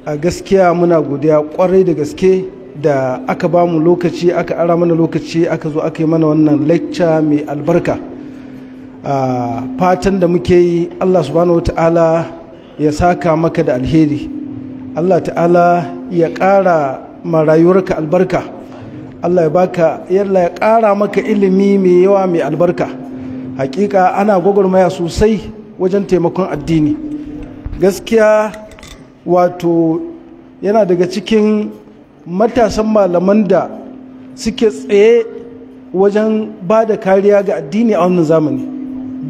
Speaker 4: gaskiya muna godiya kwarai da gaske da aka ba mu lokaci aka ara mana lokaci aka zo aka yi mana wannan lecture mai albarka fatan da muke yi allah subhanahu ta'ala ya saka maka da alheri allah ta'ala ya ƙara ma rayuwarka albarka allah ya baka yalla ya ƙara maka ilimi mai yawa mai albarka hakika ana gwagwarmaya sosai wajen taimakon addini gaskiya wato yana daga cikin matasan malaman da suke tsaye wajen ba da kariya ga addini a wannan zamani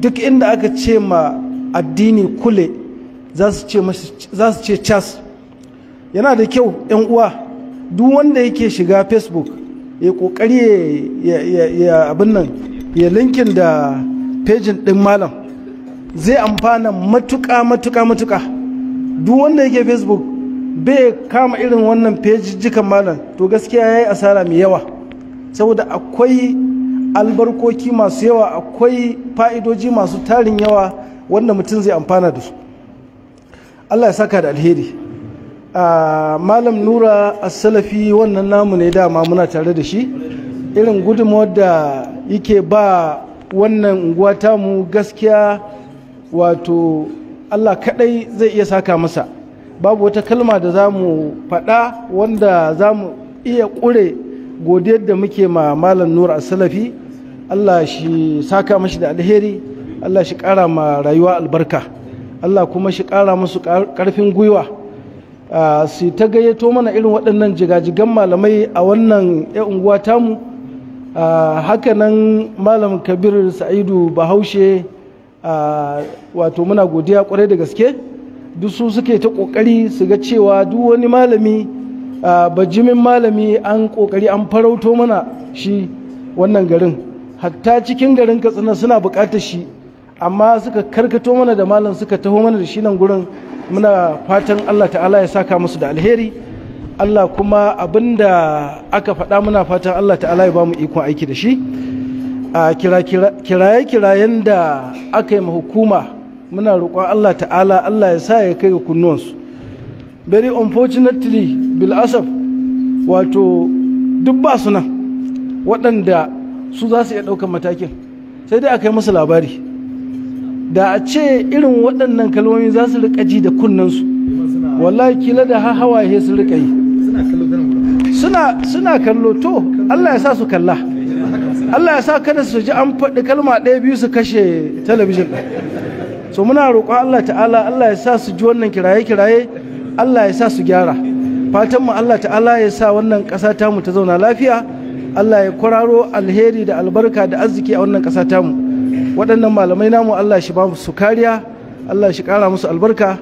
Speaker 4: duk inda aka ce ma addini kule za su ce cas yana da kyau 'yan uwa duk wanda yake shiga facebook ya kokari ya abin nan ya linkin da pejin din malam zai amfana matuka matuka matuka duk wanda yake facebook bai kama irin wannan fejijjikan malam to gaskiya ya yi asara mai yawa saboda akwai albarkoki masu yawa akwai fa'idoji masu tarin yawa wanda mutum zai amfana da su allah ya saka da alheri ah, malam nura salafi wannan namu ne dama muna tare da shi irin gudunmawar da yake ba wannan unguwa tamu gaskiya wato allah kadai zai iya saka masa babu wata kalma da za mu faɗa wanda za mu iya ƙure godiyar da muke ma malam nura salafi allah shi saka mashi da alheri allah shi ƙara ma rayuwa albarka allah kuma shi ƙara musu ƙarfin gwiwa su ta gayyato mana irin waɗannan jigajigan malamai a wannan 'yan unguwa tamu hakanan malam kabir sa'idu bahaushe wato muna godiya kwarai da gaske duk su suke ta kokari su ga cewa duk wani malami bajimin malami an kokari an farauto mana shi wannan garin hatta cikin garin katsina suna bukatar shi amma suka karkato mana da malam suka taho mana da shi nan gurin muna fatan allah ta'ala ya saka musu da alheri allah kuma abinda aka faɗa muna fatan allah ta'ala ya ba mu ikon aiki da shi a kiraye-kirayen da aka yi ma hukuma muna roƙon Allah ta'ala Allah ya sa ya kai kunnuwansu very unfortunately bil asaf wato duk ba su nan waɗanda su za su iya ɗaukar matakin sai dai aka kai musu labari da a ce irin waɗannan kalmomi za su riƙa ji da kunnansu wallahi kila da hawa hawaye su riƙa yi suna kallo to Allah ya sa su kalla Allah ya sa kada su ji an faɗi kalma ɗaya biyu su kashe talabijin so muna roƙon Allah ta'ala Allah ya sa su ji wannan kiraye-kiraye Allah ya sa su gyara fatan mu Allah ta'ala ya sa wannan ƙasa tamu ta zauna lafiya Allah ya kwararo alheri da albarka da arziki a wannan ƙasa tamu waɗannan malamai namu Allah shi ba su kariya Allah shi ƙara musu albarka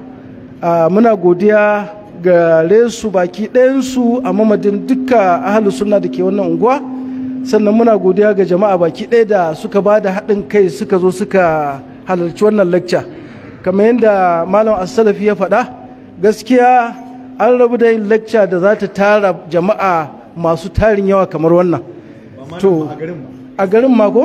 Speaker 4: muna godiya gare su baki ɗayansu a mamadin duka ahalin sunna da ke wannan unguwa sannan muna godiya ga jama'a baki ɗaya da suka ba da haɗin kai suka zo suka halarci wannan lecture kamar yadda malam asalafi ya faɗa gaskiya an rabu da yin lecture da za ta tara jama'a masu tarin yawa kamar wannan to a garin mako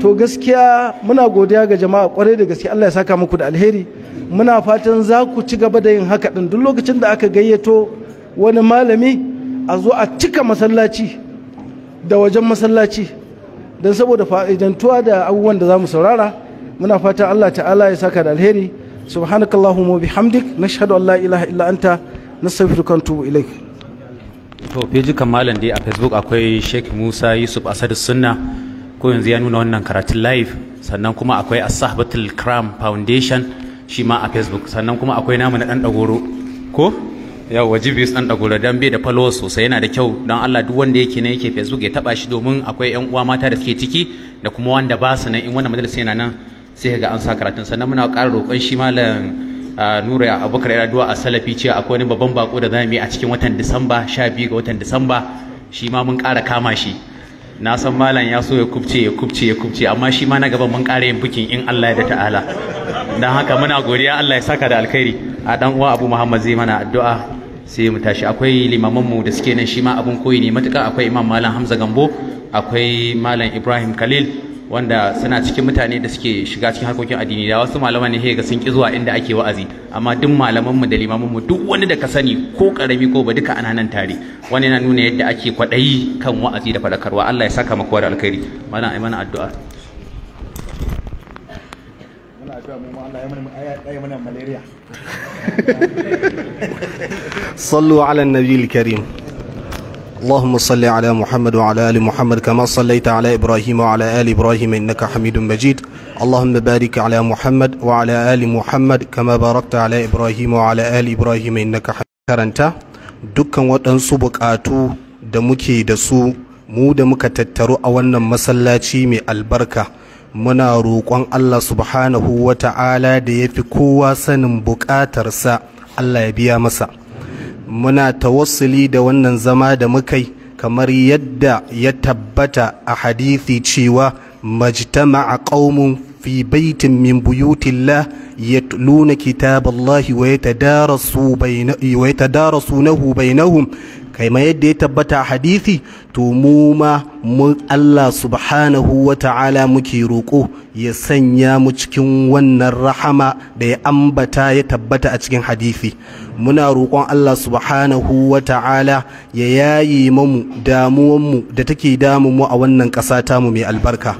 Speaker 4: to gaskiya muna godiya ga jama'a kwarai da gaske Allah ya saka muku da alheri muna fatan za ku ci gaba da yin haka din duk lokacin da aka gayyato wani malami a zo a cika masallaci da wajen masallaci don saboda fa'idantuwa da abubuwan da za mu saurara muna fatan Allah ta'ala ya saka da alheri subhanakallahumma bihamdik nashhadu an la ilaha illa anta nastaghfiruka wa atubu ilaik
Speaker 2: to feji kamalan dai a facebook akwai Sheikh Musa Yusuf Asad Sunna ko yanzu ya nuna wannan karatun live sannan kuma akwai Ashabatul Kram Foundation shi ma a facebook sannan kuma akwai namu na dan dagoro ko ya wajibi su dan dagoro dan bai da followers sosai yana da kyau dan Allah duk wanda yake ne yake facebook ya taba shi domin akwai yan uwa mata da suke ciki da kuma wanda ba su nan in wannan majalisa yana nan sai ga an sa karatun sannan muna ƙara roƙon shi malam ah, nura ya abubakar yana duwa a salafi cewa akwai wani babban bako da zamu yi a cikin watan disamba sha biyu ga watan disamba shi ma mun ƙara kama shi na san malam ya so ya kubce ya kubce ya kubce amma shi ma na gaban mun ƙara yin bukin in allah ya da ta'ala don haka muna godiya allah ya saka da alkhairi a dan uwa abu muhammad zai mana addu'a sai mu tashi akwai limaman da suke nan shi ma abun koyi ne matuƙa akwai imam malam hamza gambo akwai malam ibrahim khalil wanda suna cikin mutane da suke shiga cikin harkokin addini da wasu malaman ne ga sun ki zuwa inda ake wa'azi amma duk malaman da limamin mu duk wani da ka sani ko karami ko ba duka ana nan tare wani yana nuna yadda ake kwadayi kan wa'azi da fadakarwa Allah ya saka maka wani alkhairi malam ai mana addu'a صلوا
Speaker 5: على النبي الكريم اللهم صل على محمد وعلى آل محمد كما صليت على إبراهيم وعلى آل إبراهيم إنك حميد مجيد اللهم بارك على محمد وعلى آل محمد كما باركت على إبراهيم وعلى آل إبراهيم إنك حميد karanta dukkan waɗansu buƙatu da muke da su mu da muka tattaru a wannan masallaci mai albarka muna roƙon Allah subhanahu wa ta'ala da ya fi kowa sanin buƙatarsa Allah ya biya masa muna tawassuli da wannan zama da muka yi kamar yadda ya tabbata a hadithi cewa majtama'a qaumun fi baitin min buyutillah yatluna kitaballahi wa yatadarasunahu bainahum kai ma yadda ya tabbata hadithi to mu ma Allah subhanahu wa ta'ala muke roƙo ya sanya mu cikin wannan rahama da ya ambata ya tabbata a cikin hadithi. muna roƙon Allah subhanahu wa ta'ala ya yayi mamu damuwanmu da take damu mu a wannan ƙasa tamu mai albarka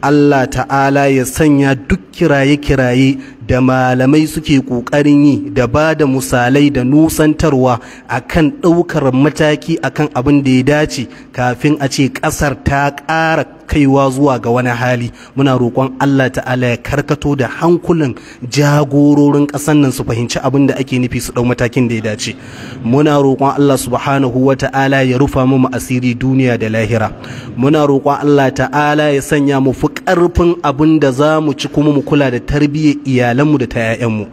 Speaker 5: Allah ta'ala ya sanya duk kiraye-kiraye da malamai suke ƙoƙarin yi da ba da misalai da nusantarwa akan ɗaukar mataki akan abin da ya dace kafin a ce ƙasar ta ƙara kaiwa zuwa ga wani hali muna roƙon Allah ta'ala ya karkato da hankulan jagororin ƙasar nan su fahimci abin da ake nufi su ɗau matakin da ya dace muna roƙon Allah subhanahu wa ta'ala ya rufa mu asiri duniya da lahira muna roƙon Allah ta'ala ya sanya mu fi ƙarfin abin da za mu ci kuma mu kula da tarbiyyar iyali iyalanmu da ta 'ya'yanmu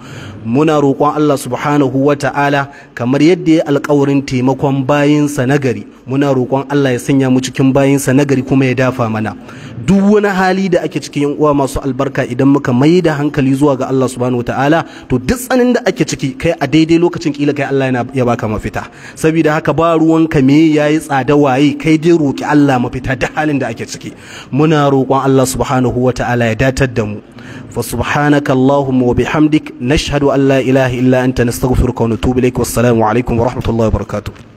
Speaker 5: muna roƙon Allah subhanahu wa ta'ala kamar yadda ya alƙawarin taimakon bayinsa nagari muna roƙon Allah ya sanya mu cikin bayinsa nagari kuma ya dafa mana duk wani hali da ake cikin yan uwa masu albarka idan muka mai da hankali zuwa ga Allah subhanahu wa ta'ala to duk tsanin da ake ciki kai a daidai lokacin kila kai Allah yana ya baka mafita saboda haka ba ruwan ka me yayi tsada waye kai dai roki Allah mafita da halin da ake ciki muna roƙon Allah subhanahu wa ta'ala ya datar da mu fa subhanaka allahumma wa bihamdik nashhadu an la ilaha illa anta nastaghfiruka wa natubu ilaik wassalamu alaikum wa rahmatullahi wa barakatuh